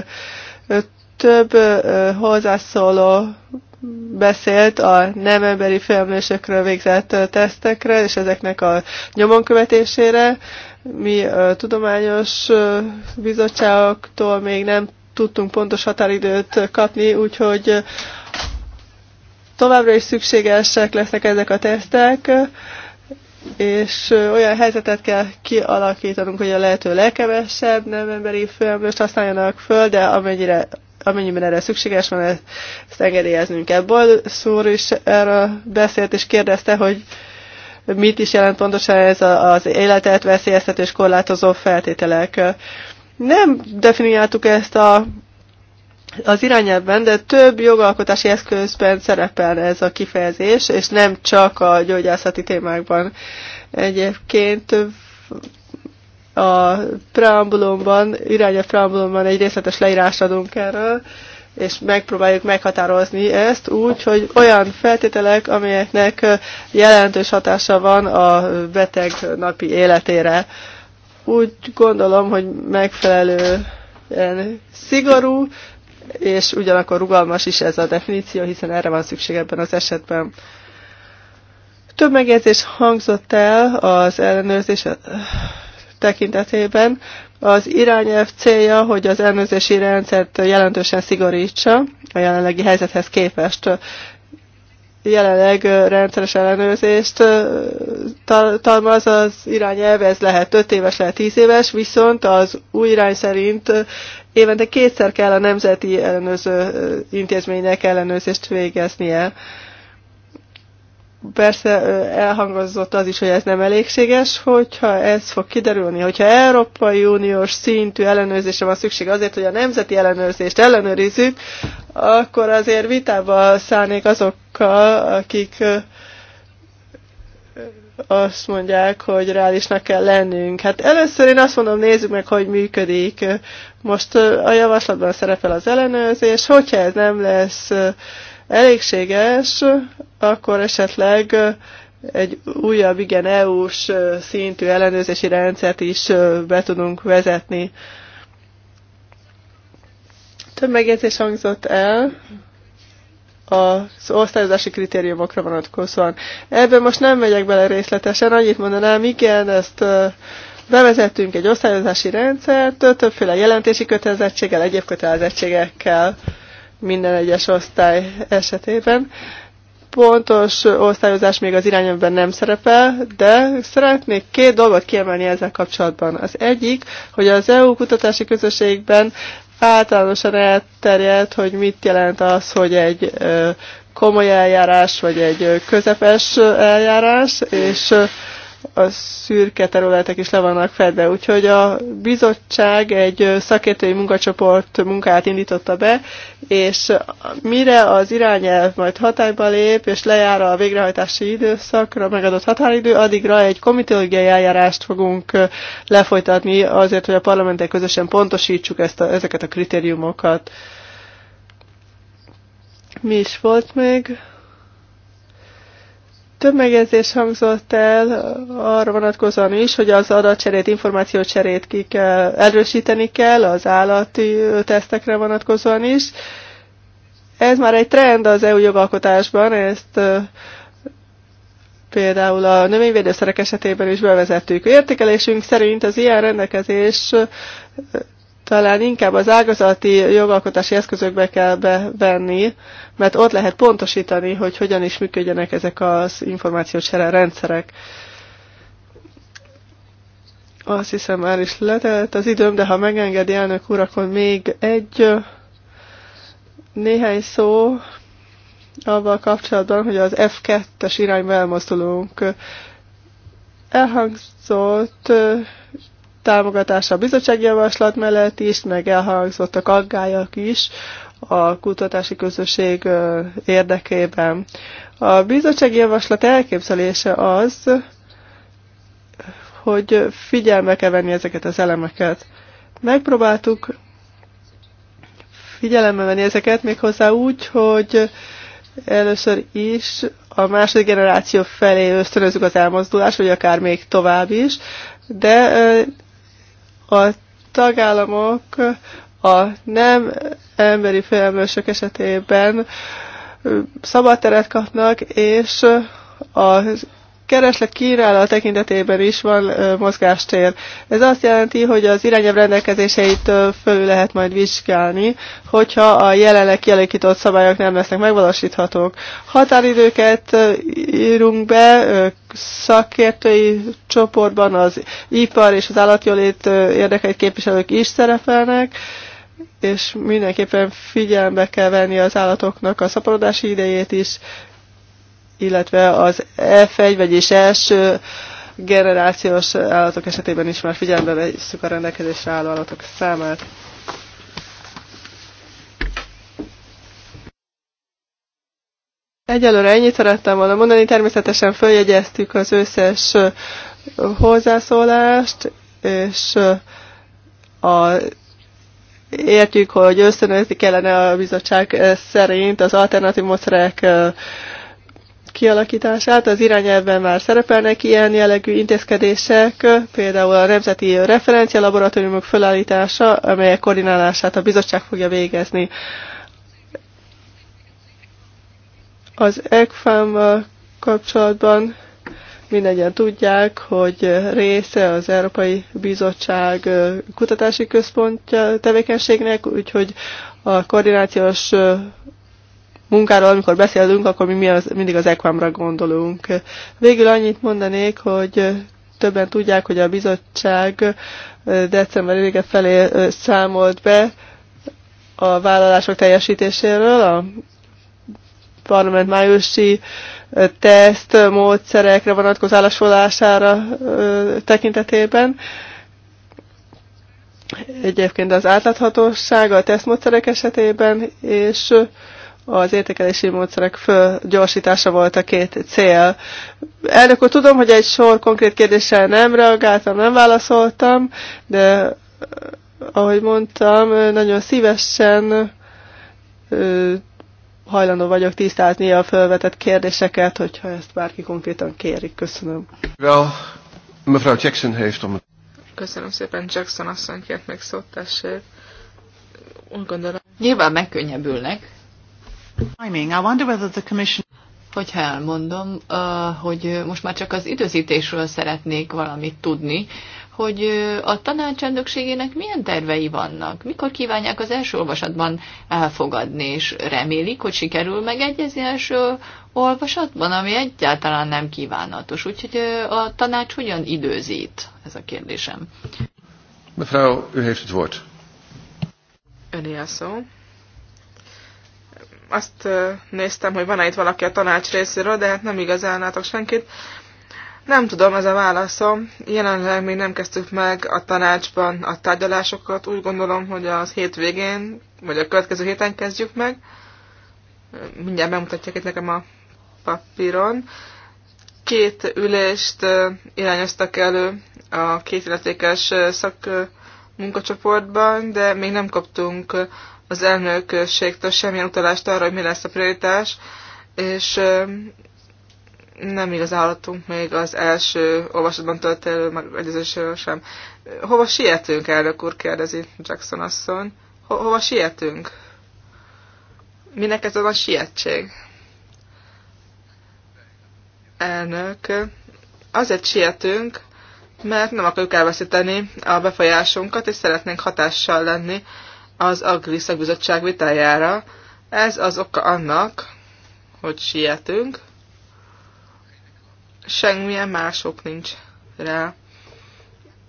S3: Több hozzászóló beszélt a nem emberi felmérésekről végzett tesztekre, és ezeknek a nyomon követésére. Mi a tudományos bizottságoktól még nem tudtunk pontos határidőt kapni, úgyhogy továbbra is szükségesek lesznek ezek a tesztek, és olyan helyzetet kell kialakítanunk, hogy a lehető legkevesebb nem emberi filmöst használjanak föl, de amennyire amennyiben erre szükséges van, ezt engedélyeznünk kell. Bolszúr is erről beszélt és kérdezte, hogy mit is jelent pontosan ez az életet veszélyeztető és korlátozó feltételek. Nem definiáltuk ezt a, az irányelvben, de több jogalkotási eszközben szerepel ez a kifejezés, és nem csak a gyógyászati témákban. Egyébként a preambulumban, a preambulumban egy részletes leírás adunk erről, és megpróbáljuk meghatározni ezt úgy, hogy olyan feltételek, amelyeknek jelentős hatása van a beteg napi életére. Úgy gondolom, hogy megfelelően szigorú, és ugyanakkor rugalmas is ez a definíció, hiszen erre van szükség ebben az esetben. Több megjegyzés hangzott el az ellenőrzés tekintetében. Az irányelv célja, hogy az ellenőrzési rendszert jelentősen szigorítsa a jelenlegi helyzethez képest. Jelenleg rendszeres ellenőrzést tartalmaz az irányelv, ez lehet 5 éves, lehet 10 éves, viszont az új irány szerint évente kétszer kell a nemzeti ellenőrző intézménynek ellenőrzést végeznie persze elhangozott az is, hogy ez nem elégséges, hogyha ez fog kiderülni, hogyha Európai Uniós szintű ellenőrzésre van szükség azért, hogy a nemzeti ellenőrzést ellenőrizzük, akkor azért vitába szállnék azokkal, akik azt mondják, hogy reálisnak kell lennünk. Hát először én azt mondom, nézzük meg, hogy működik. Most a javaslatban szerepel az ellenőrzés, hogyha ez nem lesz elégséges, akkor esetleg egy újabb, igen, EU-s szintű ellenőrzési rendszert is be tudunk vezetni. Több megjegyzés hangzott el az osztályozási kritériumokra vonatkozóan. Ebben most nem megyek bele részletesen, annyit mondanám, igen, ezt bevezettünk egy osztályozási rendszert, többféle jelentési kötelezettséggel, egyéb kötelezettségekkel minden egyes osztály esetében. Pontos osztályozás még az irányomban nem szerepel, de szeretnék két dolgot kiemelni ezzel kapcsolatban. Az egyik, hogy az EU kutatási közösségben általánosan elterjedt, hogy mit jelent az, hogy egy komoly eljárás, vagy egy közepes eljárás, és a szürke területek is le vannak fedve. Úgyhogy a bizottság egy szakértői munkacsoport munkát indította be, és mire az irányelv majd hatályba lép, és lejár a végrehajtási időszakra megadott határidő, addigra egy komitológiai eljárást fogunk lefolytatni azért, hogy a parlamentek közösen pontosítsuk ezt a, ezeket a kritériumokat. Mi is volt még? Több megjegyzés hangzott el arra vonatkozóan is, hogy az adatcserét, információcserét ki kell, erősíteni kell az állati tesztekre vonatkozóan is. Ez már egy trend az EU jogalkotásban, ezt például a növényvédőszerek esetében is bevezettük. Értékelésünk szerint az ilyen rendelkezés talán inkább az ágazati jogalkotási eszközökbe kell bevenni, mert ott lehet pontosítani, hogy hogyan is működjenek ezek az információs rendszerek. Azt hiszem már is letelt az időm, de ha megengedi elnök úr, akkor még egy néhány szó avval kapcsolatban, hogy az F2-es irányba elmozdulunk. Elhangzott támogatása a bizottsági javaslat mellett is, meg elhangzottak aggályak is a kutatási közösség érdekében. A bizottsági javaslat elképzelése az, hogy figyelme kell venni ezeket az elemeket. Megpróbáltuk figyelembe venni ezeket méghozzá úgy, hogy először is a második generáció felé ösztönözzük az elmozdulást, vagy akár még tovább is, de a tagállamok a nem emberi felelősök esetében szabad teret kapnak, és az kereslet a tekintetében is van mozgástér. Ez azt jelenti, hogy az irányelv rendelkezéseit fölül lehet majd vizsgálni, hogyha a jelenleg kialakított szabályok nem lesznek megvalósíthatók. Határidőket írunk be szakértői csoportban, az ipar és az állatjólét érdekeit képviselők is szerepelnek, és mindenképpen figyelembe kell venni az állatoknak a szaporodási idejét is, illetve az F1, vagyis első generációs állatok esetében is már figyelembe veszük a rendelkezésre álló állatok számát. Egyelőre ennyit szerettem volna mondani, természetesen följegyeztük az összes hozzászólást, és a, értjük, hogy ösztönözni kellene a bizottság szerint az alternatív módszerek kialakítását. Az irányelvben már szerepelnek ilyen jellegű intézkedések, például a nemzeti referencia laboratóriumok felállítása, amelyek koordinálását a bizottság fogja végezni. Az ECFAM kapcsolatban mindegyen tudják, hogy része az Európai Bizottság kutatási központja tevékenységnek, úgyhogy a koordinációs munkáról, amikor beszélünk, akkor mi mindig az Equamra gondolunk. Végül annyit mondanék, hogy többen tudják, hogy a bizottság december vége felé számolt be a vállalások teljesítéséről, a parlament májusi teszt módszerekre vonatkozó állásolására tekintetében. Egyébként az átláthatóság a tesztmódszerek esetében, és az értékelési módszerek fölgyorsítása volt a két cél. Elnök úr, tudom, hogy egy sor konkrét kérdéssel nem reagáltam, nem válaszoltam, de eh, ahogy mondtam, eh, nagyon szívesen eh, hajlandó vagyok tisztázni a felvetett kérdéseket, hogyha ezt bárki konkrétan kéri. Köszönöm.
S1: Well, mevrouw Jackson heeft om...
S2: Köszönöm szépen, Jackson asszonykért kért még szót, tessék. Úgy
S1: gondolom. Nyilván megkönnyebbülnek, Hogyha elmondom, hogy most már csak az időzítésről szeretnék valamit tudni, hogy a tanácsendökségének milyen tervei vannak, mikor kívánják az első olvasatban elfogadni, és remélik, hogy sikerül megegyezni első olvasatban, ami egyáltalán nem kívánatos. Úgyhogy a tanács hogyan időzít? Ez a kérdésem. Mevrouw, ő helyes volt. Öné
S2: a szó azt néztem, hogy van-e itt valaki a tanács részéről, de hát nem igazán látok senkit. Nem tudom, ez a válaszom. Jelenleg még nem kezdtük meg a tanácsban a tárgyalásokat. Úgy gondolom, hogy az hétvégén, vagy a következő héten kezdjük meg. Mindjárt bemutatják itt nekem a papíron. Két ülést irányoztak elő a két illetékes szakmunkacsoportban, de még nem kaptunk az elnökségtől semmilyen utalást arra, hogy mi lesz a prioritás, és nem igazán hallottunk még az első olvasatban történő megegyezésről sem. Hova sietünk, elnök úr, kérdezi Jackson asszony. Ho- hova sietünk? Minek ez a sietség? Elnök, azért sietünk, mert nem akarjuk elveszíteni a befolyásunkat, és szeretnénk hatással lenni az Agri Szakbizottság vitájára. Ez az oka annak, hogy sietünk. Semmilyen mások nincs rá.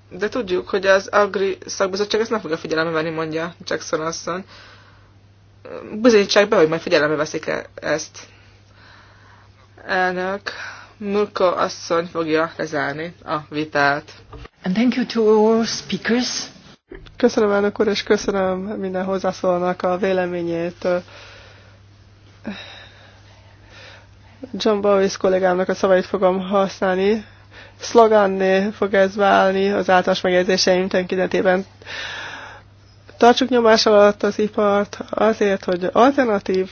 S2: De tudjuk, hogy az Agri Szakbizottság ezt nem fogja figyelembe venni, mondja Jackson asszony. Bizonyítsák be, hogy majd figyelembe veszik -e ezt. Elnök Murko asszony fogja lezárni a vitát.
S3: And thank you to all speakers. Köszönöm, elnök úr, és köszönöm minden hozzászólónak a véleményét. John Bowis kollégámnak a szavait fogom használni. Szlogánné fog ez válni az általános megjegyzéseim tekintetében. Tartsuk nyomás alatt az ipart azért, hogy alternatív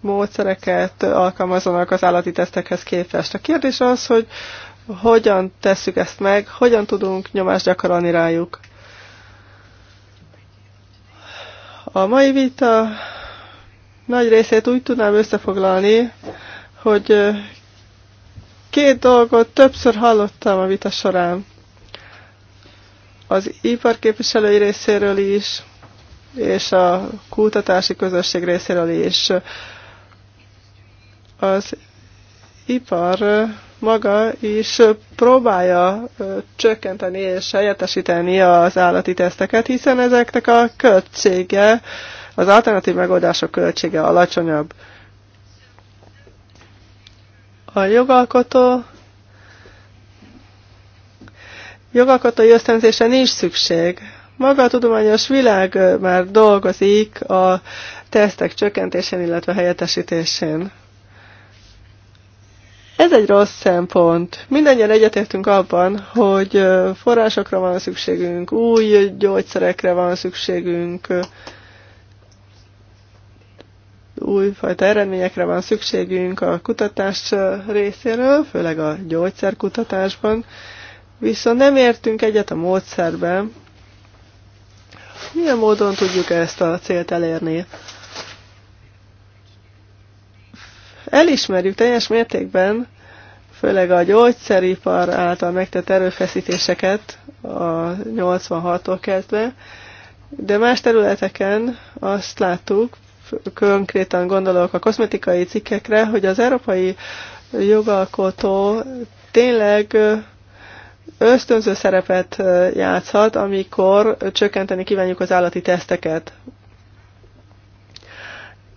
S3: módszereket alkalmazanak az állati tesztekhez képest. A kérdés az, hogy hogyan tesszük ezt meg? Hogyan tudunk nyomást gyakorolni rájuk? A mai vita nagy részét úgy tudnám összefoglalni, hogy két dolgot többször hallottam a vita során. Az iparképviselői részéről is, és a kutatási közösség részéről is. Az ipar maga is próbálja csökkenteni és helyettesíteni az állati teszteket, hiszen ezeknek a költsége, az alternatív megoldások költsége alacsonyabb. A jogalkotó jogalkotói ösztönzése nincs szükség. Maga a tudományos világ már dolgozik a tesztek csökkentésén, illetve helyettesítésén. Ez egy rossz szempont. Mindennyian egyetértünk abban, hogy forrásokra van szükségünk, új gyógyszerekre van szükségünk, újfajta eredményekre van szükségünk a kutatás részéről, főleg a gyógyszerkutatásban, viszont nem értünk egyet a módszerben. Milyen módon tudjuk ezt a célt elérni? Elismerjük teljes mértékben, főleg a gyógyszeripar által megtett erőfeszítéseket a 86-tól kezdve, de más területeken azt láttuk, konkrétan gondolok a kozmetikai cikkekre, hogy az európai jogalkotó tényleg ösztönző szerepet játszhat, amikor csökkenteni kívánjuk az állati teszteket.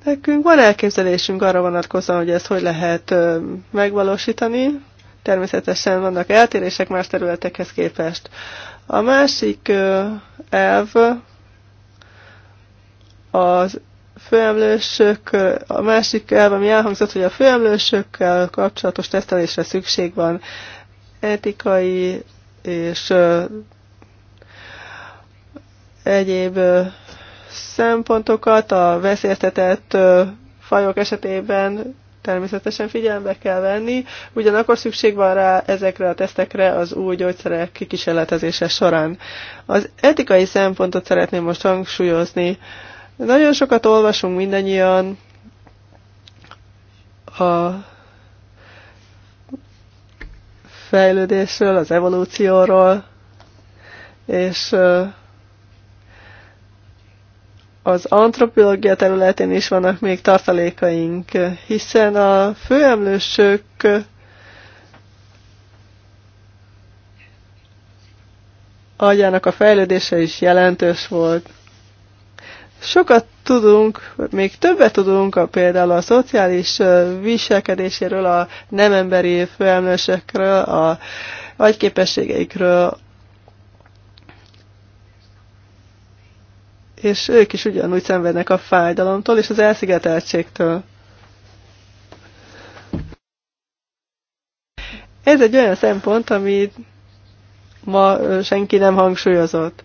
S3: Nekünk van elképzelésünk arra vonatkozóan, hogy ezt hogy lehet megvalósítani. Természetesen vannak eltérések más területekhez képest. A másik elv az főemlősök, a másik elv, ami elhangzott, hogy a főemlősökkel kapcsolatos tesztelésre szükség van etikai és egyéb szempontokat a veszélyeztetett fajok esetében természetesen figyelembe kell venni, ugyanakkor szükség van rá ezekre a tesztekre az új gyógyszerek kikísérletezése során. Az etikai szempontot szeretném most hangsúlyozni. Nagyon sokat olvasunk mindannyian a fejlődésről, az evolúcióról, és az antropológia területén is vannak még tartalékaink, hiszen a főemlősök agyának a fejlődése is jelentős volt. Sokat tudunk, még többet tudunk a, például a szociális viselkedéséről, a nem emberi főemlősekről, a agyképességeikről, és ők is ugyanúgy szenvednek a fájdalomtól és az elszigeteltségtől. Ez egy olyan szempont, ami ma senki nem hangsúlyozott.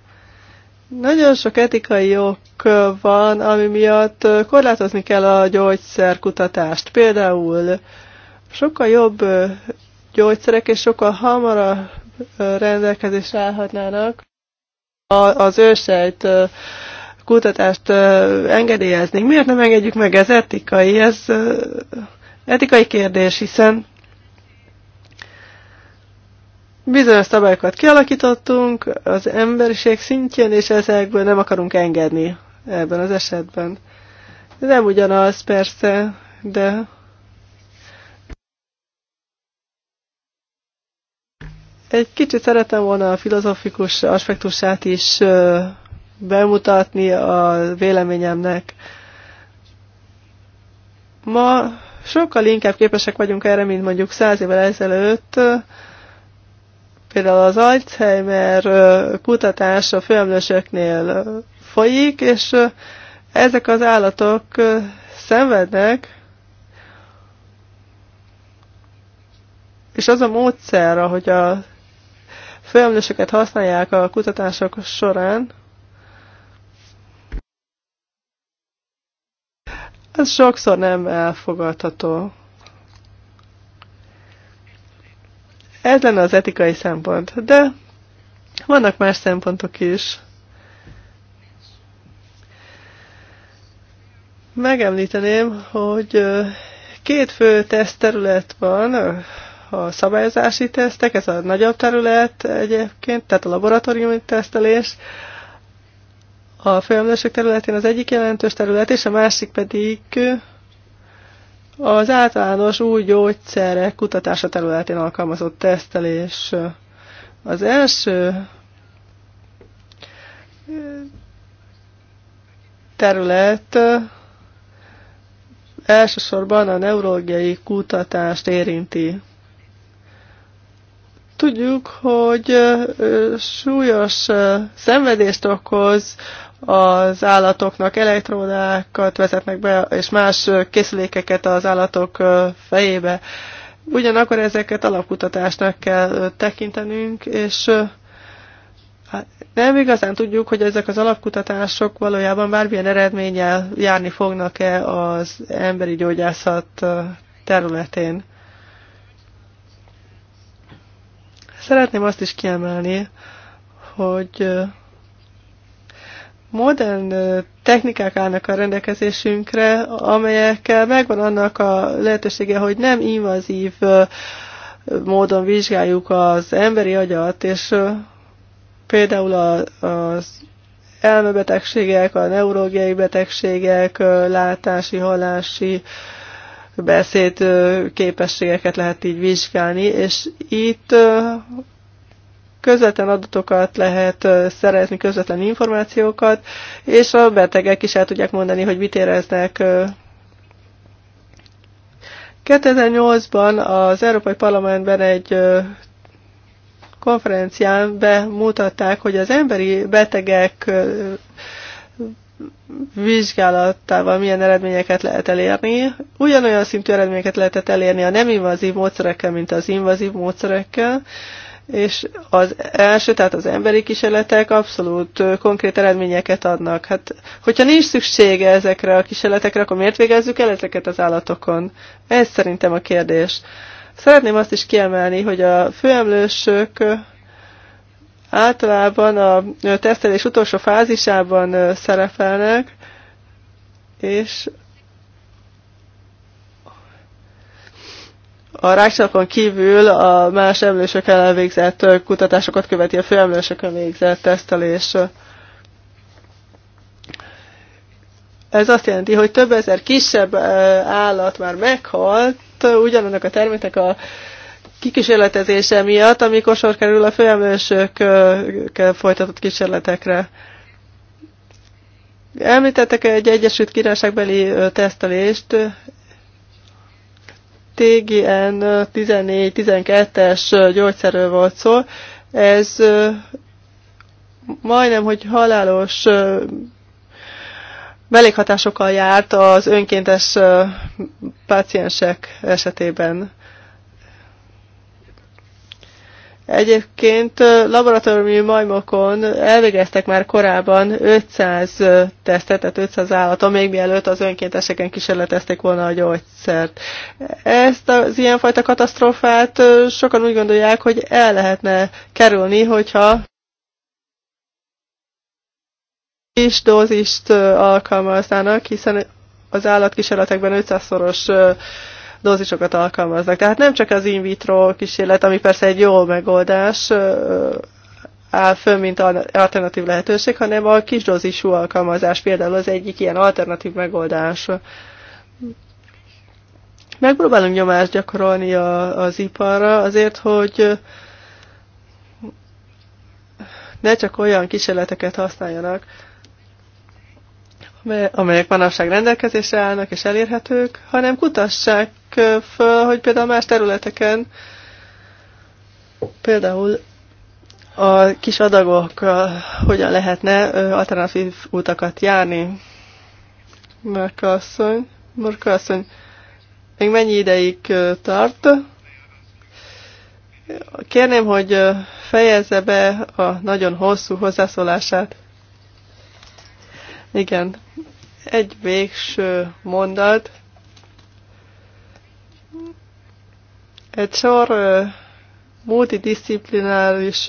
S3: Nagyon sok etikai ok van, ami miatt korlátozni kell a gyógyszerkutatást. Például sokkal jobb gyógyszerek és sokkal hamarabb rendelkezésre állhatnának az ősejt kutatást engedélyezni. Miért nem engedjük meg? Ez etikai, ez etikai kérdés, hiszen bizonyos szabályokat kialakítottunk az emberiség szintjén, és ezekből nem akarunk engedni ebben az esetben. Nem ugyanaz persze, de egy kicsit szeretem volna a filozofikus aspektusát is bemutatni a véleményemnek. Ma sokkal inkább képesek vagyunk erre, mint mondjuk száz évvel ezelőtt. Például az Alzheimer kutatás a főemlősöknél folyik, és ezek az állatok szenvednek, és az a módszer, ahogy a főemlősöket használják a kutatások során, Ez sokszor nem elfogadható. Ez lenne az etikai szempont, de vannak más szempontok is. Megemlíteném, hogy két fő tesztterület van, a szabályozási tesztek, ez a nagyobb terület egyébként, tehát a laboratóriumi tesztelés, a folyamlások területén az egyik jelentős terület, és a másik pedig az általános új gyógyszerek kutatása területén alkalmazott tesztelés. Az első terület elsősorban a neurológiai kutatást érinti. Tudjuk, hogy súlyos szenvedést okoz az állatoknak elektródákat vezetnek be, és más készülékeket az állatok fejébe. Ugyanakkor ezeket alapkutatásnak kell tekintenünk, és hát nem igazán tudjuk, hogy ezek az alapkutatások valójában bármilyen eredménnyel járni fognak-e az emberi gyógyászat területén. Szeretném azt is kiemelni, hogy modern technikák állnak a rendelkezésünkre, amelyekkel megvan annak a lehetősége, hogy nem invazív módon vizsgáljuk az emberi agyat, és például az elmebetegségek, a neurológiai betegségek, látási, hallási, beszéd képességeket lehet így vizsgálni, és itt közvetlen adatokat lehet szerezni, közvetlen információkat, és a betegek is el tudják mondani, hogy mit éreznek 2008-ban az Európai Parlamentben egy konferencián bemutatták, hogy az emberi betegek vizsgálattával milyen eredményeket lehet elérni. Ugyanolyan szintű eredményeket lehetett elérni a nem invazív módszerekkel, mint az invazív módszerekkel, és az első, tehát az emberi kísérletek abszolút konkrét eredményeket adnak. Hát, hogyha nincs szüksége ezekre a kísérletekre, akkor miért végezzük el ezeket az állatokon? Ez szerintem a kérdés. Szeretném azt is kiemelni, hogy a főemlősök általában a tesztelés utolsó fázisában szerepelnek, és A rákcsalapon kívül a más emlősök ellen végzett kutatásokat követi a főemlősökön végzett tesztelés. Ez azt jelenti, hogy több ezer kisebb állat már meghalt ugyanannak a termétek, a kikísérletezése miatt, amikor sor kerül a főemlősökkel folytatott kísérletekre. Említettek egy Egyesült Királyságbeli tesztelést, TGN 14-12-es gyógyszerről volt szó. Ez majdnem, hogy halálos mellékhatásokkal járt az önkéntes páciensek esetében. Egyébként laboratóriumi majmokon elvégeztek már korábban 500 tesztet, tehát 500 állaton, még mielőtt az önkénteseken kísérletezték volna a gyógyszert. Ezt az ilyenfajta katasztrófát sokan úgy gondolják, hogy el lehetne kerülni, hogyha kis dózist alkalmaznának, hiszen az állatkísérletekben 500-szoros dózisokat alkalmaznak. Tehát nem csak az in vitro kísérlet, ami persze egy jó megoldás, áll föl, mint alternatív lehetőség, hanem a kisdózisú alkalmazás például az egyik ilyen alternatív megoldás. Megpróbálunk nyomást gyakorolni a, az iparra azért, hogy ne csak olyan kísérleteket használjanak, amelyek manapság rendelkezésre állnak és elérhetők, hanem kutassák föl, hogy például más területeken, például a kis adagokkal hogyan lehetne alternatív utakat járni. Marka asszony, Marka asszony, még mennyi ideig tart? Kérném, hogy fejezze be a nagyon hosszú hozzászólását. Igen, egy végső mondat. egy sor multidisziplináris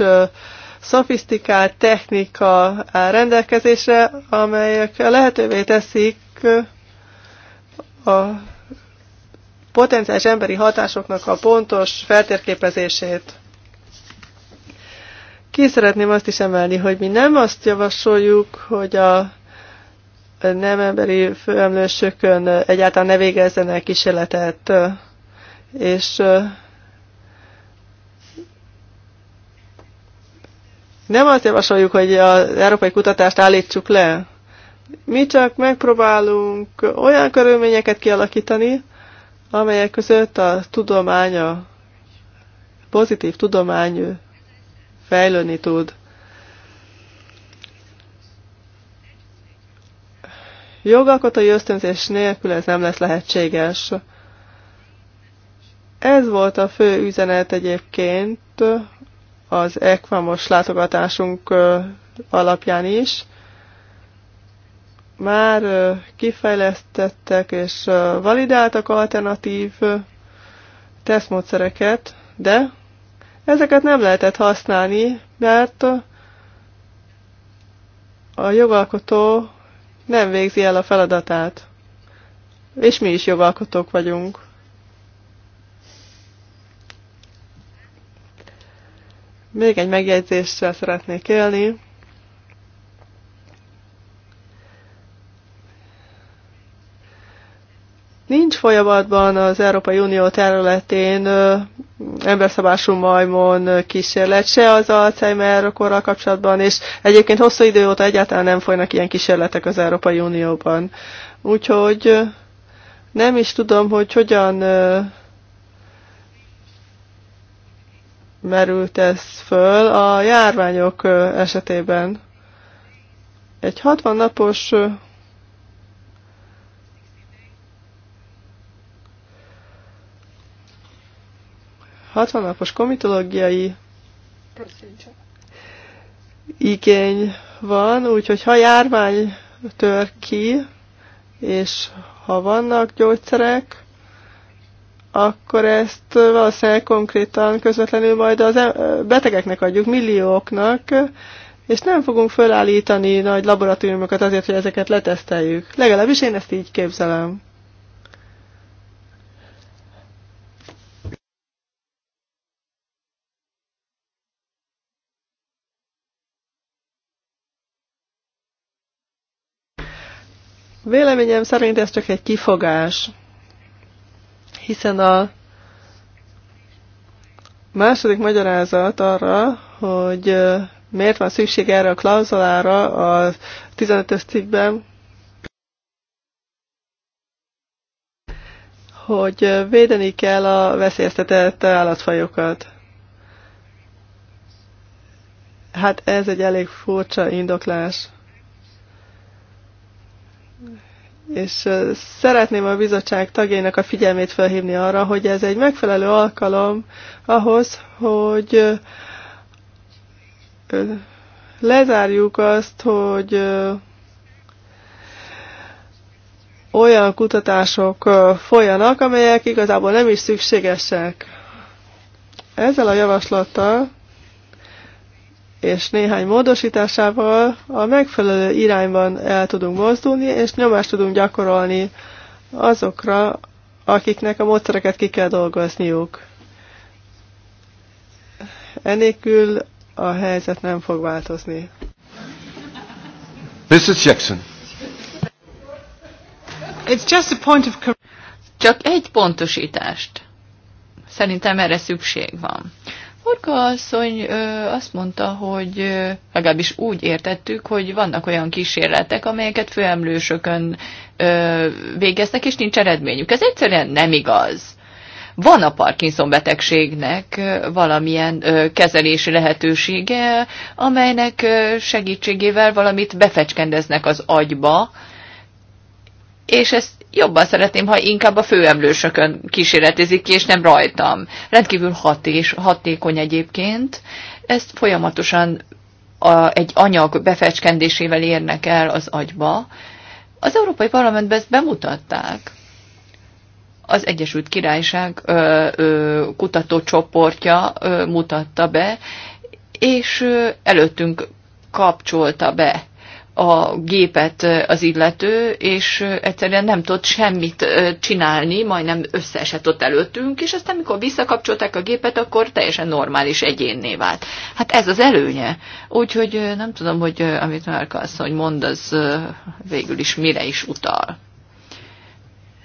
S3: szofisztikált technika áll rendelkezésre, amelyek lehetővé teszik a potenciális emberi hatásoknak a pontos feltérképezését. Ki szeretném azt is emelni, hogy mi nem azt javasoljuk, hogy a nem emberi főemlősökön egyáltalán ne végezzenek kísérletet és nem azt javasoljuk, hogy az európai kutatást állítsuk le. Mi csak megpróbálunk olyan körülményeket kialakítani, amelyek között a tudomány, a pozitív tudomány fejlődni tud. Jogalkotói ösztönzés nélkül ez nem lesz lehetséges. Ez volt a fő üzenet egyébként az Equamos látogatásunk alapján is. Már kifejlesztettek és validáltak alternatív tesztmódszereket, de ezeket nem lehetett használni, mert a jogalkotó nem végzi el a feladatát. És mi is jogalkotók vagyunk. Még egy megjegyzéssel szeretnék élni. Nincs folyamatban az Európai Unió területén emberszabású majmon kísérlet, se az Alzheimer korral kapcsolatban, és egyébként hosszú idő óta egyáltalán nem folynak ilyen kísérletek az Európai Unióban. Úgyhogy nem is tudom, hogy hogyan merült ez föl a járványok esetében. Egy 60 napos napos komitológiai igény van, úgyhogy ha járvány tör ki, és ha vannak gyógyszerek, akkor ezt valószínűleg konkrétan, közvetlenül majd az betegeknek adjuk, millióknak, és nem fogunk fölállítani nagy laboratóriumokat azért, hogy ezeket leteszteljük. Legalábbis én ezt így képzelem. Véleményem szerint ez csak egy kifogás hiszen a második magyarázat arra, hogy miért van szükség erre a klauzulára a 15-ös cikkben, hogy védeni kell a veszélyeztetett állatfajokat. Hát ez egy elég furcsa indoklás és szeretném a bizottság tagjainak a figyelmét felhívni arra, hogy ez egy megfelelő alkalom ahhoz, hogy lezárjuk azt, hogy olyan kutatások folyanak, amelyek igazából nem is szükségesek. Ezzel a javaslattal és néhány módosításával a megfelelő irányban el tudunk mozdulni, és nyomást tudunk gyakorolni azokra, akiknek a módszereket ki kell dolgozniuk. Enélkül a helyzet nem fog változni.
S1: Mrs. Jackson. It's just a point of... Csak egy pontosítást. Szerintem erre szükség van. Horka asszony azt mondta, hogy legalábbis úgy értettük, hogy vannak olyan kísérletek, amelyeket főemlősökön végeznek, és nincs eredményük. Ez egyszerűen nem igaz. Van a Parkinson betegségnek valamilyen kezelési lehetősége, amelynek segítségével valamit befecskendeznek az agyba, és ezt jobban szeretném, ha inkább a főemlősökön kísérletezik ki, és nem rajtam. Rendkívül hat és hatékony egyébként. Ezt folyamatosan a, egy anyag befecskendésével érnek el az agyba. Az Európai Parlamentben ezt bemutatták. Az Egyesült Királyság ö, ö, kutatócsoportja ö, mutatta be, és ö, előttünk kapcsolta be a gépet az illető, és egyszerűen nem tudott semmit csinálni, majdnem összeesett ott előttünk, és aztán amikor visszakapcsolták a gépet, akkor teljesen normális egyénné vált. Hát ez az előnye. Úgyhogy nem tudom, hogy amit Márka asszony mond, az végül is mire is utal.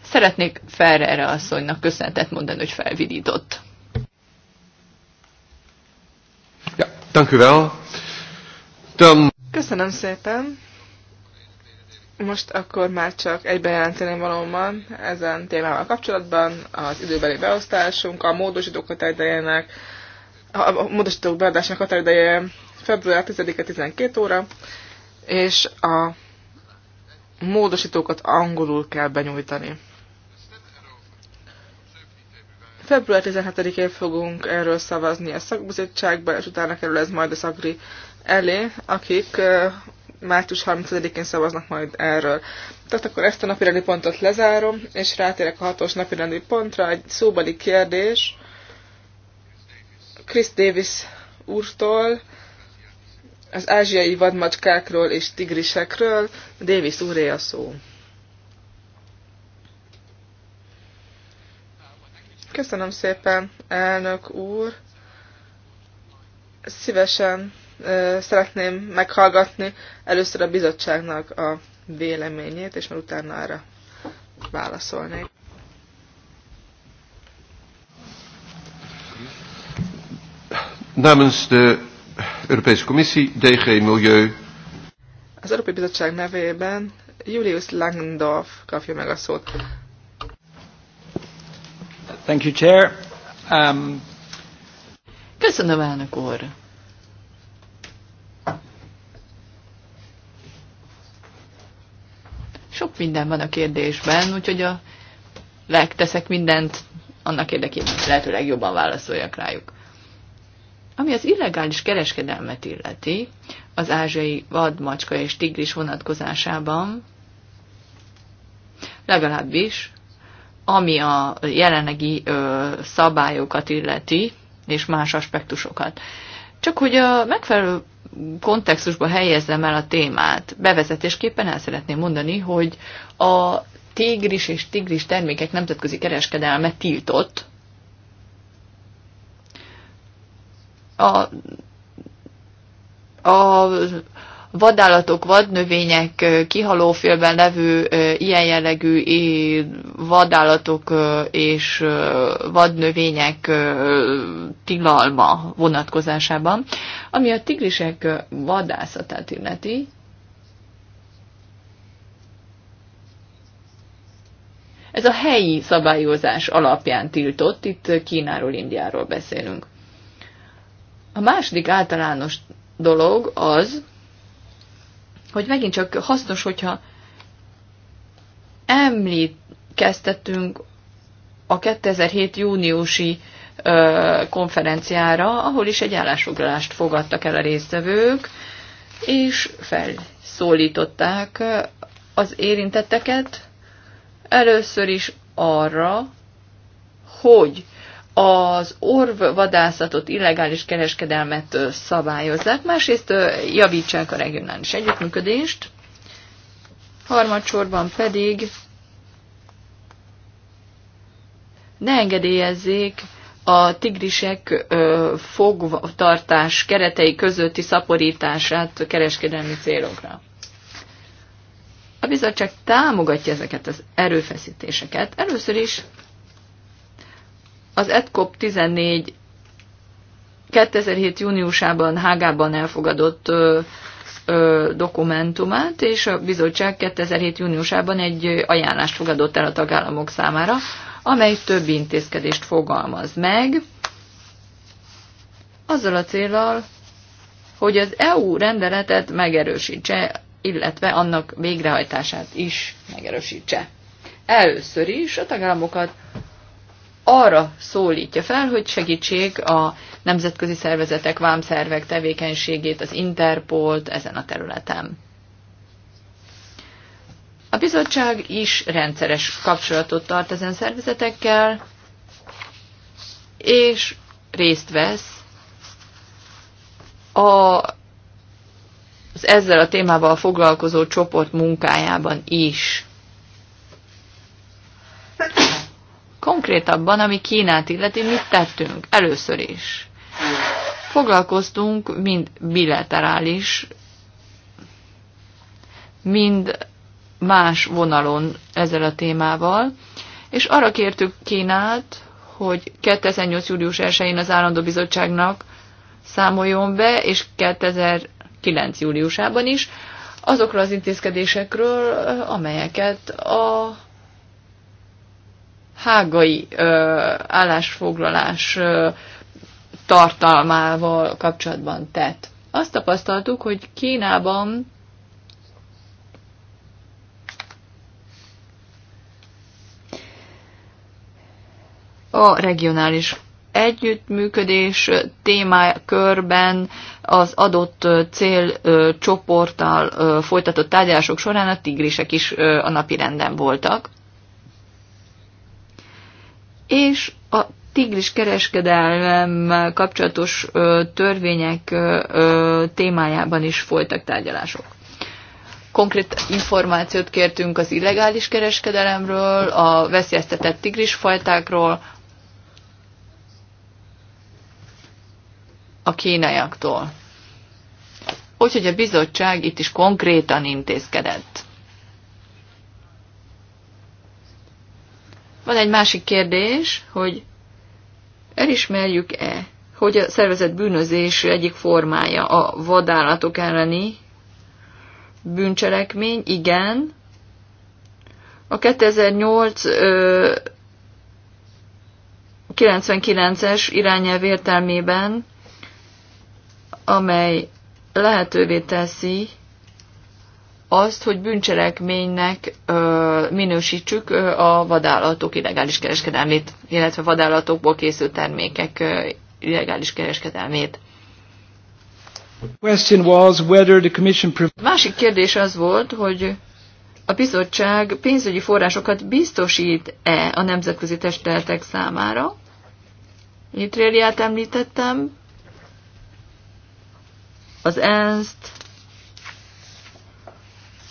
S1: Szeretnék Ferrerre asszonynak köszönetet mondani, hogy felvidított.
S3: Ja, dank u
S2: Köszönöm szépen. Most akkor már csak egy bejelenteném valóban ezen témával kapcsolatban, az időbeli beosztásunk, a módosítók határidejének, a módosítók beadásának határideje február 10-e 12 óra, és a módosítókat angolul kell benyújtani. Február 17-én fogunk erről szavazni a szakbizottságban, és utána kerül ez majd a szakri elé, akik március 30-én szavaznak majd erről. Tehát akkor ezt a napirendi pontot lezárom, és rátérek a hatos napirendi pontra. Egy szóbeli kérdés Chris Davis úrtól, az ázsiai vadmacskákról és tigrisekről. Davis úré a szó. Köszönöm szépen, elnök úr. Szívesen szeretném meghallgatni először a bizottságnak a véleményét, és már utána arra válaszolnék.
S1: Namens de Europese Commissie, DG Milieu.
S2: Az Európai Bizottság nevében Julius Langendorf kapja meg a szót.
S1: Thank you, Chair. Um... Köszönöm, elnök úr. Sok minden van a kérdésben, úgyhogy a legteszek mindent annak érdekében, hogy lehetőleg jobban válaszoljak rájuk. Ami az illegális kereskedelmet illeti, az ázsiai vadmacska és tigris vonatkozásában, legalábbis, ami a jelenlegi ö, szabályokat illeti, és más aspektusokat. Csak hogy a megfelelő kontextusba helyezzem el a témát. Bevezetésképpen el szeretném mondani, hogy a tigris és tigris termékek nemzetközi kereskedelme tiltott. A, a vadállatok, vadnövények, kihalófélben levő ilyen jellegű vadállatok és vadnövények tilalma vonatkozásában, ami a tigrisek vadászatát illeti. Ez a helyi szabályozás alapján tiltott, itt Kínáról, Indiáról beszélünk. A második általános dolog az, hogy megint csak hasznos, hogyha emlékeztetünk a 2007 júniusi ö, konferenciára, ahol is egy állásfoglalást fogadtak el a résztvevők, és felszólították az érintetteket először is arra, hogy az orvvadászatot, illegális kereskedelmet szabályozzák, másrészt javítsák a regionális együttműködést, harmadsorban pedig ne engedélyezzék a tigrisek fogtartás keretei közötti szaporítását kereskedelmi célokra. A bizottság támogatja ezeket az erőfeszítéseket. Először is az ETCOP 14 2007. júniusában Hágában elfogadott ö, ö, dokumentumát, és a bizottság 2007. júniusában egy ajánlást fogadott el a tagállamok számára, amely több intézkedést fogalmaz meg, azzal a célral, hogy az EU rendeletet megerősítse, illetve annak végrehajtását is megerősítse. Először is a tagállamokat arra szólítja fel, hogy segítsék a nemzetközi szervezetek, vámszervek tevékenységét, az Interpolt ezen a területen. A bizottság is rendszeres kapcsolatot tart ezen szervezetekkel, és részt vesz a, az ezzel a témával foglalkozó csoport munkájában is. Konkrétabban, ami Kínát illeti, mit tettünk? Először is. Foglalkoztunk mind bilaterális, mind más vonalon ezzel a témával, és arra kértük Kínát, hogy 2008. július 1-én az állandó bizottságnak számoljon be, és 2009. júliusában is azokról az intézkedésekről, amelyeket a hágai ö, állásfoglalás ö, tartalmával kapcsolatban tett. Azt tapasztaltuk, hogy Kínában a regionális együttműködés témakörben az adott célcsoporttal folytatott tárgyalások során a tigrisek is a napirenden voltak és a tigris kereskedelemmel kapcsolatos törvények témájában is folytak tárgyalások. Konkrét információt kértünk az illegális kereskedelemről, a veszélyeztetett fajtákról, a kínaiaktól. Úgyhogy a bizottság itt is konkrétan intézkedett. Van egy másik kérdés, hogy elismerjük-e, hogy a szervezet bűnözés egyik formája a vadállatok elleni bűncselekmény? Igen. A 2008 ö, 99-es irányelv értelmében, amely lehetővé teszi, azt, hogy bűncselekménynek ö, minősítsük ö, a vadállatok illegális kereskedelmét, illetve vadállatokból készült termékek ö, illegális kereskedelmét. Másik kérdés az volt, hogy a bizottság pénzügyi forrásokat biztosít-e a nemzetközi testeltek számára? Itt említettem, az ENSZ-t,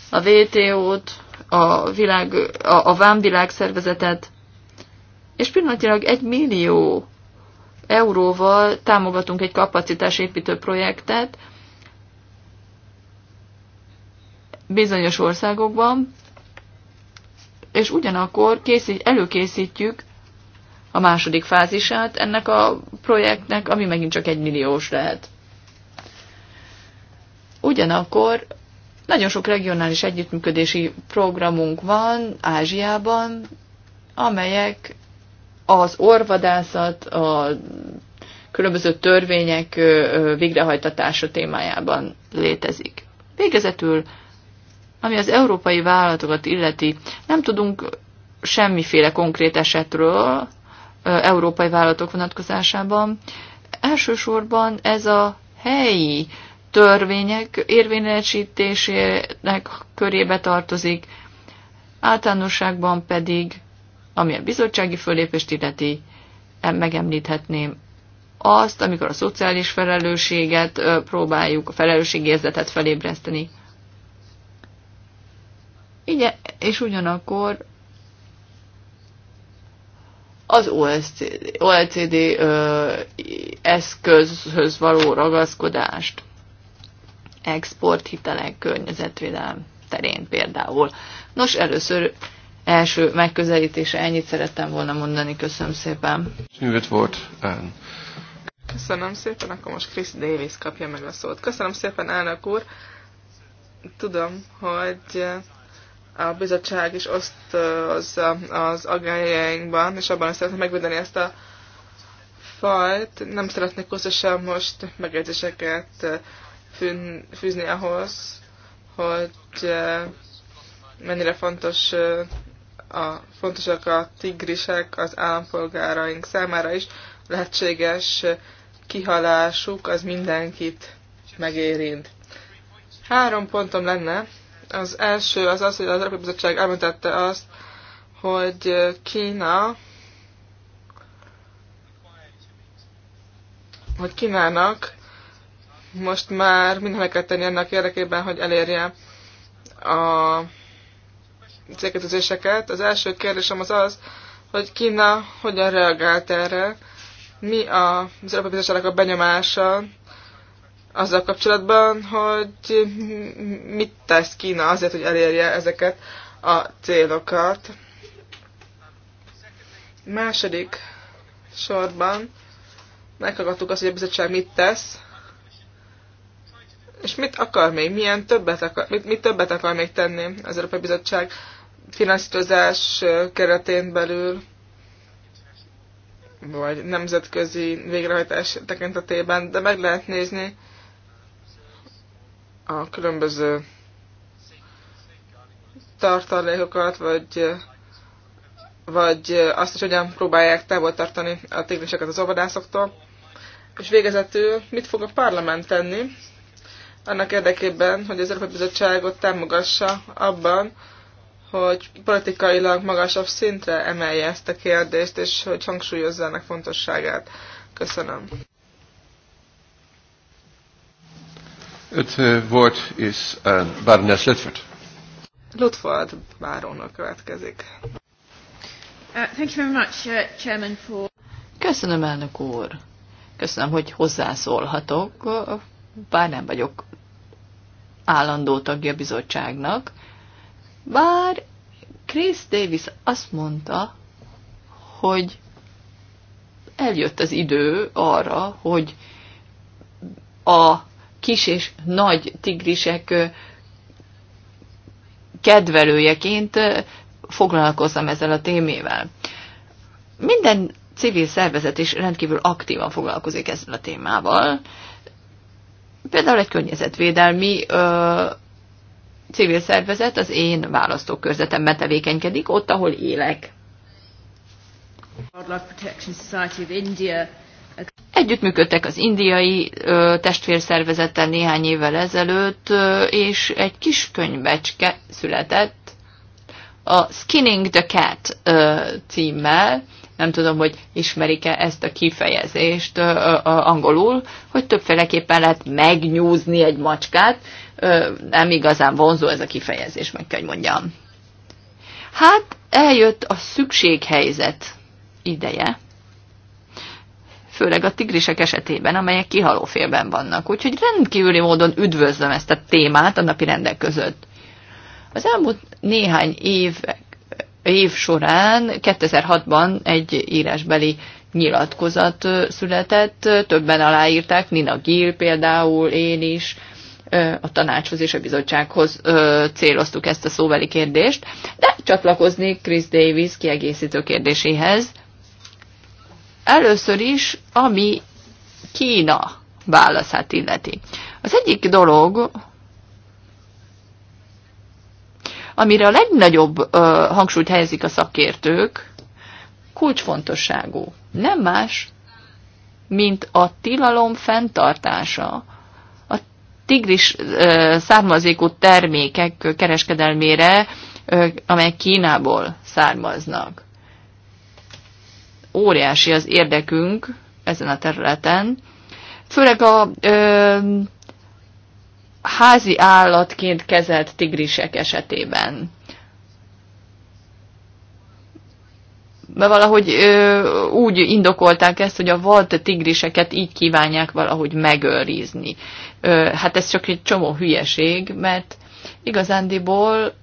S1: a vto t a, világ, a, a vámvilágszervezetet, és pillanatilag egy millió euróval támogatunk egy kapacitásépítő projektet bizonyos országokban, és ugyanakkor készít, előkészítjük a második fázisát ennek a projektnek, ami megint csak egy milliós lehet. Ugyanakkor nagyon sok regionális együttműködési programunk van Ázsiában, amelyek az orvadászat, a különböző törvények végrehajtatása témájában létezik. Végezetül, ami az európai vállalatokat illeti, nem tudunk semmiféle konkrét esetről európai vállalatok vonatkozásában. Elsősorban ez a helyi törvények érvényesítésének körébe tartozik, általánosságban pedig, ami a bizottsági fölépést illeti, megemlíthetném azt, amikor a szociális felelősséget próbáljuk, a felelősségérzetet felébreszteni. Igen, és ugyanakkor az OECD OLCD ö, eszközhöz való ragaszkodást exporthitelek környezetvédelem terén például. Nos, először első megközelítése ennyit szerettem volna mondani. Köszönöm szépen. volt. Eh. Köszönöm
S2: szépen, akkor most Chris Davis kapja meg a szót. Köszönöm szépen, elnök úr. Tudom, hogy a bizottság is oszt az aggájainkban, és abban szeretném megvédeni ezt a fajt. Nem szeretnék sem most megjegyzéseket fűzni ahhoz, hogy eh, mennyire fontos eh, a, fontosak a tigrisek az állampolgáraink számára is. Lehetséges eh, kihalásuk az mindenkit megérint. Három pontom lenne. Az első az az, hogy az Európai Bizottság elmentette azt, hogy Kína hogy Kínának most már mindenek kell tenni annak érdekében, hogy elérje a célkötözéseket. Az első kérdésem az az, hogy Kína hogyan reagált erre, mi az Európai Bizottságnak a benyomása azzal kapcsolatban, hogy mit tesz Kína azért, hogy elérje ezeket a célokat. Második sorban meghallgattuk azt, hogy a bizottság mit tesz, és mit akar még? Milyen többet akar, mit, mit többet akar még tenni az Európai Bizottság finanszírozás keretén belül, vagy nemzetközi végrehajtás tekintetében, de meg lehet nézni a különböző tartalékokat, vagy, vagy azt is, hogyan próbálják távol tartani a tigriseket az óvodászoktól. És végezetül mit fog a parlament tenni? annak érdekében, hogy az Európai Bizottságot támogassa abban, hogy politikailag magasabb szintre emelje ezt a kérdést, és hogy hangsúlyozza ennek fontosságát. Köszönöm.
S1: Öt volt eh, is eh, Baroness Lutford.
S2: Lutford barónak
S1: következik. Uh, thank you very much, uh, Chairman, for... Köszönöm, elnök úr. Köszönöm, hogy hozzászólhatok bár nem vagyok állandó tagja bizottságnak, bár Chris Davis azt mondta, hogy eljött az idő arra, hogy a kis és nagy tigrisek kedvelőjeként foglalkozzam ezzel a témével. Minden civil szervezet is rendkívül aktívan foglalkozik ezzel a témával, Például egy környezetvédelmi ö, civil szervezet az én választókörzetemben tevékenykedik, ott, ahol élek. Együttműködtek az indiai ö, testvérszervezettel néhány évvel ezelőtt, ö, és egy kis könyvecske született a Skinning the Cat ö, címmel, nem tudom, hogy ismerik-e ezt a kifejezést angolul, hogy többféleképpen lehet megnyúzni egy macskát, nem igazán vonzó ez a kifejezés, meg kell, hogy mondjam. Hát eljött a szükséghelyzet ideje, főleg a tigrisek esetében, amelyek kihalófélben vannak. Úgyhogy rendkívüli módon üdvözlöm ezt a témát a napi rendek között. Az elmúlt néhány év év során 2006-ban egy írásbeli nyilatkozat született, többen aláírták, Nina Gill például, én is, a tanácshoz és a bizottsághoz céloztuk ezt a szóbeli kérdést, de csatlakoznék Chris Davis kiegészítő kérdéséhez. Először is, ami Kína válaszát illeti. Az egyik dolog, amire a legnagyobb ö, hangsúlyt helyezik a szakértők, kulcsfontosságú. Nem más, mint a tilalom fenntartása a tigris ö, származékú termékek kereskedelmére, ö, amely Kínából származnak. Óriási az érdekünk ezen a területen, főleg a ö, házi állatként kezelt tigrisek esetében. De valahogy ö, úgy indokolták ezt, hogy a volt tigriseket így kívánják valahogy megőrizni. Ö, hát ez csak egy csomó hülyeség, mert igazándiból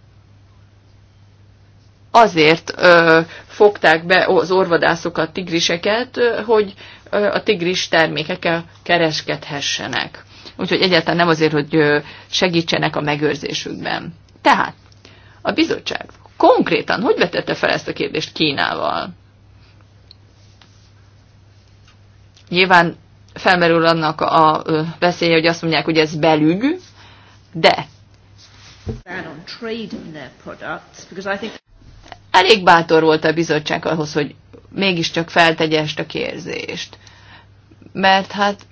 S1: azért ö, fogták be az orvadászokat, tigriseket, hogy ö, a tigris termékekkel kereskedhessenek úgyhogy egyáltalán nem azért, hogy segítsenek a megőrzésükben. Tehát a bizottság konkrétan hogy vetette fel ezt a kérdést Kínával? Nyilván felmerül annak a veszélye, hogy azt mondják, hogy ez belügy, de elég bátor volt a bizottság ahhoz, hogy mégiscsak feltegye ezt a kérdést. Mert hát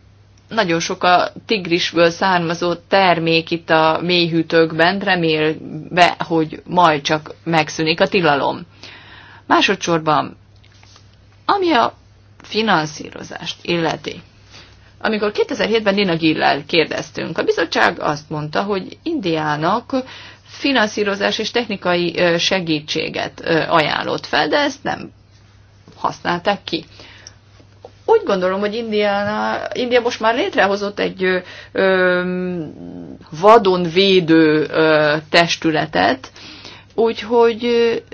S1: nagyon sok a tigrisből származó termék itt a mélyhűtőkben, remélve, hogy majd csak megszűnik a tilalom. Másodszorban, ami a finanszírozást illeti. Amikor 2007-ben Nina Gillel kérdeztünk, a bizottság azt mondta, hogy Indiának finanszírozás és technikai segítséget ajánlott fel, de ezt nem használták ki úgy gondolom, hogy Indiana, India most már létrehozott egy ö, vadon védő ö, testületet, úgyhogy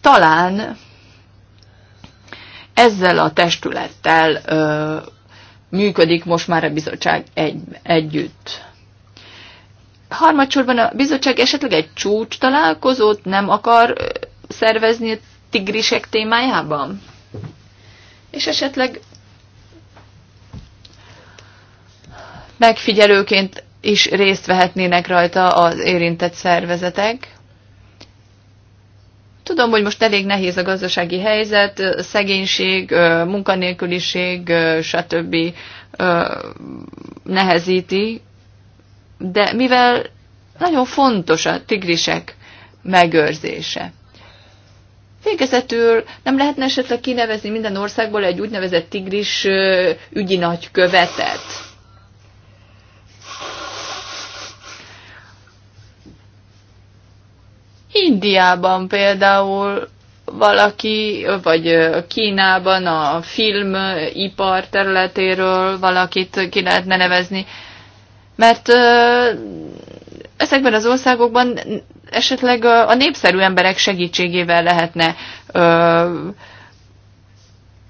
S1: talán ezzel a testülettel ö, működik most már a bizottság egy, együtt. Harmadsorban a bizottság esetleg egy csúcs találkozót nem akar szervezni a tigrisek témájában? És esetleg megfigyelőként is részt vehetnének rajta az érintett szervezetek. Tudom, hogy most elég nehéz a gazdasági helyzet, szegénység, munkanélküliség, stb. nehezíti, de mivel nagyon fontos a tigrisek megőrzése. Végezetül nem lehetne esetleg kinevezni minden országból egy úgynevezett tigris ügyi nagykövetet? Indiában például valaki, vagy Kínában a filmipar területéről valakit ki lehetne nevezni, mert ezekben az országokban esetleg a népszerű emberek segítségével lehetne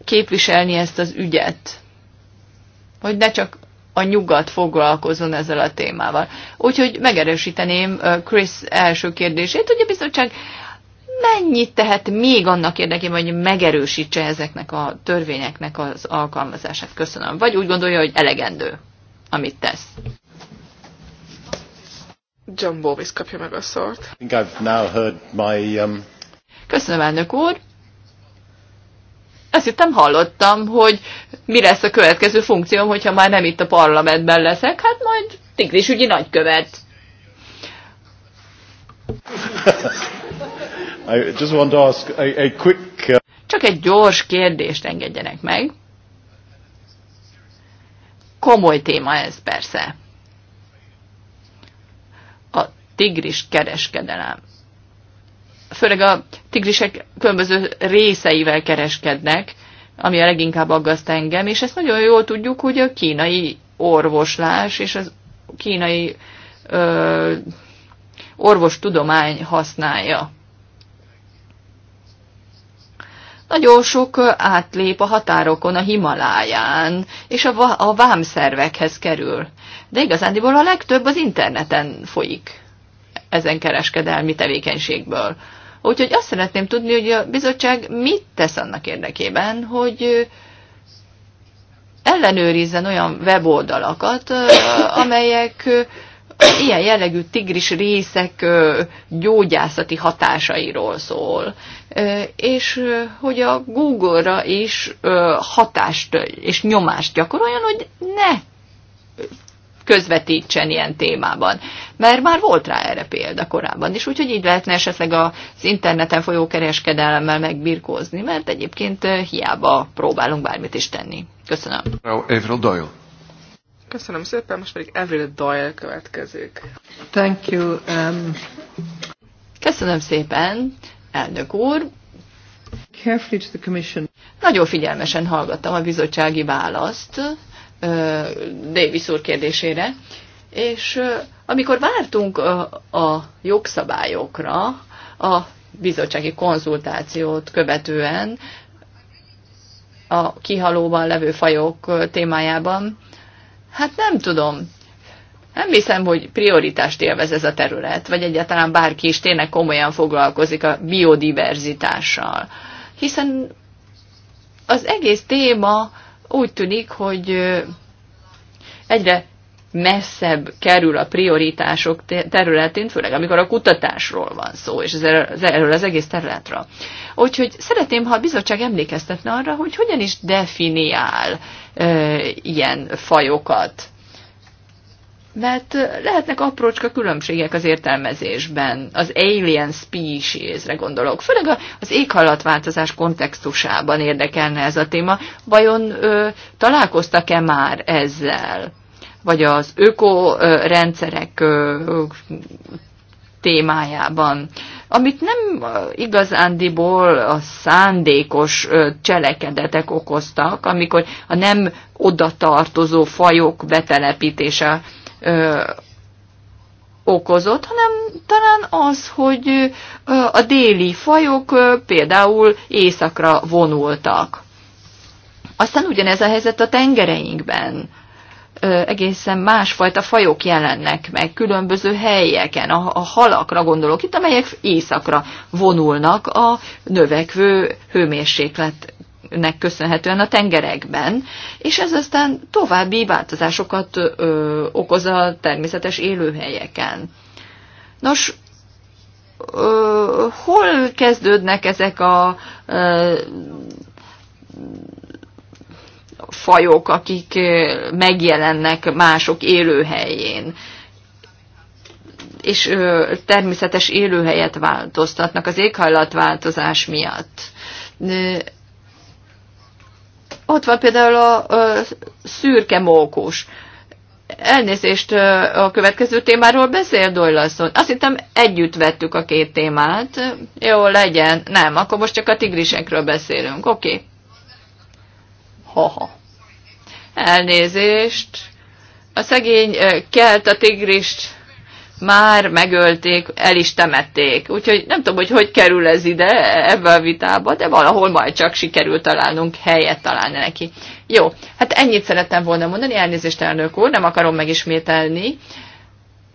S1: képviselni ezt az ügyet. Hogy ne csak a nyugat foglalkozzon ezzel a témával. Úgyhogy megerősíteném Chris első kérdését, hogy a bizottság mennyit tehet még annak érdekében, hogy megerősítse ezeknek a törvényeknek az alkalmazását. Köszönöm. Vagy úgy gondolja, hogy elegendő, amit tesz. John Bovis kapja meg a szót. My, um... Köszönöm, elnök úr. Azt hittem, hallottam, hogy mi lesz a következő funkcióm, hogyha már nem itt a parlamentben leszek, hát majd tigrisügyi nagykövet.
S2: I just want to ask a, a quick, uh...
S1: Csak egy gyors kérdést engedjenek meg. Komoly téma ez persze tigris kereskedelem. Főleg a tigrisek különböző részeivel kereskednek, ami a leginkább aggaszt engem, és ezt nagyon jól tudjuk, hogy a kínai orvoslás és az kínai ö, orvostudomány használja. Nagyon sok átlép a határokon, a Himaláján, és a, a vámszervekhez kerül. De igazándiból a legtöbb az interneten folyik ezen kereskedelmi tevékenységből. Úgyhogy azt szeretném tudni, hogy a bizottság mit tesz annak érdekében, hogy ellenőrizzen olyan weboldalakat, amelyek ilyen jellegű tigris részek gyógyászati hatásairól szól, és hogy a Google-ra is hatást és nyomást gyakoroljon, hogy ne közvetítsen ilyen témában. Mert már volt rá erre példa korábban is, úgyhogy így lehetne esetleg az interneten folyó kereskedelemmel megbirkózni, mert egyébként hiába próbálunk bármit is tenni. Köszönöm. Avril Doyle.
S2: Köszönöm szépen, most pedig Avril Doyle következik.
S1: Thank you. Um... Köszönöm szépen, elnök úr. Carefully to the commission. Nagyon figyelmesen hallgattam a bizottsági választ, Davis úr kérdésére, és amikor vártunk a jogszabályokra, a bizottsági konzultációt követően a kihalóban levő fajok témájában, hát nem tudom, nem hiszem, hogy prioritást élvez ez a terület, vagy egyáltalán bárki is tényleg komolyan foglalkozik a biodiverzitással. Hiszen az egész téma úgy tűnik, hogy egyre messzebb kerül a prioritások területén, főleg amikor a kutatásról van szó, és er- erről az egész területről. Úgyhogy szeretném, ha a bizottság emlékeztetne arra, hogy hogyan is definiál e, ilyen fajokat mert lehetnek aprócska különbségek az értelmezésben, az alien speciesre gondolok. Főleg az éghajlatváltozás kontextusában érdekelne ez a téma. Vajon ö, találkoztak-e már ezzel? Vagy az ökorendszerek témájában, amit nem igazándiból a szándékos cselekedetek okoztak, amikor a nem odatartozó fajok betelepítése ö, okozott, hanem talán az, hogy ö, a déli fajok ö, például éjszakra vonultak. Aztán ugyanez a helyzet a tengereinkben. Ö, egészen másfajta fajok jelennek meg különböző helyeken, a, a halakra gondolok itt, amelyek éjszakra vonulnak a növekvő hőmérséklet nek köszönhetően a tengerekben, és ez aztán további változásokat ö, okoz a természetes élőhelyeken. Nos, ö, hol kezdődnek ezek a ö, fajok, akik megjelennek mások élőhelyén? és ö, természetes élőhelyet változtatnak az éghajlatváltozás miatt ott van például a, a szürke mókus. Elnézést a következő témáról beszél Doylason. Azt hittem együtt vettük a két témát. Jó, legyen. Nem, akkor most csak a tigrisekről beszélünk. Oké. Okay. Haha. Elnézést. A szegény kelt a tigrist már megölték, el is temették. Úgyhogy nem tudom, hogy hogy kerül ez ide ebbe a vitába, de valahol majd csak sikerült találnunk helyet találni neki. Jó, hát ennyit szerettem volna mondani, elnézést elnök úr, nem akarom megismételni.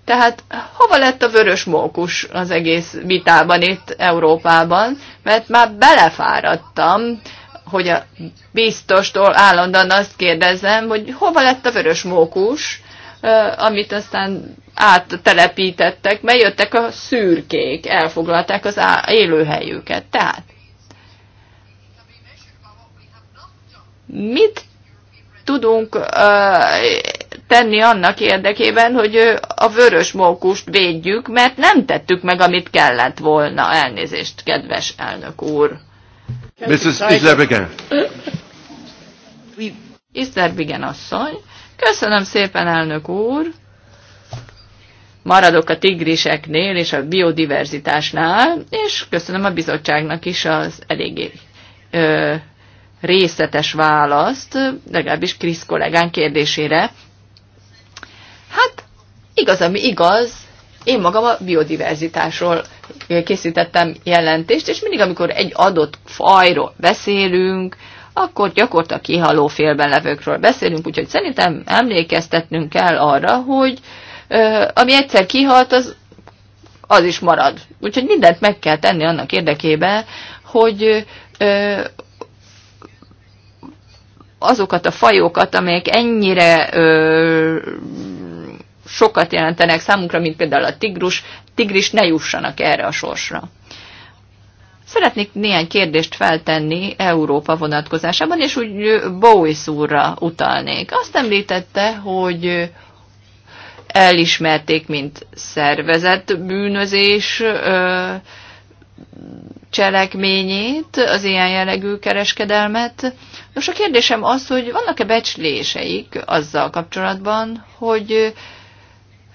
S1: Tehát hova lett a vörös mókus az egész vitában itt Európában, mert már belefáradtam, hogy a biztostól állandóan azt kérdezem, hogy hova lett a vörös mókus, amit aztán áttelepítettek, jöttek a szürkék, elfoglalták az élőhelyüket. Tehát mit tudunk tenni annak érdekében, hogy a vörös mókust védjük, mert nem tettük meg, amit kellett volna. Elnézést, kedves elnök úr. Mrs. Isler Bigen asszony. Köszönöm szépen, elnök úr! Maradok a tigriseknél és a biodiverzitásnál, és köszönöm a bizottságnak is az eléggé ö, részletes választ, legalábbis Krisz kollégán kérdésére. Hát igaz, ami igaz, én magam a biodiverzitásról készítettem jelentést, és mindig, amikor egy adott fajról beszélünk, akkor gyakorta kihaló félben levőkről beszélünk, úgyhogy szerintem emlékeztetnünk kell arra, hogy ami egyszer kihalt, az, az is marad. Úgyhogy mindent meg kell tenni annak érdekében, hogy azokat a fajokat, amelyek ennyire ö, sokat jelentenek számunkra, mint például a tigrus, tigris ne jussanak erre a sorsra. Szeretnék néhány kérdést feltenni Európa vonatkozásában, és úgy Bowie úrra utalnék. Azt említette, hogy elismerték, mint szervezett bűnözés cselekményét, az ilyen jellegű kereskedelmet. Nos, a kérdésem az, hogy vannak-e becsléseik azzal kapcsolatban, hogy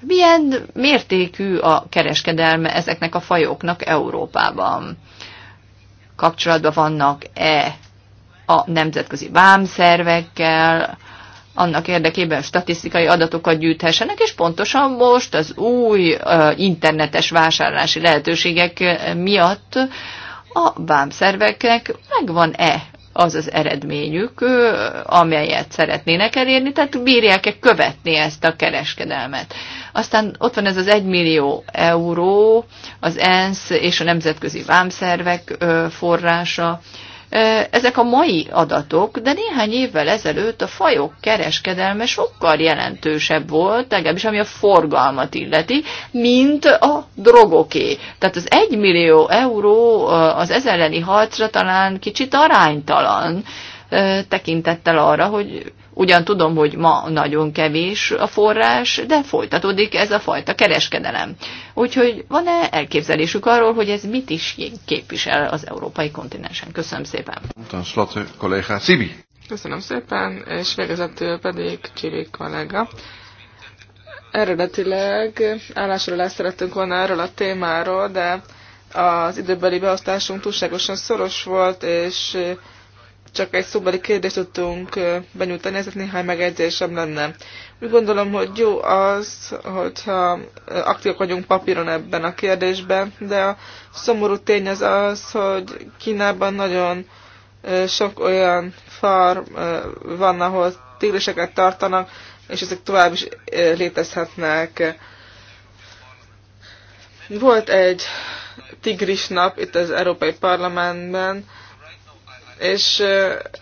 S1: milyen mértékű a kereskedelme ezeknek a fajoknak Európában? kapcsolatban vannak-e a nemzetközi vámszervekkel, annak érdekében statisztikai adatokat gyűjthessenek, és pontosan most az új internetes vásárlási lehetőségek miatt a vámszerveknek megvan-e az az eredményük, amelyet szeretnének elérni, tehát bírják-e követni ezt a kereskedelmet. Aztán ott van ez az 1 millió euró, az ENSZ és a nemzetközi vámszervek forrása, ezek a mai adatok, de néhány évvel ezelőtt a fajok kereskedelme sokkal jelentősebb volt, legalábbis ami a forgalmat illeti, mint a drogoké. Tehát az 1 millió euró az ez harcra talán kicsit aránytalan tekintettel arra, hogy Ugyan tudom, hogy ma nagyon kevés a forrás, de folytatódik ez a fajta kereskedelem. Úgyhogy van-e elképzelésük arról, hogy ez mit is képvisel az európai kontinensen? Köszönöm szépen. Köszönöm szépen, és
S2: végezetül pedig Csiri kollega. Eredetileg állásról el szerettünk volna erről a témáról, de az időbeli beosztásunk túlságosan szoros volt, és csak egy szóbeli kérdést tudtunk benyújtani, ezért néhány megjegyzésem lenne. Úgy gondolom, hogy jó az, hogyha aktívak vagyunk papíron ebben a kérdésben, de a szomorú tény az az, hogy Kínában nagyon sok olyan farm van, ahol tigriseket tartanak, és ezek tovább is létezhetnek. Volt egy tigris nap itt az Európai Parlamentben, és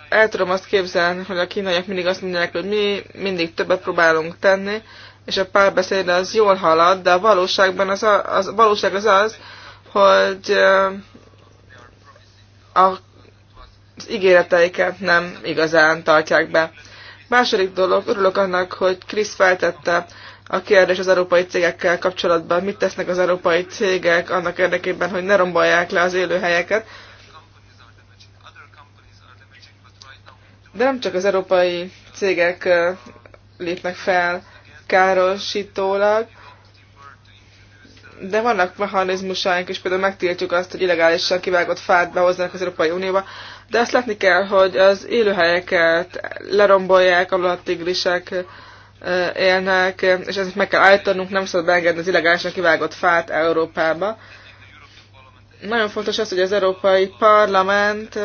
S2: el tudom azt képzelni, hogy a kínaiak mindig azt mondják, hogy mi mindig többet próbálunk tenni, és a párbeszéd az jól halad, de a valóságban az, a, az, a valóság az az, hogy a, az ígéreteiket nem igazán tartják be. Második dolog, örülök annak, hogy Krisz feltette a kérdés az európai cégekkel kapcsolatban, mit tesznek az európai cégek annak érdekében, hogy ne rombolják le az élőhelyeket, De nem csak az európai cégek lépnek fel károsítólag, de vannak mechanizmusaink is, például megtiltjuk azt, hogy illegálisan kivágott fát behoznak az Európai Unióba, de azt látni kell, hogy az élőhelyeket lerombolják, ahol a tigrisek élnek, és ezt meg kell állítanunk, nem szabad beengedni az illegálisan kivágott fát Európába. Nagyon fontos az, hogy az Európai Parlament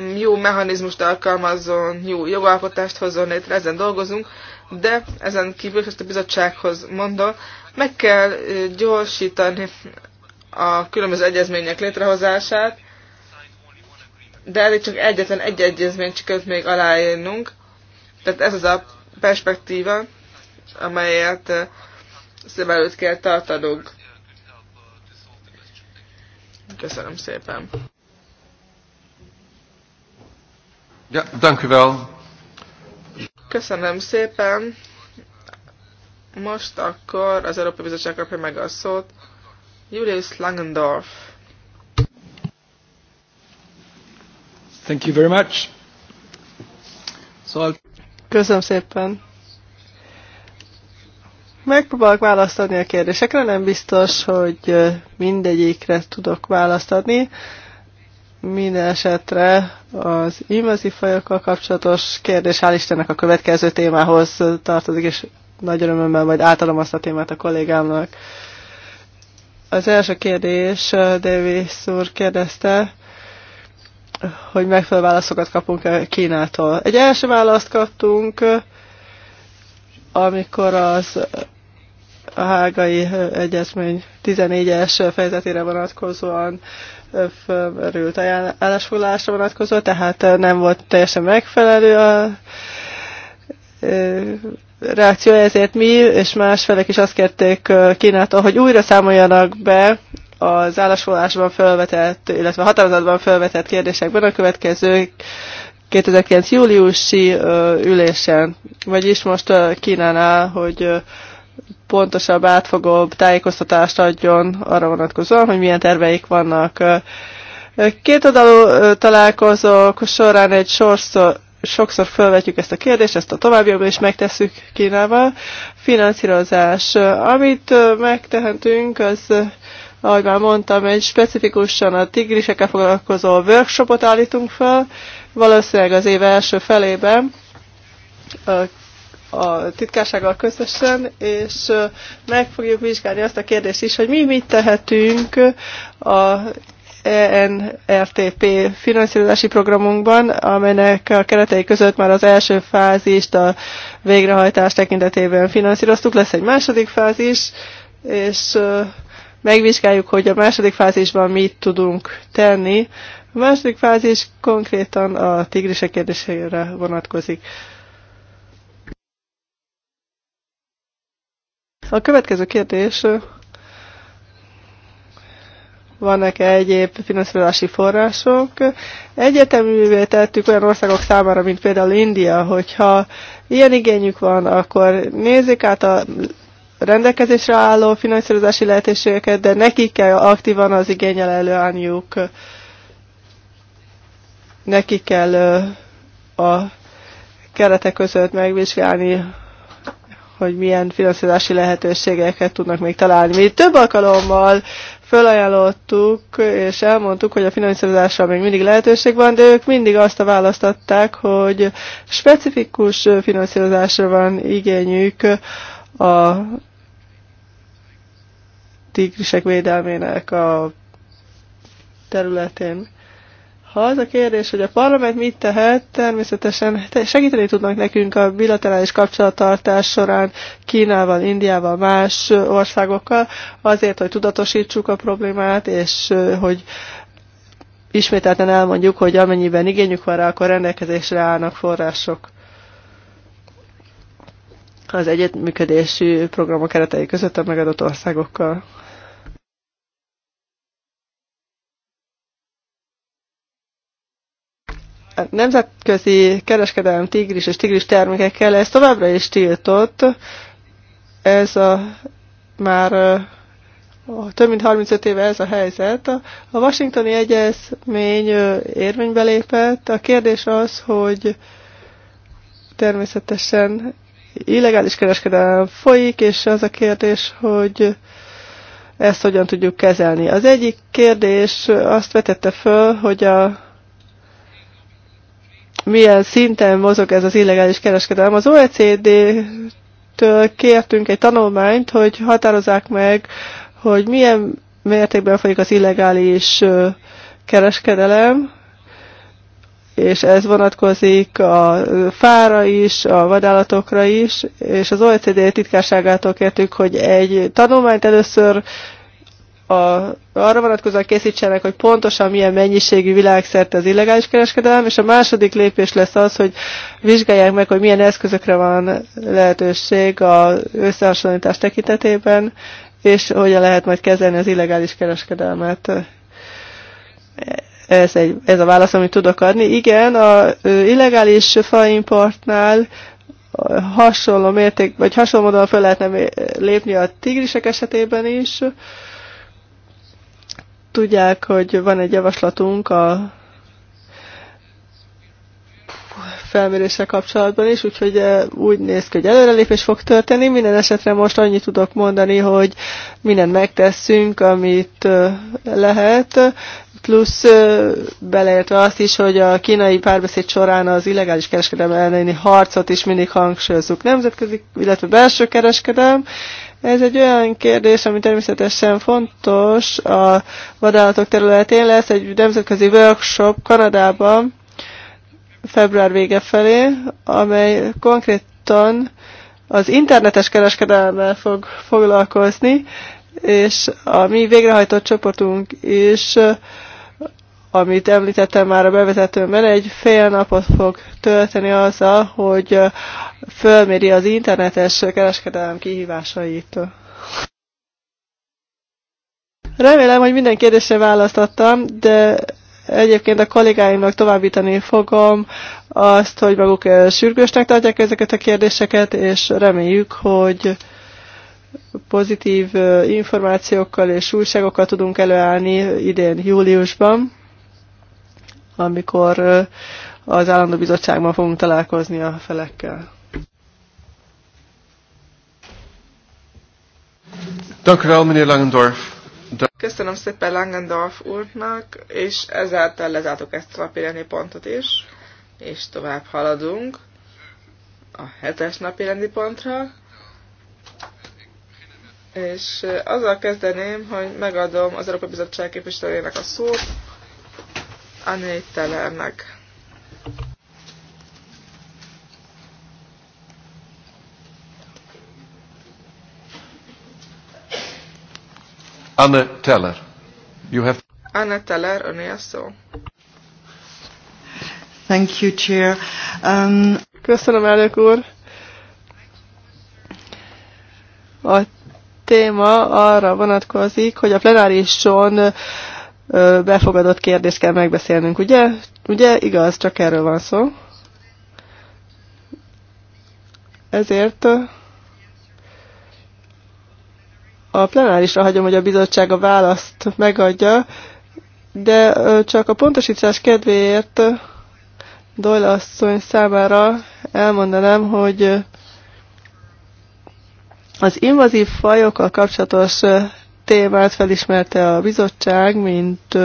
S2: mm, jó mechanizmust alkalmazzon, jó jogalkotást hozzon létre, ezen dolgozunk, de ezen kívül, ezt a bizottsághoz mondom, meg kell gyorsítani a különböző egyezmények létrehozását, de elég csak egyetlen egy egyezményt sikerült még aláírnunk. Tehát ez az a perspektíva, amelyet szem előtt kell tartanunk. Köszönöm szépen. Ja, Köszönöm szépen. Most akkor az Európai Bizottság kapja meg a szót. Julius Langendorf.
S1: Thank you very much. So I'll...
S2: Köszönöm
S3: szépen. Megpróbálok választ adni a kérdésekre, nem biztos, hogy mindegyikre tudok választ adni. Minden esetre az invazív fajokkal kapcsolatos kérdés, hál' Istennek a következő témához tartozik, és nagy örömmel majd átadom azt a témát a kollégámnak. Az első kérdés, Davis úr kérdezte, hogy megfelelő válaszokat kapunk -e Kínától. Egy első választ kaptunk, amikor az a hágai egyezmény 14-es fejezetére vonatkozóan fölmerült állásfoglalásra vonatkozó, tehát nem volt teljesen megfelelő a reakció, ezért mi és más felek is azt kérték Kínától, hogy újra számoljanak be az állásfoglalásban felvetett, illetve határozatban felvetett kérdésekben a következő 2009. júliusi ülésen, vagyis most Kínánál, hogy pontosabb, átfogóbb tájékoztatást adjon arra vonatkozóan, hogy milyen terveik vannak. Két oldalú találkozók során egy sorszor, sokszor felvetjük ezt a kérdést, ezt a továbbiakban is megtesszük Kínával. Finanszírozás. Amit megtehetünk, az ahogy már mondtam, egy specifikusan a tigrisekkel foglalkozó workshopot állítunk fel, valószínűleg az év első felében a titkársággal közösen, és meg fogjuk vizsgálni azt a kérdést is, hogy mi mit tehetünk a ENRTP finanszírozási programunkban, amelynek a keretei között már az első fázist a végrehajtás tekintetében finanszíroztuk. Lesz egy második fázis, és megvizsgáljuk, hogy a második fázisban mit tudunk tenni. A második fázis konkrétan a tigrisek kérdésére vonatkozik. A következő kérdés, vannak-e egyéb finanszírozási források. Egyeteművé tettük olyan országok számára, mint például India, hogyha ilyen igényük van, akkor nézzék át a rendelkezésre álló finanszírozási lehetőségeket, de nekik kell aktívan az igényel előállniuk. Nekik kell a keretek között megvizsgálni hogy milyen finanszírozási lehetőségeket tudnak még találni. Mi több alkalommal felajánlottuk és elmondtuk, hogy a finanszírozásra még mindig lehetőség van, de ők mindig azt a választatták, hogy specifikus finanszírozásra van igényük a tigrisek védelmének a területén. Ha az a kérdés, hogy a parlament mit tehet, természetesen segíteni tudnak nekünk a bilaterális kapcsolattartás során Kínával, Indiával, más országokkal, azért, hogy tudatosítsuk a problémát, és hogy ismételten elmondjuk, hogy amennyiben igényük van rá, akkor rendelkezésre állnak források az egyetműködésű programok keretei között a megadott országokkal. a nemzetközi kereskedelem tigris és tigris termékekkel ez továbbra is tiltott. Ez a, már a, több mint 35 éve ez a helyzet. A, a washingtoni egyezmény érvénybe lépett. A kérdés az, hogy természetesen illegális kereskedelem folyik, és az a kérdés, hogy ezt hogyan tudjuk kezelni. Az egyik kérdés azt vetette föl, hogy a milyen szinten mozog ez az illegális kereskedelem. Az OECD-től kértünk egy tanulmányt, hogy határozzák meg, hogy milyen mértékben folyik az illegális kereskedelem, és ez vonatkozik a fára is, a vadállatokra is, és az OECD titkárságától kértük, hogy egy tanulmányt először a, arra vonatkozóan készítsenek, hogy pontosan milyen mennyiségű világszerte az illegális kereskedelem, és a második lépés lesz az, hogy vizsgálják meg, hogy milyen eszközökre van lehetőség az összehasonlítás tekintetében, és hogyan lehet majd kezelni az illegális kereskedelmet. Ez, egy, ez a válasz, amit tudok adni. Igen, a illegális faimportnál hasonló mérték, vagy hasonló módon fel lehetne lépni a tigrisek esetében is, Tudják, hogy van egy javaslatunk a felmérése kapcsolatban is, úgyhogy eh, úgy néz ki, hogy előrelépés fog történni. Minden esetre most annyit tudok mondani, hogy mindent megteszünk, amit eh, lehet, plusz eh, beleértve azt is, hogy a kínai párbeszéd során az illegális kereskedelem elleni harcot is mindig hangsúlyozzuk. Nemzetközi, illetve belső kereskedelem, ez egy olyan kérdés, ami természetesen fontos a vadállatok területén. Lesz egy nemzetközi workshop Kanadában február vége felé, amely konkrétan az internetes kereskedelemmel fog foglalkozni, és a mi végrehajtott csoportunk is amit említettem már a bevezetőmben, egy fél napot fog tölteni azzal, hogy fölméri az internetes kereskedelem kihívásait. Remélem, hogy minden kérdésre választottam, de egyébként a kollégáimnak továbbítani fogom azt, hogy maguk sürgősnek tartják ezeket a kérdéseket, és reméljük, hogy pozitív információkkal és újságokkal tudunk előállni idén júliusban amikor az állandó bizottságban fogunk találkozni a felekkel.
S2: Köszönöm szépen Langendorf úrnak, és ezáltal lezártuk ezt a napi pontot is, és tovább haladunk a hetes napi rendi pontra. És azzal kezdeném, hogy megadom az Európai Bizottság képviselőjének a szót, a négytelennek.
S1: Anne Teller. You have...
S2: Anne Teller, öné a szó.
S3: Thank you, Chair. Um...
S2: Köszönöm, elnök
S3: úr. A téma arra vonatkozik, hogy a plenárison befogadott kérdést kell megbeszélnünk, ugye? Ugye, igaz, csak erről van szó. Ezért a plenárisra hagyom, hogy a bizottság a választ megadja, de csak a pontosítás kedvéért Doyle asszony számára elmondanám, hogy az invazív fajokkal kapcsolatos témát felismerte a bizottság, mint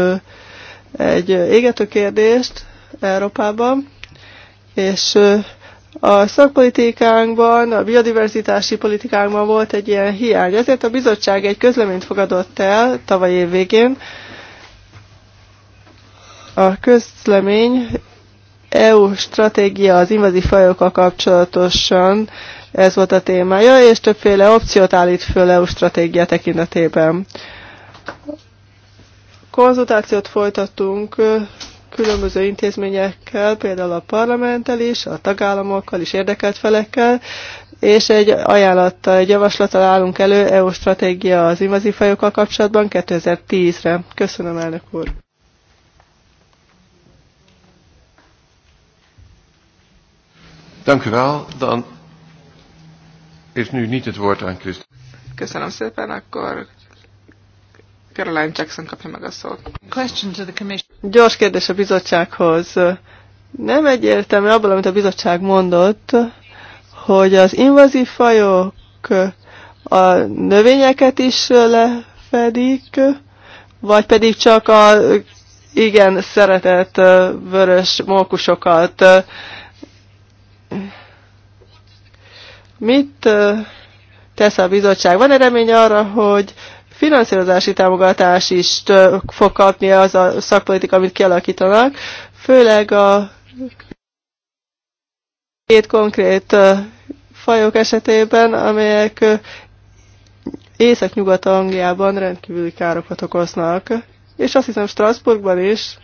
S3: egy égető kérdést Európában, és a szakpolitikánkban, a biodiverzitási politikánkban volt egy ilyen hiány. Ezért a bizottság egy közleményt fogadott el tavaly év végén. A közlemény EU stratégia az invazív fajokkal kapcsolatosan ez volt a témája, és többféle opciót állít föl EU stratégia tekintetében. Konzultációt folytattunk különböző intézményekkel, például a parlamenttel is, a tagállamokkal is, érdekelt felekkel, és egy ajánlattal, egy javaslattal állunk elő EU stratégia az invazív fajokkal kapcsolatban 2010-re. Köszönöm, elnök úr!
S1: Dank u wel. Dan és nu niet het woord aan Christ.
S2: Köszönöm szépen, akkor Caroline Jackson kapja meg a szót.
S3: Question to the commission. Gyors kérdés a bizottsághoz. Nem egyértelmű abból, amit a bizottság mondott, hogy az invazív fajok a növényeket is lefedik, vagy pedig csak a igen szeretett vörös mókusokat. Mit tesz a bizottság? Van-e remény arra, hogy finanszírozási támogatás is fog kapni az a szakpolitika, amit kialakítanak, főleg a két konkrét fajok esetében, amelyek észak-nyugat Angliában rendkívüli károkat okoznak. És azt hiszem Strasbourgban is.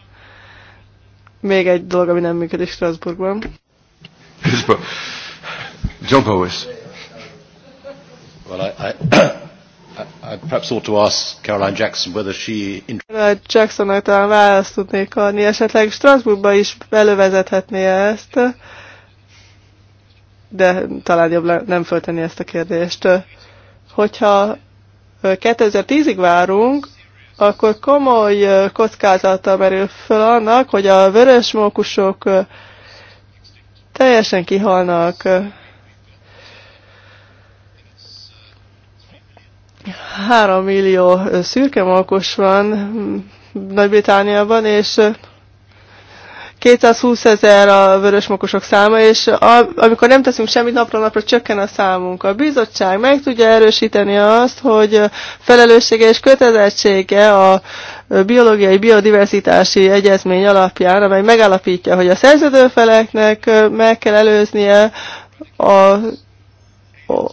S3: Még egy dolog, ami nem működik Strasbourgban.
S1: John Powers. Well, I, I, I, perhaps ought to ask Caroline Jackson whether she...
S3: Jackson Jacksonnak talán választ tudnék adni, esetleg Strasbourgba is elővezethetné ezt, de talán jobb nem föltenni ezt a kérdést. Hogyha 2010-ig várunk, akkor komoly kockázata merül föl annak, hogy a vörösmókusok teljesen kihalnak. 3 millió szürke malkos van mm, Nagy-Britániában, és 220 ezer a makosok száma, és a, amikor nem teszünk semmit, napról napra csökken a számunk. A bizottság meg tudja erősíteni azt, hogy felelőssége és kötelezettsége a biológiai biodiverzitási egyezmény alapján, amely megállapítja, hogy a szerződőfeleknek meg kell előznie a, a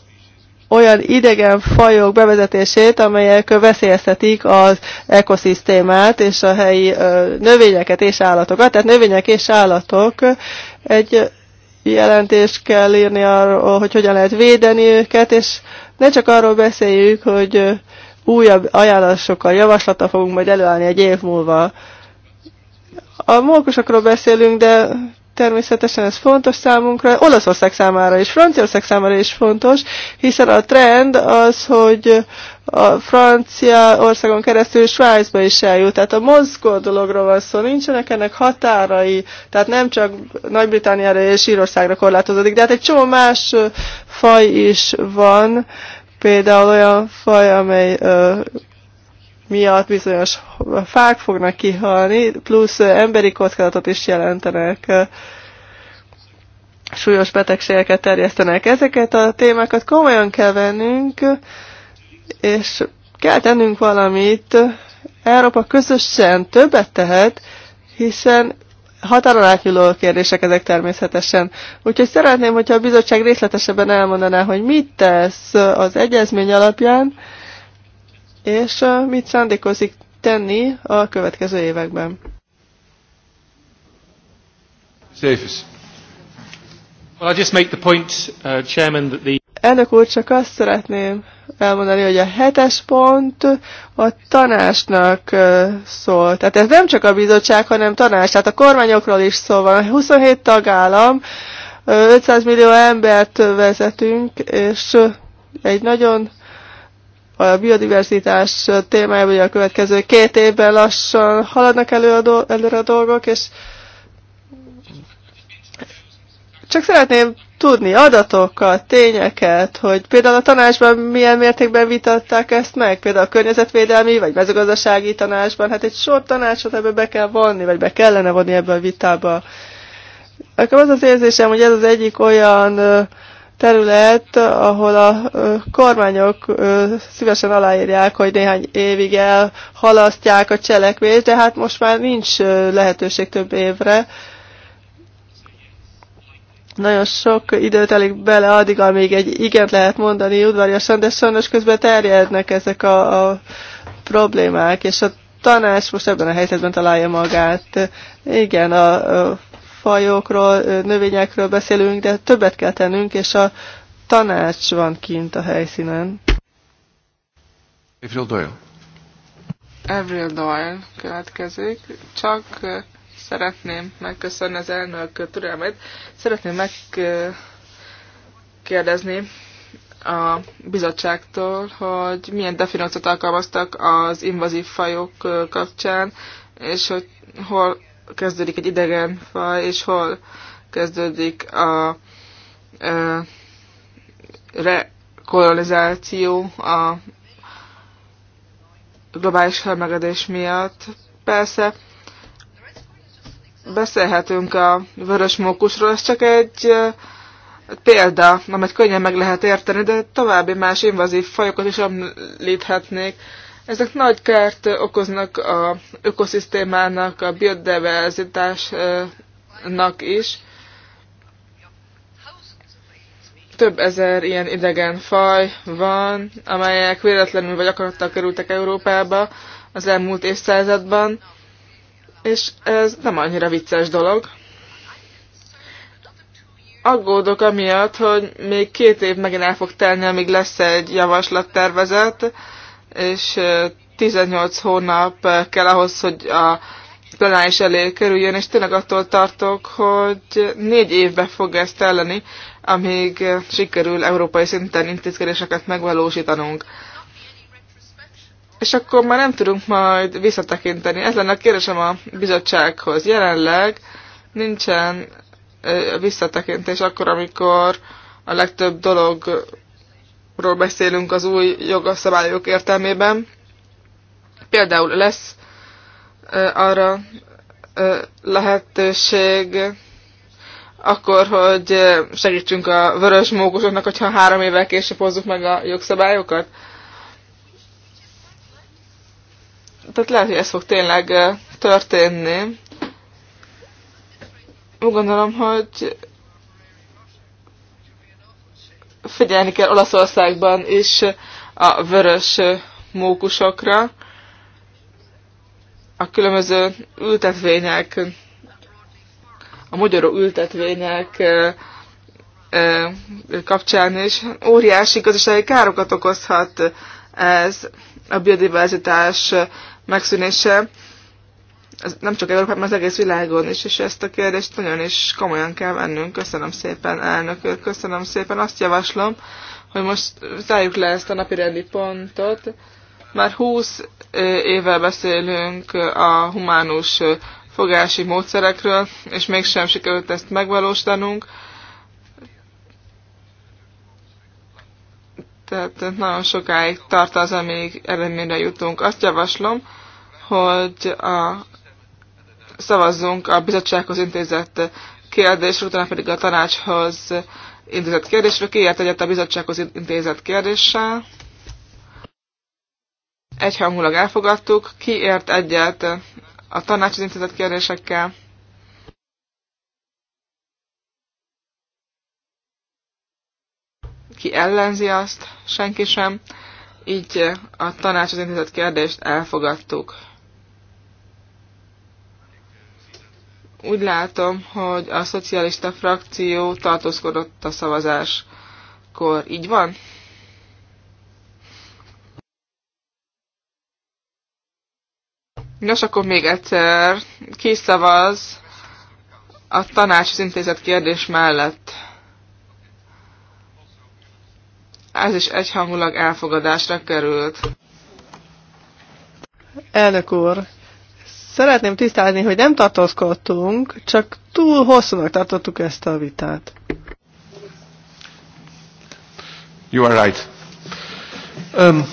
S3: olyan idegen fajok bevezetését, amelyek veszélyeztetik az ekoszisztémát és a helyi növényeket és állatokat. Tehát növények és állatok egy jelentést kell írni arról, hogy hogyan lehet védeni őket, és ne csak arról beszéljük, hogy újabb ajánlásokkal, javaslata fogunk majd előállni egy év múlva. A mókusokról beszélünk, de Természetesen ez fontos számunkra, Olaszország számára is, Franciaország számára is fontos, hiszen a trend az, hogy a országon keresztül Svájcba is eljut. Tehát a mozgó dologról van szó, nincsenek ennek határai, tehát nem csak Nagy-Britanniára és Írországra korlátozódik, de hát egy csomó más faj is van, például olyan faj, amely ö, miatt bizonyos fák fognak kihalni, plusz emberi kockázatot is jelentenek, súlyos betegségeket terjesztenek. Ezeket a témákat komolyan kell vennünk, és kell tennünk valamit. Európa közösen többet tehet, hiszen határon átnyúló kérdések ezek természetesen. Úgyhogy szeretném, hogyha a bizottság részletesebben elmondaná, hogy mit tesz az egyezmény alapján, és mit szándékozik tenni a következő években.
S2: Well, I just make the point, uh, Chairman, that the
S3: Elnök úr, csak azt szeretném elmondani, hogy a hetes pont a tanácsnak szól. Tehát ez nem csak a bizottság, hanem tanács. Tehát a kormányokról is szó van. 27 tagállam, 500 millió embert vezetünk, és egy nagyon a biodiverzitás témájában ugye a következő két évben lassan haladnak elő a előre a dolgok, és csak szeretném tudni adatokat, tényeket, hogy például a tanácsban milyen mértékben vitatták ezt meg, például a környezetvédelmi vagy mezőgazdasági tanácsban, hát egy sor tanácsot ebbe be kell vonni, vagy be kellene vonni ebbe a vitába. Akkor az az érzésem, hogy ez az egyik olyan terület, ahol a kormányok szívesen aláírják, hogy néhány évig elhalasztják a cselekvést, de hát most már nincs lehetőség több évre. Nagyon sok időt telik bele addig, amíg egy igent lehet mondani udvariasan, de sajnos közben terjednek ezek a, a problémák, és a tanács most ebben a helyzetben találja magát. Igen, a, a fajokról, növényekről beszélünk, de többet kell tennünk, és a tanács van kint a helyszínen.
S1: Avril Doyle.
S2: Avril Doyle következik. Csak szeretném megköszönni az elnök türelmet. Szeretném megkérdezni a bizottságtól, hogy milyen definíciót alkalmaztak az invazív fajok kapcsán, és hogy hol kezdődik egy idegen faj, és hol kezdődik a ö, rekolonizáció a globális felmegedés miatt. Persze beszélhetünk a vörös mókusról, ez csak egy példa, amit könnyen meg lehet érteni, de további más invazív fajokat is említhetnék, ezek nagy kárt okoznak a ökoszisztémának, a biodiverzitásnak is. Több ezer ilyen idegen faj van, amelyek véletlenül vagy akarattal kerültek Európába az elmúlt évszázadban, és ez nem annyira vicces dolog aggódok amiatt, hogy még két év megint el fog telni, amíg lesz egy javaslattervezet, és 18 hónap kell ahhoz, hogy a plenáris elé kerüljön, és tényleg attól tartok, hogy négy évbe fog ezt elleni, amíg sikerül európai szinten intézkedéseket megvalósítanunk. És akkor már nem tudunk majd visszatekinteni. Ez lenne a kérdésem a bizottsághoz. Jelenleg nincsen visszatekintés akkor, amikor a legtöbb dolog ról beszélünk az új jogszabályok értelmében. Például lesz arra lehetőség akkor, hogy segítsünk a vörös mókusoknak, hogyha három évvel később hozzuk meg a jogszabályokat. Tehát lehet, hogy ez fog tényleg történni. Úgy gondolom, hogy figyelni kell Olaszországban is a vörös mókusokra, a különböző ültetvények, a magyaró ültetvények kapcsán is óriási gazdasági károkat okozhat ez a biodiverzitás megszűnése ez nem csak Európában, az egész világon is, és ezt a kérdést nagyon is komolyan kell vennünk. Köszönöm szépen, elnök köszönöm szépen. Azt javaslom, hogy most zárjuk le ezt a napirendi pontot. Már 20 éve beszélünk a humánus fogási módszerekről, és mégsem sikerült ezt megvalósítanunk. Tehát nagyon sokáig tart az, amíg eredményre jutunk. Azt javaslom, hogy a szavazzunk a bizottsághoz intézett kérdésről, utána pedig a tanácshoz intézett kérdésről. Kiért egyet a bizottsághoz intézett kérdéssel? Egyhangulag elfogadtuk. Kiért egyet a tanácshoz intézett kérdésekkel? Ki ellenzi azt? Senki sem. Így a tanácshoz intézett kérdést elfogadtuk. Úgy látom, hogy a szocialista frakció tartózkodott a szavazáskor. Így van? Nos, akkor még egyszer. Ki szavaz a tanács az intézet kérdés mellett? Ez is egyhangulag elfogadásra került.
S3: Elnök úr, Szeretném tisztázni, hogy nem tartózkodtunk, csak túl hosszúnak tartottuk ezt a vitát.
S1: You are right. Um,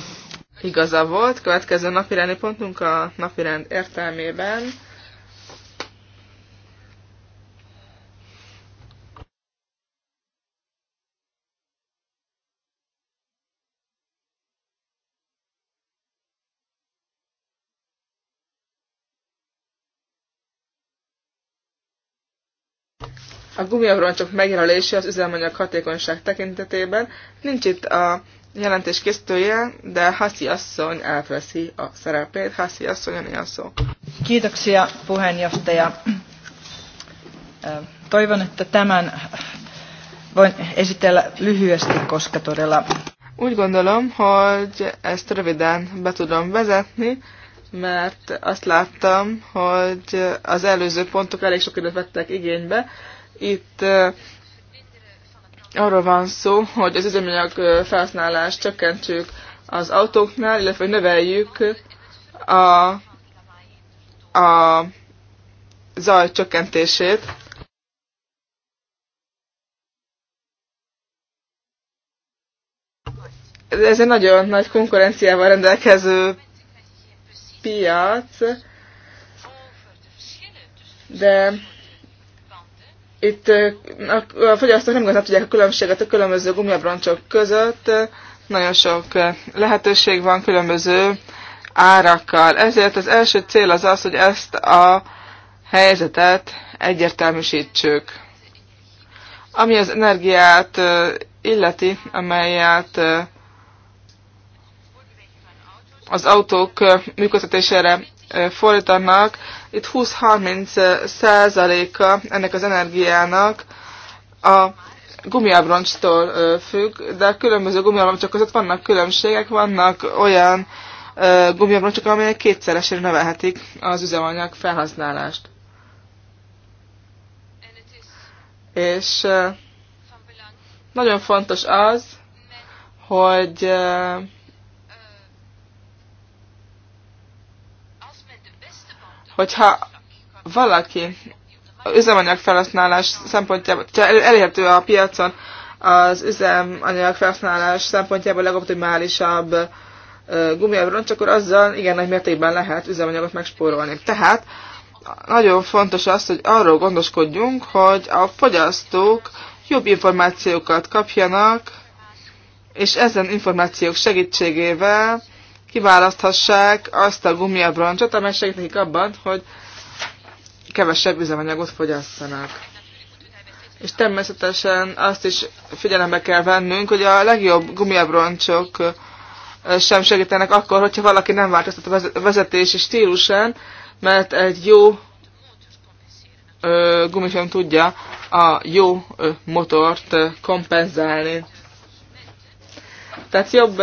S2: Igaza volt, következő napirendi pontunk a napirend értelmében a gumiabroncsok megjelölése az üzemanyag hatékonyság tekintetében. Nincs itt a jelentés készítője, de Haszi asszony elveszi a szerepét. Haszi asszony, a szó. Kiitoksia puheenjohtaja. Toivon, että tämän voin esitellä lyhyesti,
S3: koska todella...
S2: Úgy gondolom, hogy ezt röviden be tudom vezetni, mert azt láttam, hogy az előző pontok elég sok időt vettek igénybe, itt arról van szó, hogy az üzemanyag felhasználást csökkentsük az autóknál, illetve növeljük a, a zaj csökkentését. Ez egy nagyon nagy konkurenciával rendelkező piac, de itt a fogyasztók nem igazán tudják a különbséget a különböző gumiabroncsok között. Nagyon sok lehetőség van különböző árakkal. Ezért az első cél az az, hogy ezt a helyzetet egyértelműsítsük. Ami az energiát illeti, amelyet az autók működtetésére fordítanak, Itt 20-30 százaléka ennek az energiának a gumiabroncstól függ, de a különböző gumiabroncsok között vannak különbségek, vannak olyan gumiabroncsok, amelyek kétszeresére növelhetik az üzemanyag felhasználást. És nagyon fontos az, hogy hogyha valaki üzemanyag felhasználás szempontjából, ha elérhető a piacon az üzemanyag felhasználás szempontjából legoptimálisabb gumiabroncs, akkor azzal igen nagy mértékben lehet üzemanyagot megspórolni. Tehát nagyon fontos az, hogy arról gondoskodjunk, hogy a fogyasztók jobb információkat kapjanak, és ezen információk segítségével kiválaszthassák azt a gumiabroncsot, amely segít nekik abban, hogy kevesebb üzemanyagot fogyasszanak. És természetesen azt is figyelembe kell vennünk, hogy a legjobb gumiabroncsok sem segítenek akkor, hogyha valaki nem változtat a vezetési stílusán, mert egy jó gumisem tudja a jó motort kompenzálni. Tehát jobb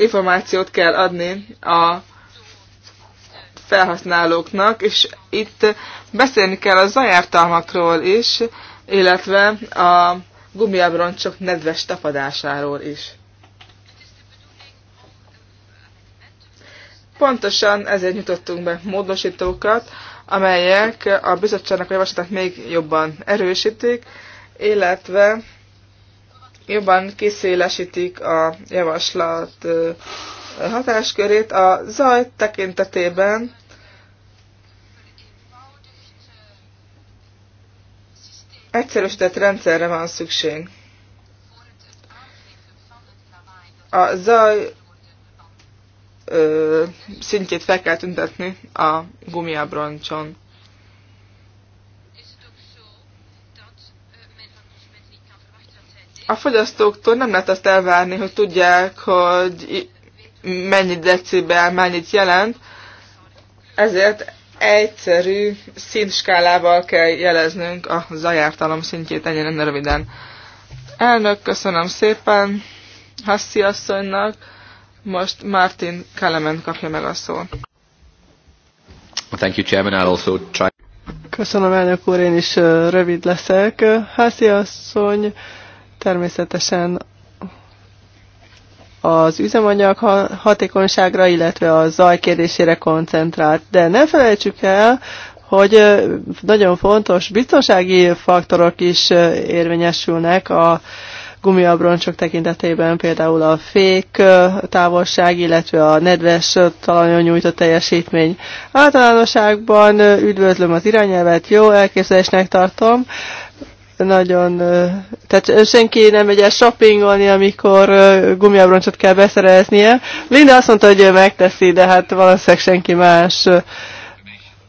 S2: információt kell adni a felhasználóknak, és itt beszélni kell a zajártalmakról is, illetve a gumiabroncsok nedves tapadásáról is. Pontosan ezért nyitottunk be módosítókat, amelyek a bizottságnak a javaslatát még jobban erősítik, illetve jobban kiszélesítik a javaslat hatáskörét. A zaj tekintetében egyszerűsített rendszerre van szükség. A zaj ö, szintjét fel kell tüntetni a gumiabroncson. a fogyasztóktól nem lehet azt elvárni, hogy tudják, hogy mennyi decibel mennyit jelent, ezért egyszerű színskálával kell jeleznünk a zajártalom szintjét ennyire ne röviden. Elnök, köszönöm szépen Hasszi asszonynak, most Martin Kelemen kapja meg a szót.
S1: Thank you, Chairman. I'll also try...
S3: Köszönöm, elnök úr, én is rövid leszek. Hászi asszony, Természetesen az üzemanyag hatékonyságra, illetve a zaj kérdésére koncentrált. De ne felejtsük el, hogy nagyon fontos biztonsági faktorok is érvényesülnek a gumiabroncsok tekintetében, például a fék távolság, illetve a nedves talajon nyújtott teljesítmény. Általánosságban üdvözlöm az irányelvet, jó elképzelésnek tartom, nagyon, tehát senki nem megy el shoppingolni, amikor gumiabroncsot kell beszereznie. Linda azt mondta, hogy ő megteszi, de hát valószínűleg senki más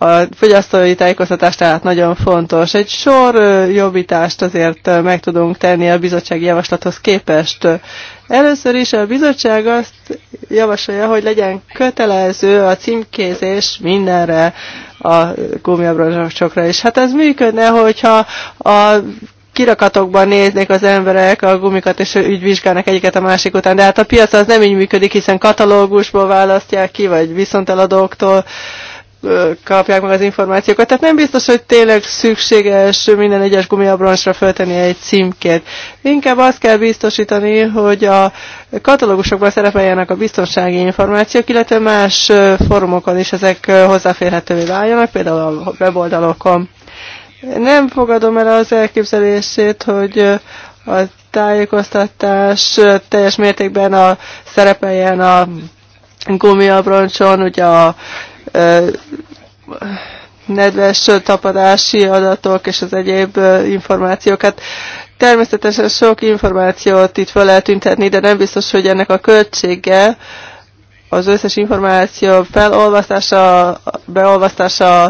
S3: a fogyasztói tájékoztatás tehát nagyon fontos. Egy sor jobbítást azért meg tudunk tenni a bizottsági javaslathoz képest. Először is a bizottság azt javasolja, hogy legyen kötelező a címkézés mindenre a gumiabroncsokra is. Hát ez működne, hogyha a kirakatokban néznék az emberek a gumikat, és úgy vizsgálnak egyiket a másik után. De hát a piac az nem így működik, hiszen katalógusból választják ki, vagy viszonteladóktól. eladóktól kapják meg az információkat. Tehát nem biztos, hogy tényleg szükséges minden egyes gumiabroncsra föltenni egy címkét. Inkább azt kell biztosítani, hogy a katalógusokban szerepeljenek a biztonsági információk, illetve más fórumokon is ezek hozzáférhetővé váljanak, például a weboldalokon. Nem fogadom el az elképzelését, hogy a tájékoztatás teljes mértékben a, szerepeljen a gumiabroncson, ugye a nedves tapadási adatok és az egyéb információkat. természetesen sok információt itt fel lehet üntetni, de nem biztos, hogy ennek a költsége az összes információ felolvasztása, beolvasztása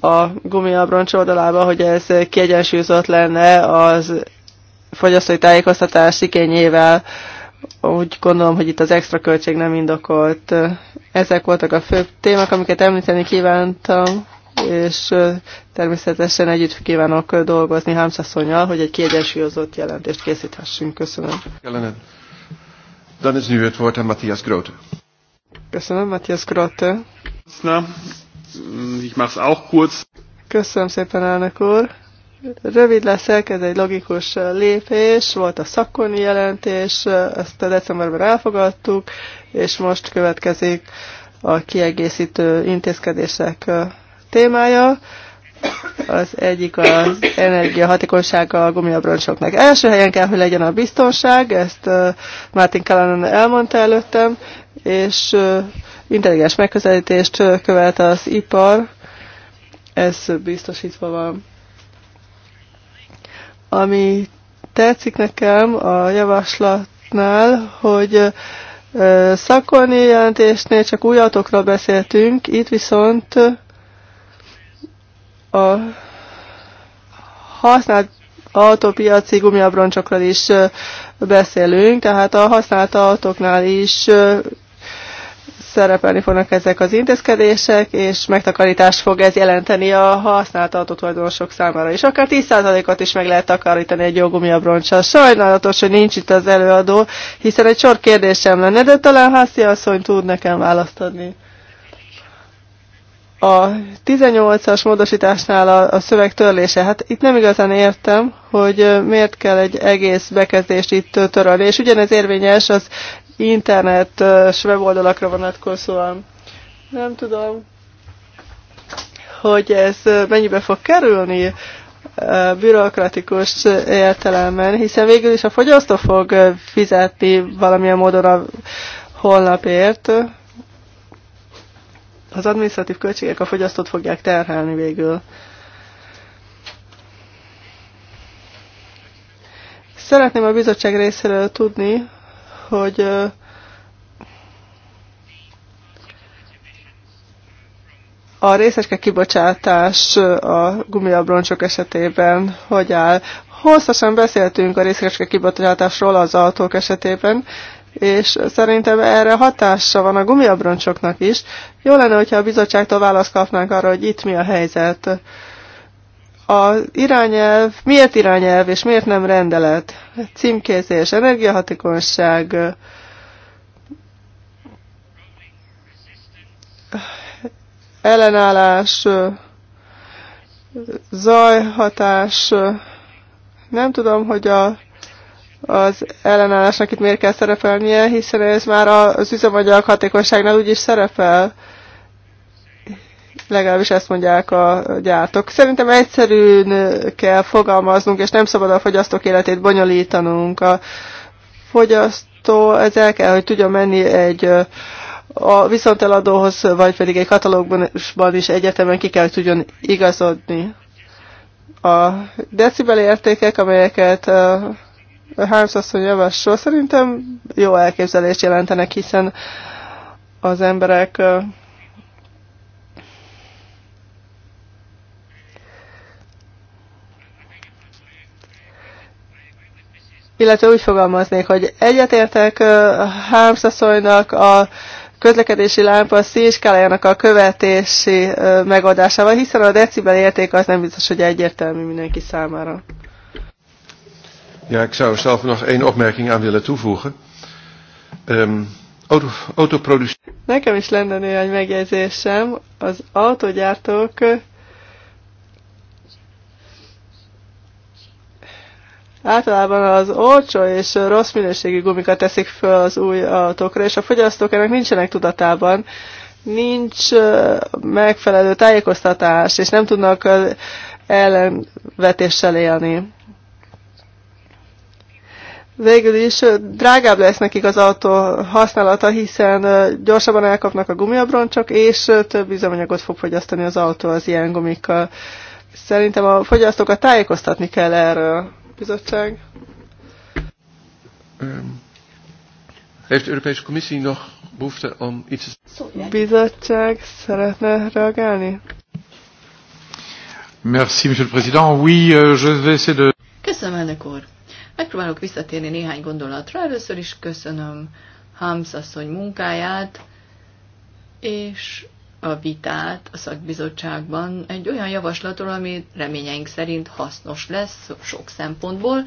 S3: a gumiabroncs oldalába, hogy ez kiegyensúlyozott lenne az fogyasztói tájékoztatás igényével. Uh, úgy gondolom, hogy itt az extra költség nem indokolt. Ezek voltak a fő témák, amiket említeni kívántam, és természetesen együtt kívánok dolgozni Hámszaszonyjal, hogy egy kiegyensúlyozott jelentést készíthessünk. Köszönöm.
S1: Jelenet. Dan is Matthias Grote.
S3: Köszönöm, Matthias Grote.
S1: Na, ich mach's auch kurz.
S3: Köszönöm szépen, elnök úr. Rövid leszek, elkezd egy logikus lépés, volt a szakoni jelentés, ezt a decemberben elfogadtuk, és most következik a kiegészítő intézkedések témája. Az egyik az energiahatékonysága a gumiabroncsoknak. Első helyen kell, hogy legyen a biztonság, ezt Martin Callanan elmondta előttem, és intelligens megközelítést követ az ipar, ez biztosítva van. Ami tetszik nekem a javaslatnál, hogy szakolni jelentésnél csak új adatokról beszéltünk, itt viszont a használt autópiaci gumiabroncsokról is beszélünk, tehát a használt autóknál is szerepelni fognak ezek az intézkedések, és megtakarítást fog ez jelenteni a használt autótulajdonosok számára is. Akár 10%-ot is meg lehet takarítani egy abroncsal. Sajnálatos, hogy nincs itt az előadó, hiszen egy sor kérdésem lenne, de talán Hászi asszony tud nekem választ adni. A 18-as módosításnál a, a szöveg törlése, hát itt nem igazán értem, hogy miért kell egy egész bekezdést itt törölni, és ugyanez érvényes az internet weboldalakra vonatkozóan. Nem tudom, hogy ez mennyibe fog kerülni bürokratikus értelemben, hiszen végül is a fogyasztó fog fizetni valamilyen módon a holnapért. Az administratív költségek a fogyasztót fogják terhelni végül. Szeretném a bizottság részéről tudni, hogy a részecske kibocsátás a gumiabroncsok esetében hogy áll. Hosszasan beszéltünk a részecske kibocsátásról az autók esetében, és szerintem erre hatása van a gumiabroncsoknak is. Jó lenne, hogyha a bizottságtól választ kapnánk arra, hogy itt mi a helyzet az irányelv, miért irányelv és miért nem rendelet? Címkézés, energiahatékonyság, ellenállás, zajhatás, nem tudom, hogy a, az ellenállásnak itt miért kell szerepelnie, hiszen ez már az üzemanyag hatékonyságnál úgyis szerepel. Legalábbis ezt mondják a gyártók. Szerintem egyszerűn kell fogalmaznunk, és nem szabad a fogyasztók életét bonyolítanunk. A fogyasztó ez el kell, hogy tudja menni egy a viszonteladóhoz, vagy pedig egy katalógusban is egyetemen ki kell, hogy tudjon igazodni. A decibel értékek, amelyeket Harms asszony javasol, szerintem jó elképzelést jelentenek, hiszen az emberek illetve úgy fogalmaznék, hogy egyetértek uh, Hámszaszonynak a közlekedési lámpa színskálájának a követési megoldásával, hiszen a decibel érték az nem biztos, hogy egyértelmű mindenki számára.
S1: Ja, ik zou zelf nog één opmerking aan willen toevoegen. Um, auto, autoproducent...
S3: Nekem is lenne néhány megjegyzésem. Az autogyártók Általában az olcsó és rossz minőségű gumikat teszik föl az új autókra, és a fogyasztók ennek nincsenek tudatában, nincs megfelelő tájékoztatás, és nem tudnak ellenvetéssel élni. Végül is drágább lesz nekik az autó használata, hiszen gyorsabban elkapnak a gumiabroncsok, és több üzemanyagot fog fogyasztani az autó az ilyen gumikkal. Szerintem a fogyasztókat tájékoztatni kell erről bizottság.
S1: Ehm, heeft de Europese Commissie nog behoefte om iets te...
S3: Bizottság
S1: szeretne reagálni? Merci, Monsieur le Président. Oui, euh, je vais essayer de... Köszönöm, elnök úr. Megpróbálok visszatérni néhány gondolatra. Először is köszönöm Hams asszony munkáját, és a vitát a szakbizottságban egy olyan javaslatról, ami reményeink szerint hasznos lesz sok szempontból,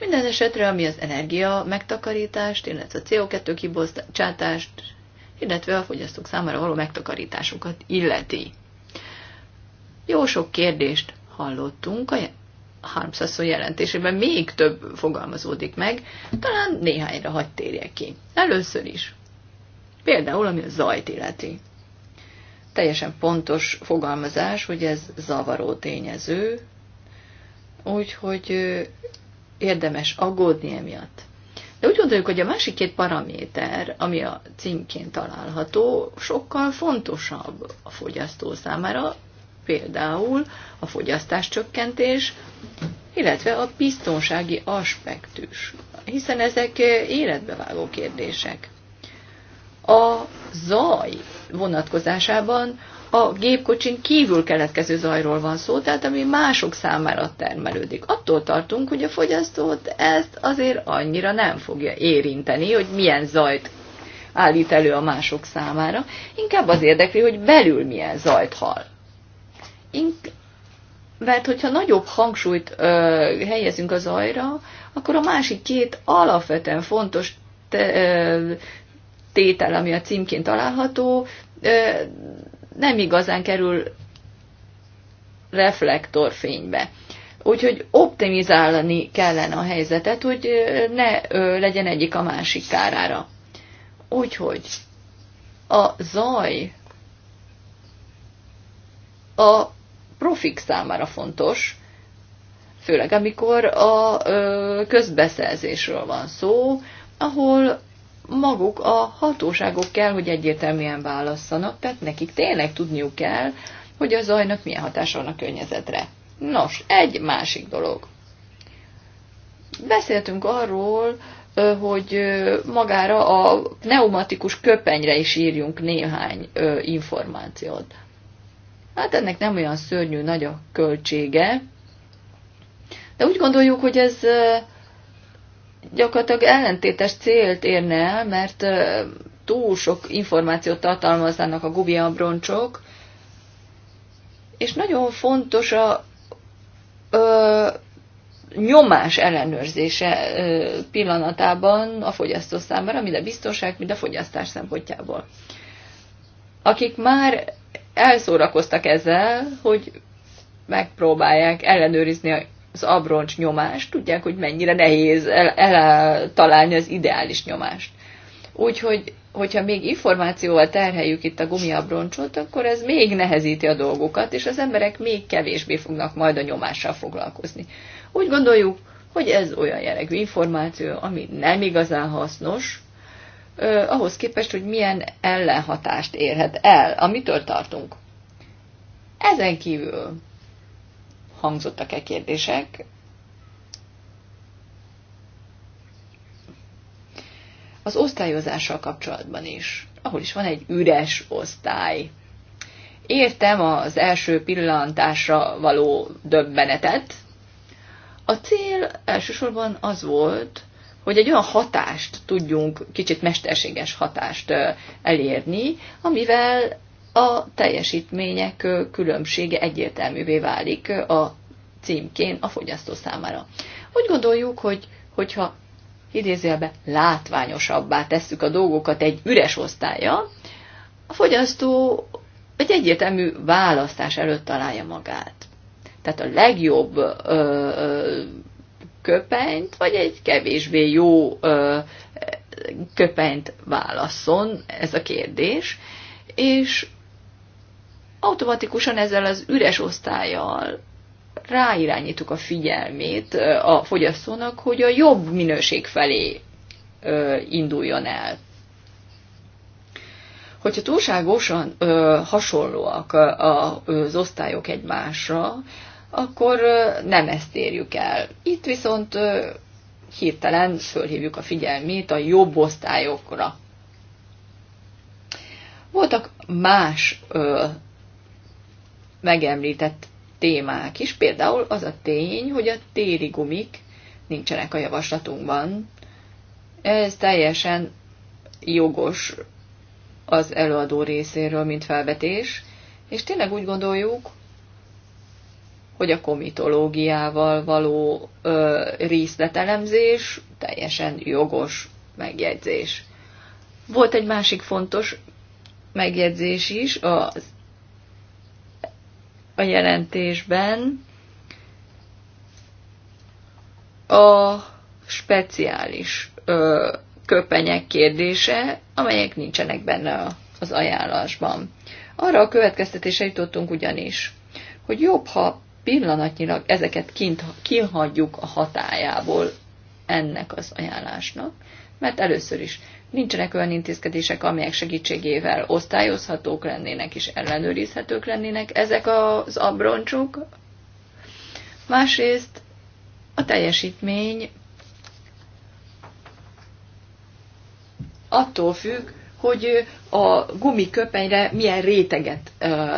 S1: minden esetre, ami az energia megtakarítást, illetve a CO2 kibocsátást, illetve a fogyasztók számára való megtakarításokat illeti. Jó sok kérdést hallottunk, a Harmszaszó jelentésében még több fogalmazódik meg, talán néhányra hagy térjek ki. Először is. Például, ami a zajt illeti teljesen pontos fogalmazás, hogy ez zavaró tényező, úgyhogy érdemes aggódni emiatt. De úgy gondoljuk, hogy a másik két paraméter, ami a címként található, sokkal fontosabb a fogyasztó számára, például a fogyasztás csökkentés, illetve a biztonsági aspektus, hiszen ezek életbevágó kérdések. A zaj vonatkozásában a gépkocsin kívül keletkező zajról van szó, tehát ami mások számára termelődik. Attól tartunk, hogy a fogyasztót ezt azért annyira nem fogja érinteni, hogy milyen zajt állít elő a mások számára, inkább az érdekli, hogy belül milyen zajt hall. Ink- mert hogyha nagyobb hangsúlyt ö, helyezünk a zajra, akkor a másik két alapvetően fontos te, ö, tétel, ami a címként található, nem igazán kerül reflektorfénybe. Úgyhogy optimizálni kellene a helyzetet, hogy ne legyen egyik a másik kárára. Úgyhogy a zaj a profik számára fontos, főleg amikor a közbeszerzésről van szó, ahol maguk a hatóságok kell, hogy egyértelműen válasszanak, tehát nekik tényleg tudniuk kell, hogy a zajnak milyen hatása van a környezetre. Nos, egy másik dolog. Beszéltünk arról, hogy magára a pneumatikus köpenyre is írjunk néhány információt. Hát ennek nem olyan szörnyű nagy a költsége, de úgy gondoljuk, hogy ez gyakorlatilag ellentétes célt érne el, mert túl sok információt tartalmaznának a gumiabroncsok, és nagyon fontos a ö, nyomás ellenőrzése ö, pillanatában a fogyasztó számára, mind a biztonság, mind a fogyasztás szempontjából. Akik már elszórakoztak ezzel, hogy megpróbálják ellenőrizni a az abroncs nyomást, tudják, hogy mennyire nehéz eltalálni el, az ideális nyomást. Úgyhogy, hogyha még információval terheljük itt a gumiabroncsot, akkor ez még nehezíti a dolgokat, és az emberek még kevésbé fognak majd a nyomással foglalkozni. Úgy gondoljuk, hogy ez olyan jellegű információ, ami nem igazán hasznos, ahhoz képest, hogy milyen ellenhatást érhet el, amitől tartunk. Ezen kívül hangzottak-e kérdések. Az osztályozással kapcsolatban is, ahol is van egy üres osztály. Értem az első pillantásra való döbbenetet. A cél elsősorban az volt, hogy egy olyan hatást tudjunk, kicsit mesterséges hatást elérni, amivel a teljesítmények különbsége egyértelművé válik a címkén a fogyasztó számára. Úgy gondoljuk, hogy hogyha idézélbe látványosabbá tesszük a dolgokat egy üres osztálya, a fogyasztó egy egyértelmű választás előtt találja magát. Tehát a legjobb ö, ö, köpenyt, vagy egy kevésbé jó ö, köpenyt válasszon, ez a kérdés, és automatikusan ezzel az üres osztályjal ráirányítjuk a figyelmét a fogyasztónak, hogy a jobb minőség felé induljon el. Hogyha túlságosan ö, hasonlóak a, az osztályok egymásra, akkor ö, nem ezt érjük el. Itt viszont ö, hirtelen fölhívjuk a figyelmét a jobb osztályokra. Voltak más ö, megemlített témák is, például az a tény, hogy a téli gumik nincsenek a javaslatunkban. Ez teljesen jogos az előadó részéről, mint felvetés, és tényleg úgy gondoljuk, hogy a komitológiával való ö, részletelemzés teljesen jogos megjegyzés. Volt egy másik fontos megjegyzés is az a jelentésben a speciális ö, köpenyek kérdése, amelyek nincsenek benne az ajánlásban. Arra a következtetése jutottunk ugyanis, hogy jobb, ha pillanatnyilag ezeket kint, kihagyjuk a hatájából ennek az ajánlásnak, mert először is nincsenek olyan intézkedések, amelyek segítségével osztályozhatók lennének és ellenőrizhetők lennének ezek az abroncsok. Másrészt a teljesítmény attól függ, hogy a gumiköpenyre milyen réteget ö,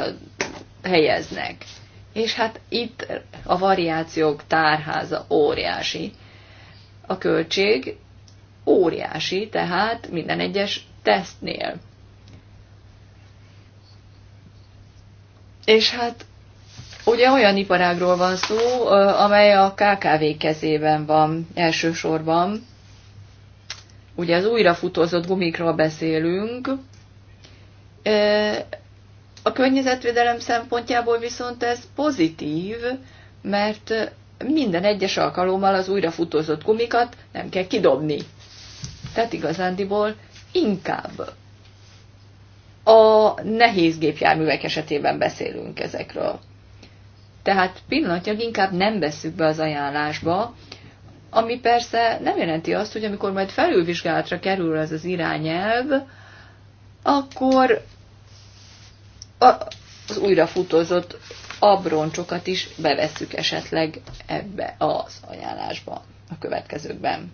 S1: helyeznek. És hát itt a variációk tárháza óriási. A költség óriási, tehát minden egyes tesztnél. És hát ugye olyan iparágról van szó, amely a KKV kezében van elsősorban. Ugye az újrafutózott gumikról beszélünk. A környezetvédelem szempontjából viszont ez pozitív, mert minden egyes alkalommal az újrafutózott gumikat nem kell kidobni. Tehát igazándiból inkább a nehéz gépjárművek esetében beszélünk ezekről. Tehát pillanatnyilag inkább nem veszük be az ajánlásba, ami persze nem jelenti azt, hogy amikor majd felülvizsgálatra kerül ez az irányelv, akkor az újrafutózott abroncsokat is bevesszük esetleg ebbe az ajánlásba a következőkben.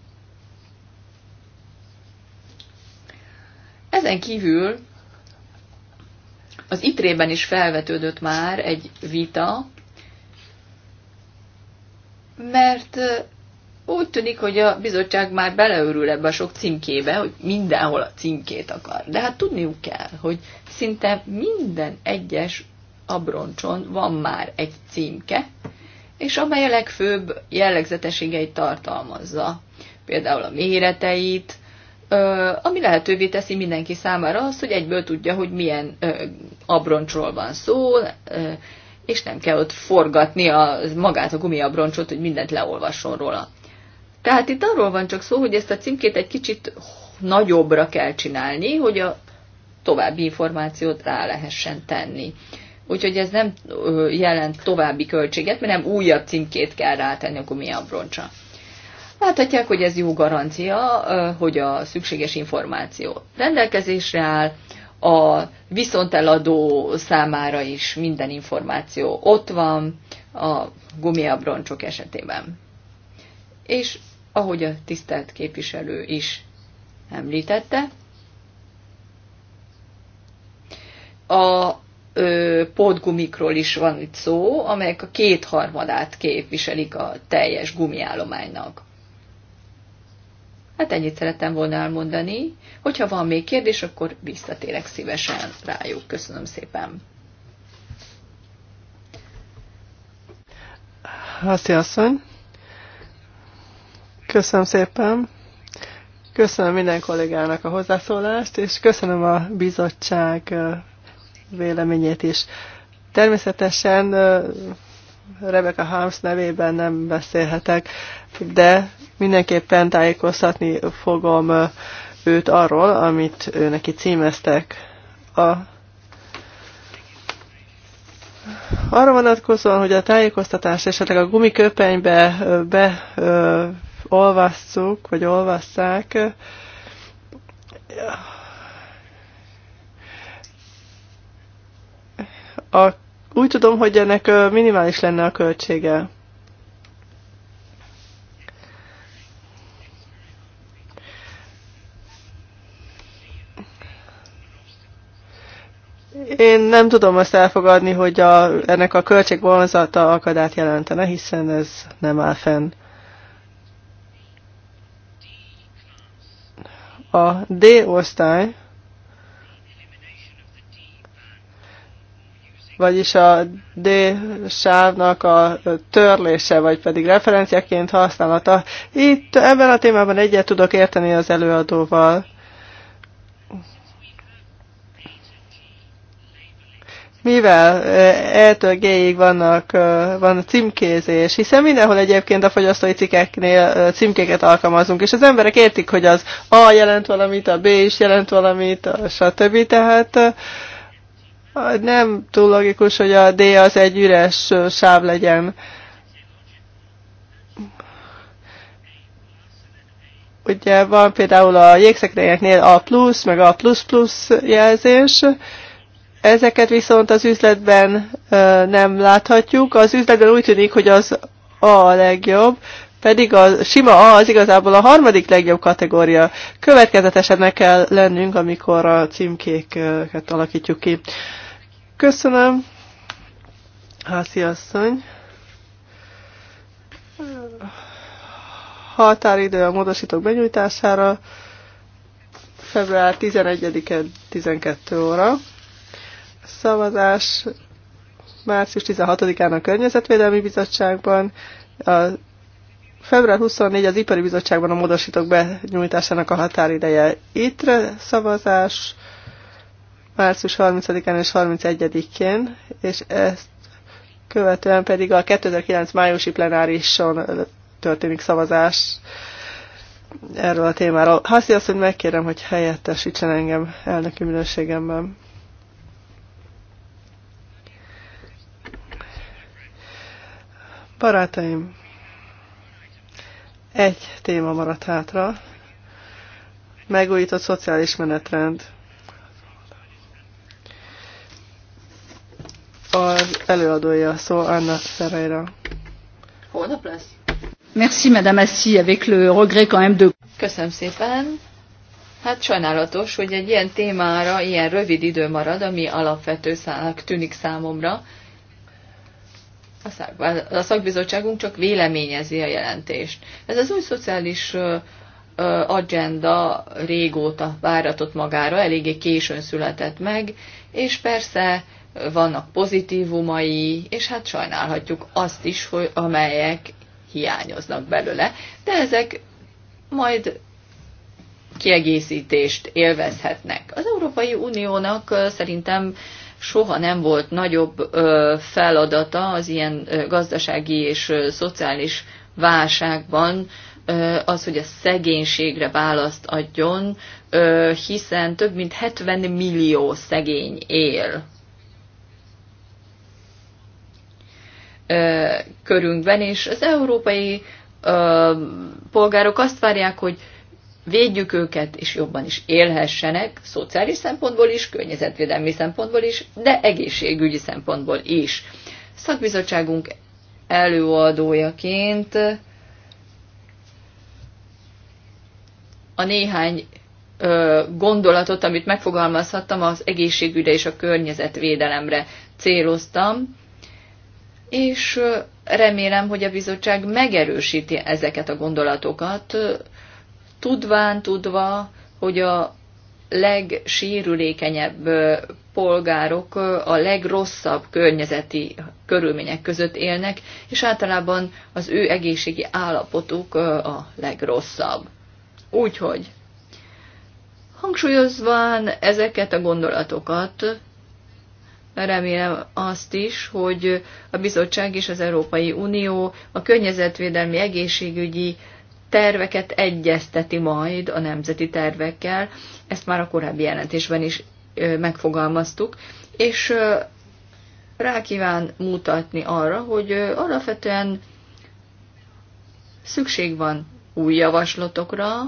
S1: Ezen kívül az itrében is felvetődött már egy vita, mert úgy tűnik, hogy a bizottság már beleörül ebbe a sok címkébe, hogy mindenhol a címkét akar. De hát tudniuk kell, hogy szinte minden egyes abroncson van már egy címke, és amely a legfőbb jellegzetességeit tartalmazza. Például a méreteit, ami lehetővé teszi mindenki számára azt, hogy egyből tudja, hogy milyen abroncsról van szó, és nem kell ott forgatni a, magát a gumiabroncsot, hogy mindent leolvasson róla. Tehát itt arról van csak szó, hogy ezt a címkét egy kicsit nagyobbra kell csinálni, hogy a további információt rá lehessen tenni. Úgyhogy ez nem jelent további költséget, mert nem újabb címkét kell rátenni a gumiabroncsra. Láthatják, hogy ez jó garancia, hogy a szükséges információ rendelkezésre áll, a viszonteladó számára is minden információ ott van a gumiabroncsok esetében. És ahogy a tisztelt képviselő is említette, a ö, pótgumikról is van itt szó, amelyek a kétharmadát képviselik a teljes gumiállománynak. Hát ennyit szerettem volna elmondani. Hogyha van még kérdés, akkor visszatérek szívesen rájuk. Köszönöm szépen.
S3: Haszi asszony. Köszönöm szépen. Köszönöm minden kollégának a hozzászólást, és köszönöm a bizottság véleményét is. Természetesen Rebecca Harms nevében nem beszélhetek, de mindenképpen tájékoztatni fogom őt arról, amit ő neki címeztek. A arra vonatkozóan, hogy a tájékoztatás esetleg a gumiköpenybe beolvasszuk, vagy olvasszák, a úgy tudom, hogy ennek minimális lenne a költsége. Én nem tudom azt elfogadni, hogy a, ennek a költségvonzata akadát jelentene, hiszen ez nem áll fenn. A D osztály vagyis a D-sávnak a törlése, vagy pedig referenciaként használata. Itt ebben a témában egyet tudok érteni az előadóval. mivel E-től eh, G-ig vannak, eh, van címkézés, hiszen mindenhol egyébként a fogyasztói cikkeknél eh, címkéket alkalmazunk, és az emberek értik, hogy az A jelent valamit, a B is jelent valamit, stb. Tehát nem túl logikus, hogy a D az egy üres sáv legyen. Ugye van például a jégszekrényeknél A+, meg A++ jelzés, ezeket viszont az üzletben nem láthatjuk. Az üzletben úgy tűnik, hogy az A a legjobb, pedig a sima A az igazából a harmadik legjobb kategória. Következetesebbnek kell lennünk, amikor a címkéket alakítjuk ki. Köszönöm, Hászi asszony. Határidő a módosítók benyújtására február 11-e 12 óra. Szavazás március 16-án a Környezetvédelmi Bizottságban, a február 24 az Ipari Bizottságban a módosítók benyújtásának a határideje. Ittre szavazás március 30-án és 31-én, és ezt követően pedig a 2009 májusi plenárison történik szavazás erről a témáról. Haszi azt, hogy megkérem, hogy helyettesítsen engem elnöki minőségemben. Barátaim, egy téma maradt hátra. Megújított szociális menetrend. az előadója szó, Anna Ferreira.
S1: Holnap lesz? Merci, Madame Assi, avec le regret quand même de... Köszönöm szépen. Hát sajnálatos, hogy egy ilyen témára ilyen rövid idő marad, ami alapvető szának tűnik számomra. A szakbizottságunk csak véleményezi a jelentést. Ez az új szociális agenda régóta váratott magára, eléggé későn született meg, és persze vannak pozitívumai, és hát sajnálhatjuk azt is, hogy amelyek hiányoznak belőle, de ezek majd kiegészítést élvezhetnek. Az Európai Uniónak szerintem soha nem volt nagyobb feladata az ilyen gazdasági és szociális válságban, az, hogy a szegénységre választ adjon, hiszen több mint 70 millió szegény él körünkben, és az európai polgárok azt várják, hogy védjük őket, és jobban is élhessenek, szociális szempontból is, környezetvédelmi szempontból is, de egészségügyi szempontból is. Szakbizottságunk előadójaként a néhány gondolatot, amit megfogalmazhattam, az egészségügyre és a környezetvédelemre céloztam, és remélem, hogy a bizottság megerősíti ezeket a gondolatokat, tudván tudva, hogy a legsérülékenyebb polgárok a legrosszabb környezeti körülmények között élnek, és általában az ő egészségi állapotuk a legrosszabb. Úgyhogy hangsúlyozván ezeket a gondolatokat, remélem azt is, hogy a bizottság és az Európai Unió a környezetvédelmi egészségügyi terveket egyezteti majd a nemzeti tervekkel, ezt már a korábbi jelentésben is megfogalmaztuk, és rá kíván mutatni arra, hogy alapvetően szükség van új javaslatokra,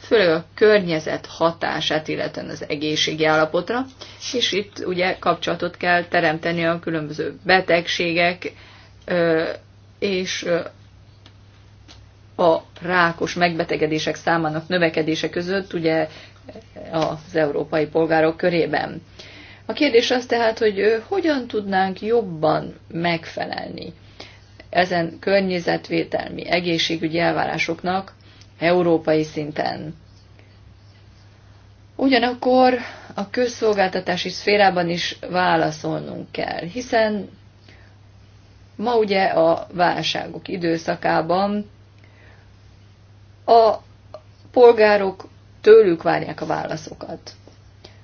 S1: főleg a környezet hatását, illetően az egészségi állapotra, és itt ugye kapcsolatot kell teremteni a különböző betegségek és a rákos megbetegedések számának növekedése között, ugye az európai polgárok körében. A kérdés az tehát, hogy hogyan tudnánk jobban megfelelni ezen környezetvételmi egészségügyi elvárásoknak, európai szinten. Ugyanakkor a közszolgáltatási szférában is válaszolnunk kell, hiszen ma ugye a válságok időszakában a polgárok tőlük várják a válaszokat.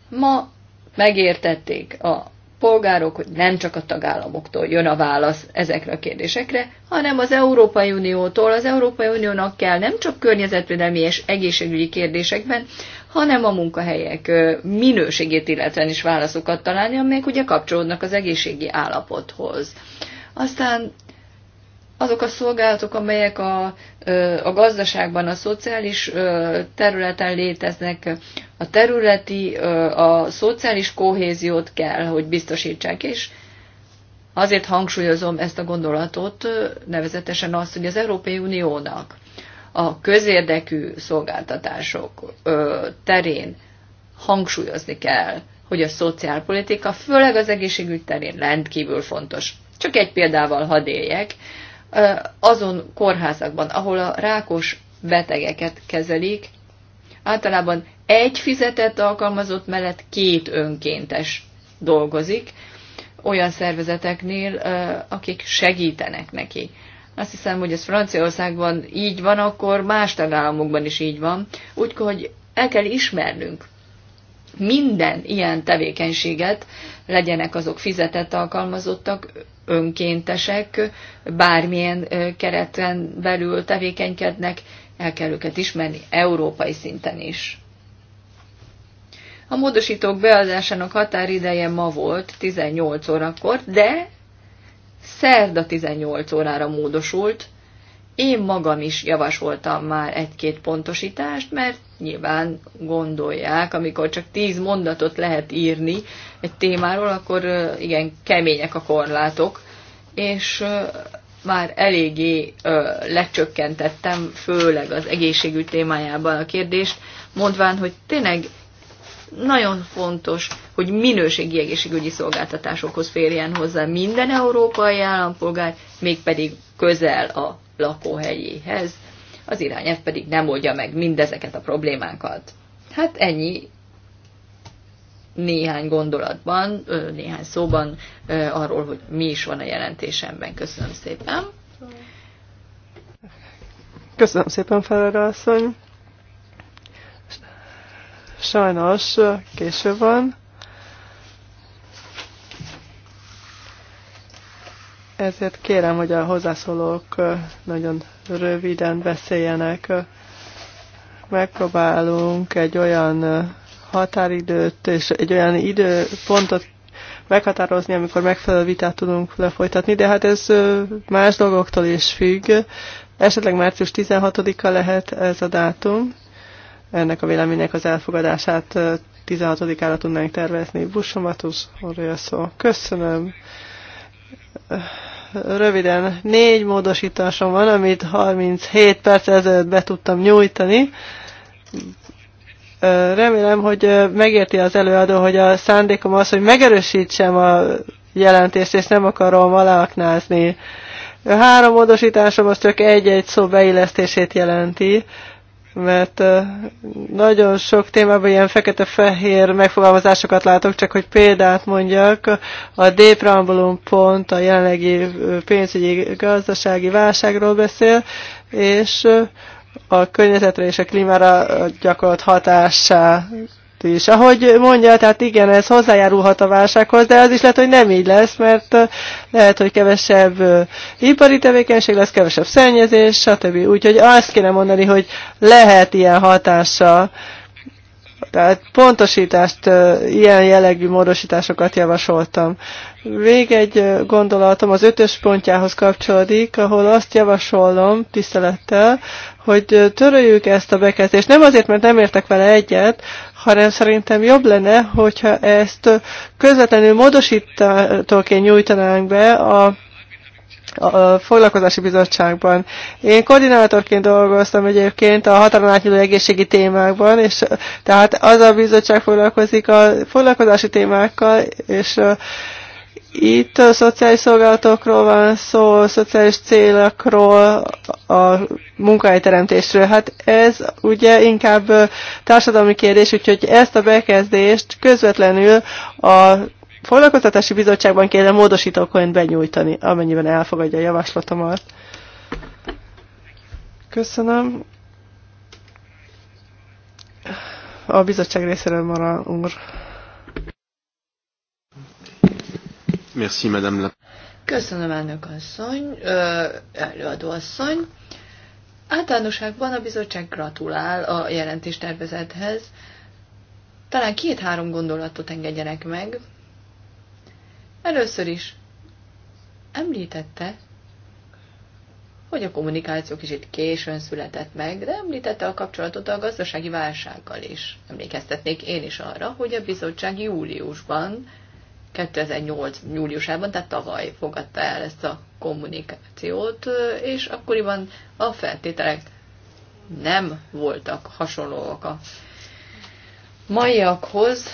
S1: Ma megértették a polgárok, hogy nem csak a tagállamoktól jön a válasz ezekre a kérdésekre, hanem az Európai Uniótól. Az Európai Uniónak kell nem csak környezetvédelmi és egészségügyi kérdésekben, hanem a munkahelyek minőségét illetően is válaszokat találni, amelyek ugye kapcsolódnak az egészségi állapothoz. Aztán azok a szolgálatok, amelyek a, a gazdaságban, a szociális területen léteznek, a területi, a szociális kohéziót kell, hogy biztosítsák, és azért hangsúlyozom ezt a gondolatot, nevezetesen azt, hogy az Európai Uniónak a közérdekű szolgáltatások terén hangsúlyozni kell, hogy a szociálpolitika, főleg az egészségügy terén rendkívül fontos. Csak egy példával hadd éljek azon kórházakban, ahol a rákos betegeket kezelik, általában egy fizetett alkalmazott mellett két önkéntes dolgozik, olyan szervezeteknél, akik segítenek neki. Azt hiszem, hogy ez Franciaországban így van, akkor más tagállamokban is így van. Úgyhogy el kell ismernünk minden ilyen tevékenységet, legyenek azok fizetett alkalmazottak, önkéntesek bármilyen kereten belül tevékenykednek, el kell őket ismerni európai szinten is. A módosítók beadásának határideje ma volt 18 órakor, de szerda 18 órára módosult, én magam is javasoltam már egy-két pontosítást, mert nyilván gondolják, amikor csak tíz mondatot lehet írni egy témáról, akkor igen, kemények a korlátok, és már eléggé lecsökkentettem, főleg az egészségügy témájában a kérdést, mondván, hogy tényleg nagyon fontos, hogy minőségi egészségügyi szolgáltatásokhoz férjen hozzá minden európai állampolgár, mégpedig közel a lakóhelyéhez, az irányelv pedig nem oldja meg mindezeket a problémákat. Hát ennyi néhány gondolatban, néhány szóban arról, hogy mi is van a jelentésemben. Köszönöm szépen.
S3: Köszönöm szépen, Ferrara asszony. Sajnos késő van. Ezért kérem, hogy a hozzászólók nagyon röviden beszéljenek. Megpróbálunk egy olyan határidőt és egy olyan időpontot meghatározni, amikor megfelelő vitát tudunk lefolytatni, de hát ez más dolgoktól is függ. Esetleg március 16-a lehet ez a dátum. Ennek a véleménynek az elfogadását 16-ára tudnánk tervezni. Busomatus, orja szó. Köszönöm röviden négy módosításom van, amit 37 perc ezelőtt be tudtam nyújtani. Remélem, hogy megérti az előadó, hogy a szándékom az, hogy megerősítsem a jelentést, és nem akarom aláaknázni. A három módosításom az csak egy-egy szó beillesztését jelenti mert nagyon sok témában ilyen fekete-fehér megfogalmazásokat látok, csak hogy példát mondjak, a d pont a jelenlegi pénzügyi gazdasági válságról beszél, és a környezetre és a klímára gyakorolt hatássá is. Ahogy mondja, tehát igen, ez hozzájárulhat a válsághoz, de az is lehet, hogy nem így lesz, mert lehet, hogy kevesebb ipari tevékenység lesz, kevesebb szennyezés, stb. Úgyhogy azt kéne mondani, hogy lehet ilyen hatása, tehát pontosítást, ilyen jellegű módosításokat javasoltam. Vég egy gondolatom az ötös pontjához kapcsolódik, ahol azt javasolom tisztelettel, hogy töröljük ezt a bekezdést. Nem azért, mert nem értek vele egyet, hanem szerintem jobb lenne, hogyha ezt közvetlenül módosítóként nyújtanánk be a a foglalkozási bizottságban. Én koordinátorként dolgoztam egyébként a határon átnyúló egészségi témákban, és tehát az a bizottság foglalkozik a foglalkozási témákkal, és itt a szociális szolgálatokról van szó, a szociális célokról, a munkahelyteremtésről. Hát ez ugye inkább társadalmi kérdés, úgyhogy ezt a bekezdést közvetlenül a foglalkoztatási bizottságban kéne módosítóként benyújtani, amennyiben elfogadja a javaslatomat. Köszönöm. A bizottság részéről Mara úr.
S1: Merci, madame la... Köszönöm, elnök asszony, ö, előadó asszony. Általánosságban a bizottság gratulál a jelentéstervezethez. Talán két-három gondolatot engedjenek meg. Először is említette, hogy a kommunikáció kicsit későn született meg, de említette a kapcsolatot a gazdasági válsággal is. Emlékeztetnék én is arra, hogy a bizottság júliusban 2008 júliusában, tehát tavaly fogadta el ezt a kommunikációt, és akkoriban a feltételek nem voltak hasonlóak a maiakhoz,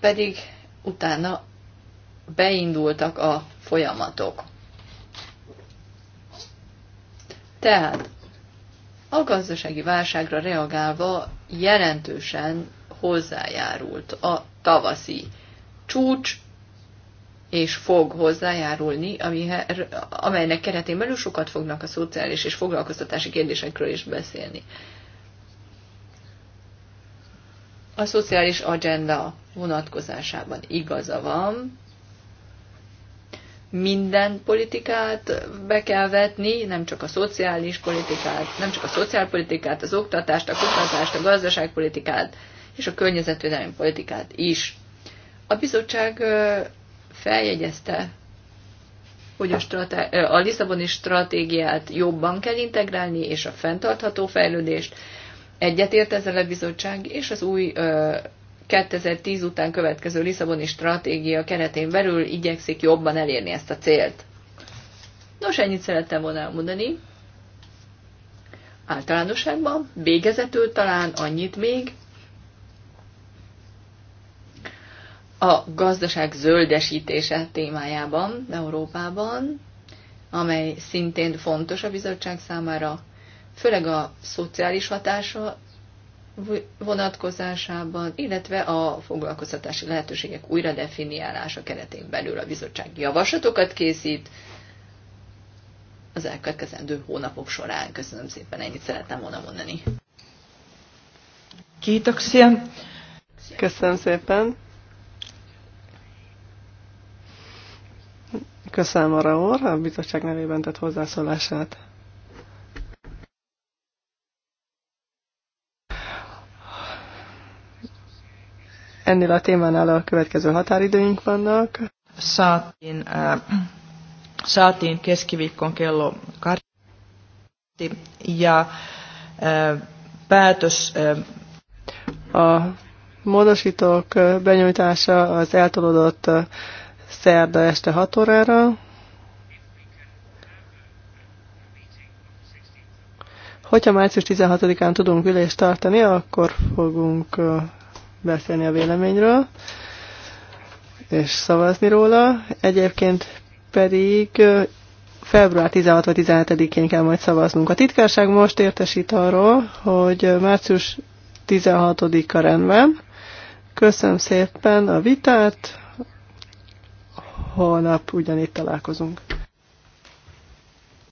S1: pedig utána beindultak a folyamatok. Tehát a gazdasági válságra reagálva jelentősen hozzájárult a tavaszi csúcs és fog hozzájárulni, amelynek keretén belül sokat fognak a szociális és foglalkoztatási kérdésekről is beszélni. A szociális agenda vonatkozásában igaza van, minden politikát be kell vetni, nem csak a szociális politikát, nem csak a szociálpolitikát, az oktatást, a kutatást, a gazdaságpolitikát és a környezetvédelmi politikát is. A bizottság feljegyezte, hogy a, a Lisszaboni stratégiát jobban kell integrálni, és a fenntartható fejlődést. Egyetért ezzel a bizottság, és az új 2010 után következő Lisszaboni stratégia keretén belül igyekszik jobban elérni ezt a célt. Nos, ennyit szerettem volna elmondani. Általánosságban végezetül talán annyit még, a gazdaság zöldesítése témájában Európában, amely szintén fontos a bizottság számára, főleg a szociális hatása vonatkozásában, illetve a foglalkoztatási lehetőségek újra definiálása keretén belül a bizottság javaslatokat készít az elkövetkezendő hónapok során. Köszönöm szépen, ennyit szerettem volna mondani.
S3: Kiitoksia. Köszönöm szépen. Köszönöm arra úr, a bizottság nevében tett hozzászólását. Ennél a témánál a következő határidőink vannak.
S2: Saatiin, äh, saatiin keskiviikkon kello karti, ja äh,
S3: päätös... Äh, a módosítók benyújtása az eltolódott äh, szerda este 6 órára. Hogyha március 16-án tudunk ülést tartani, akkor fogunk beszélni a véleményről, és szavazni róla. Egyébként pedig február 16 17-én kell majd szavaznunk. A titkárság most értesít arról, hogy március 16-a rendben. Köszönöm szépen a vitát,
S2: Holnap ugyanitt találkozunk.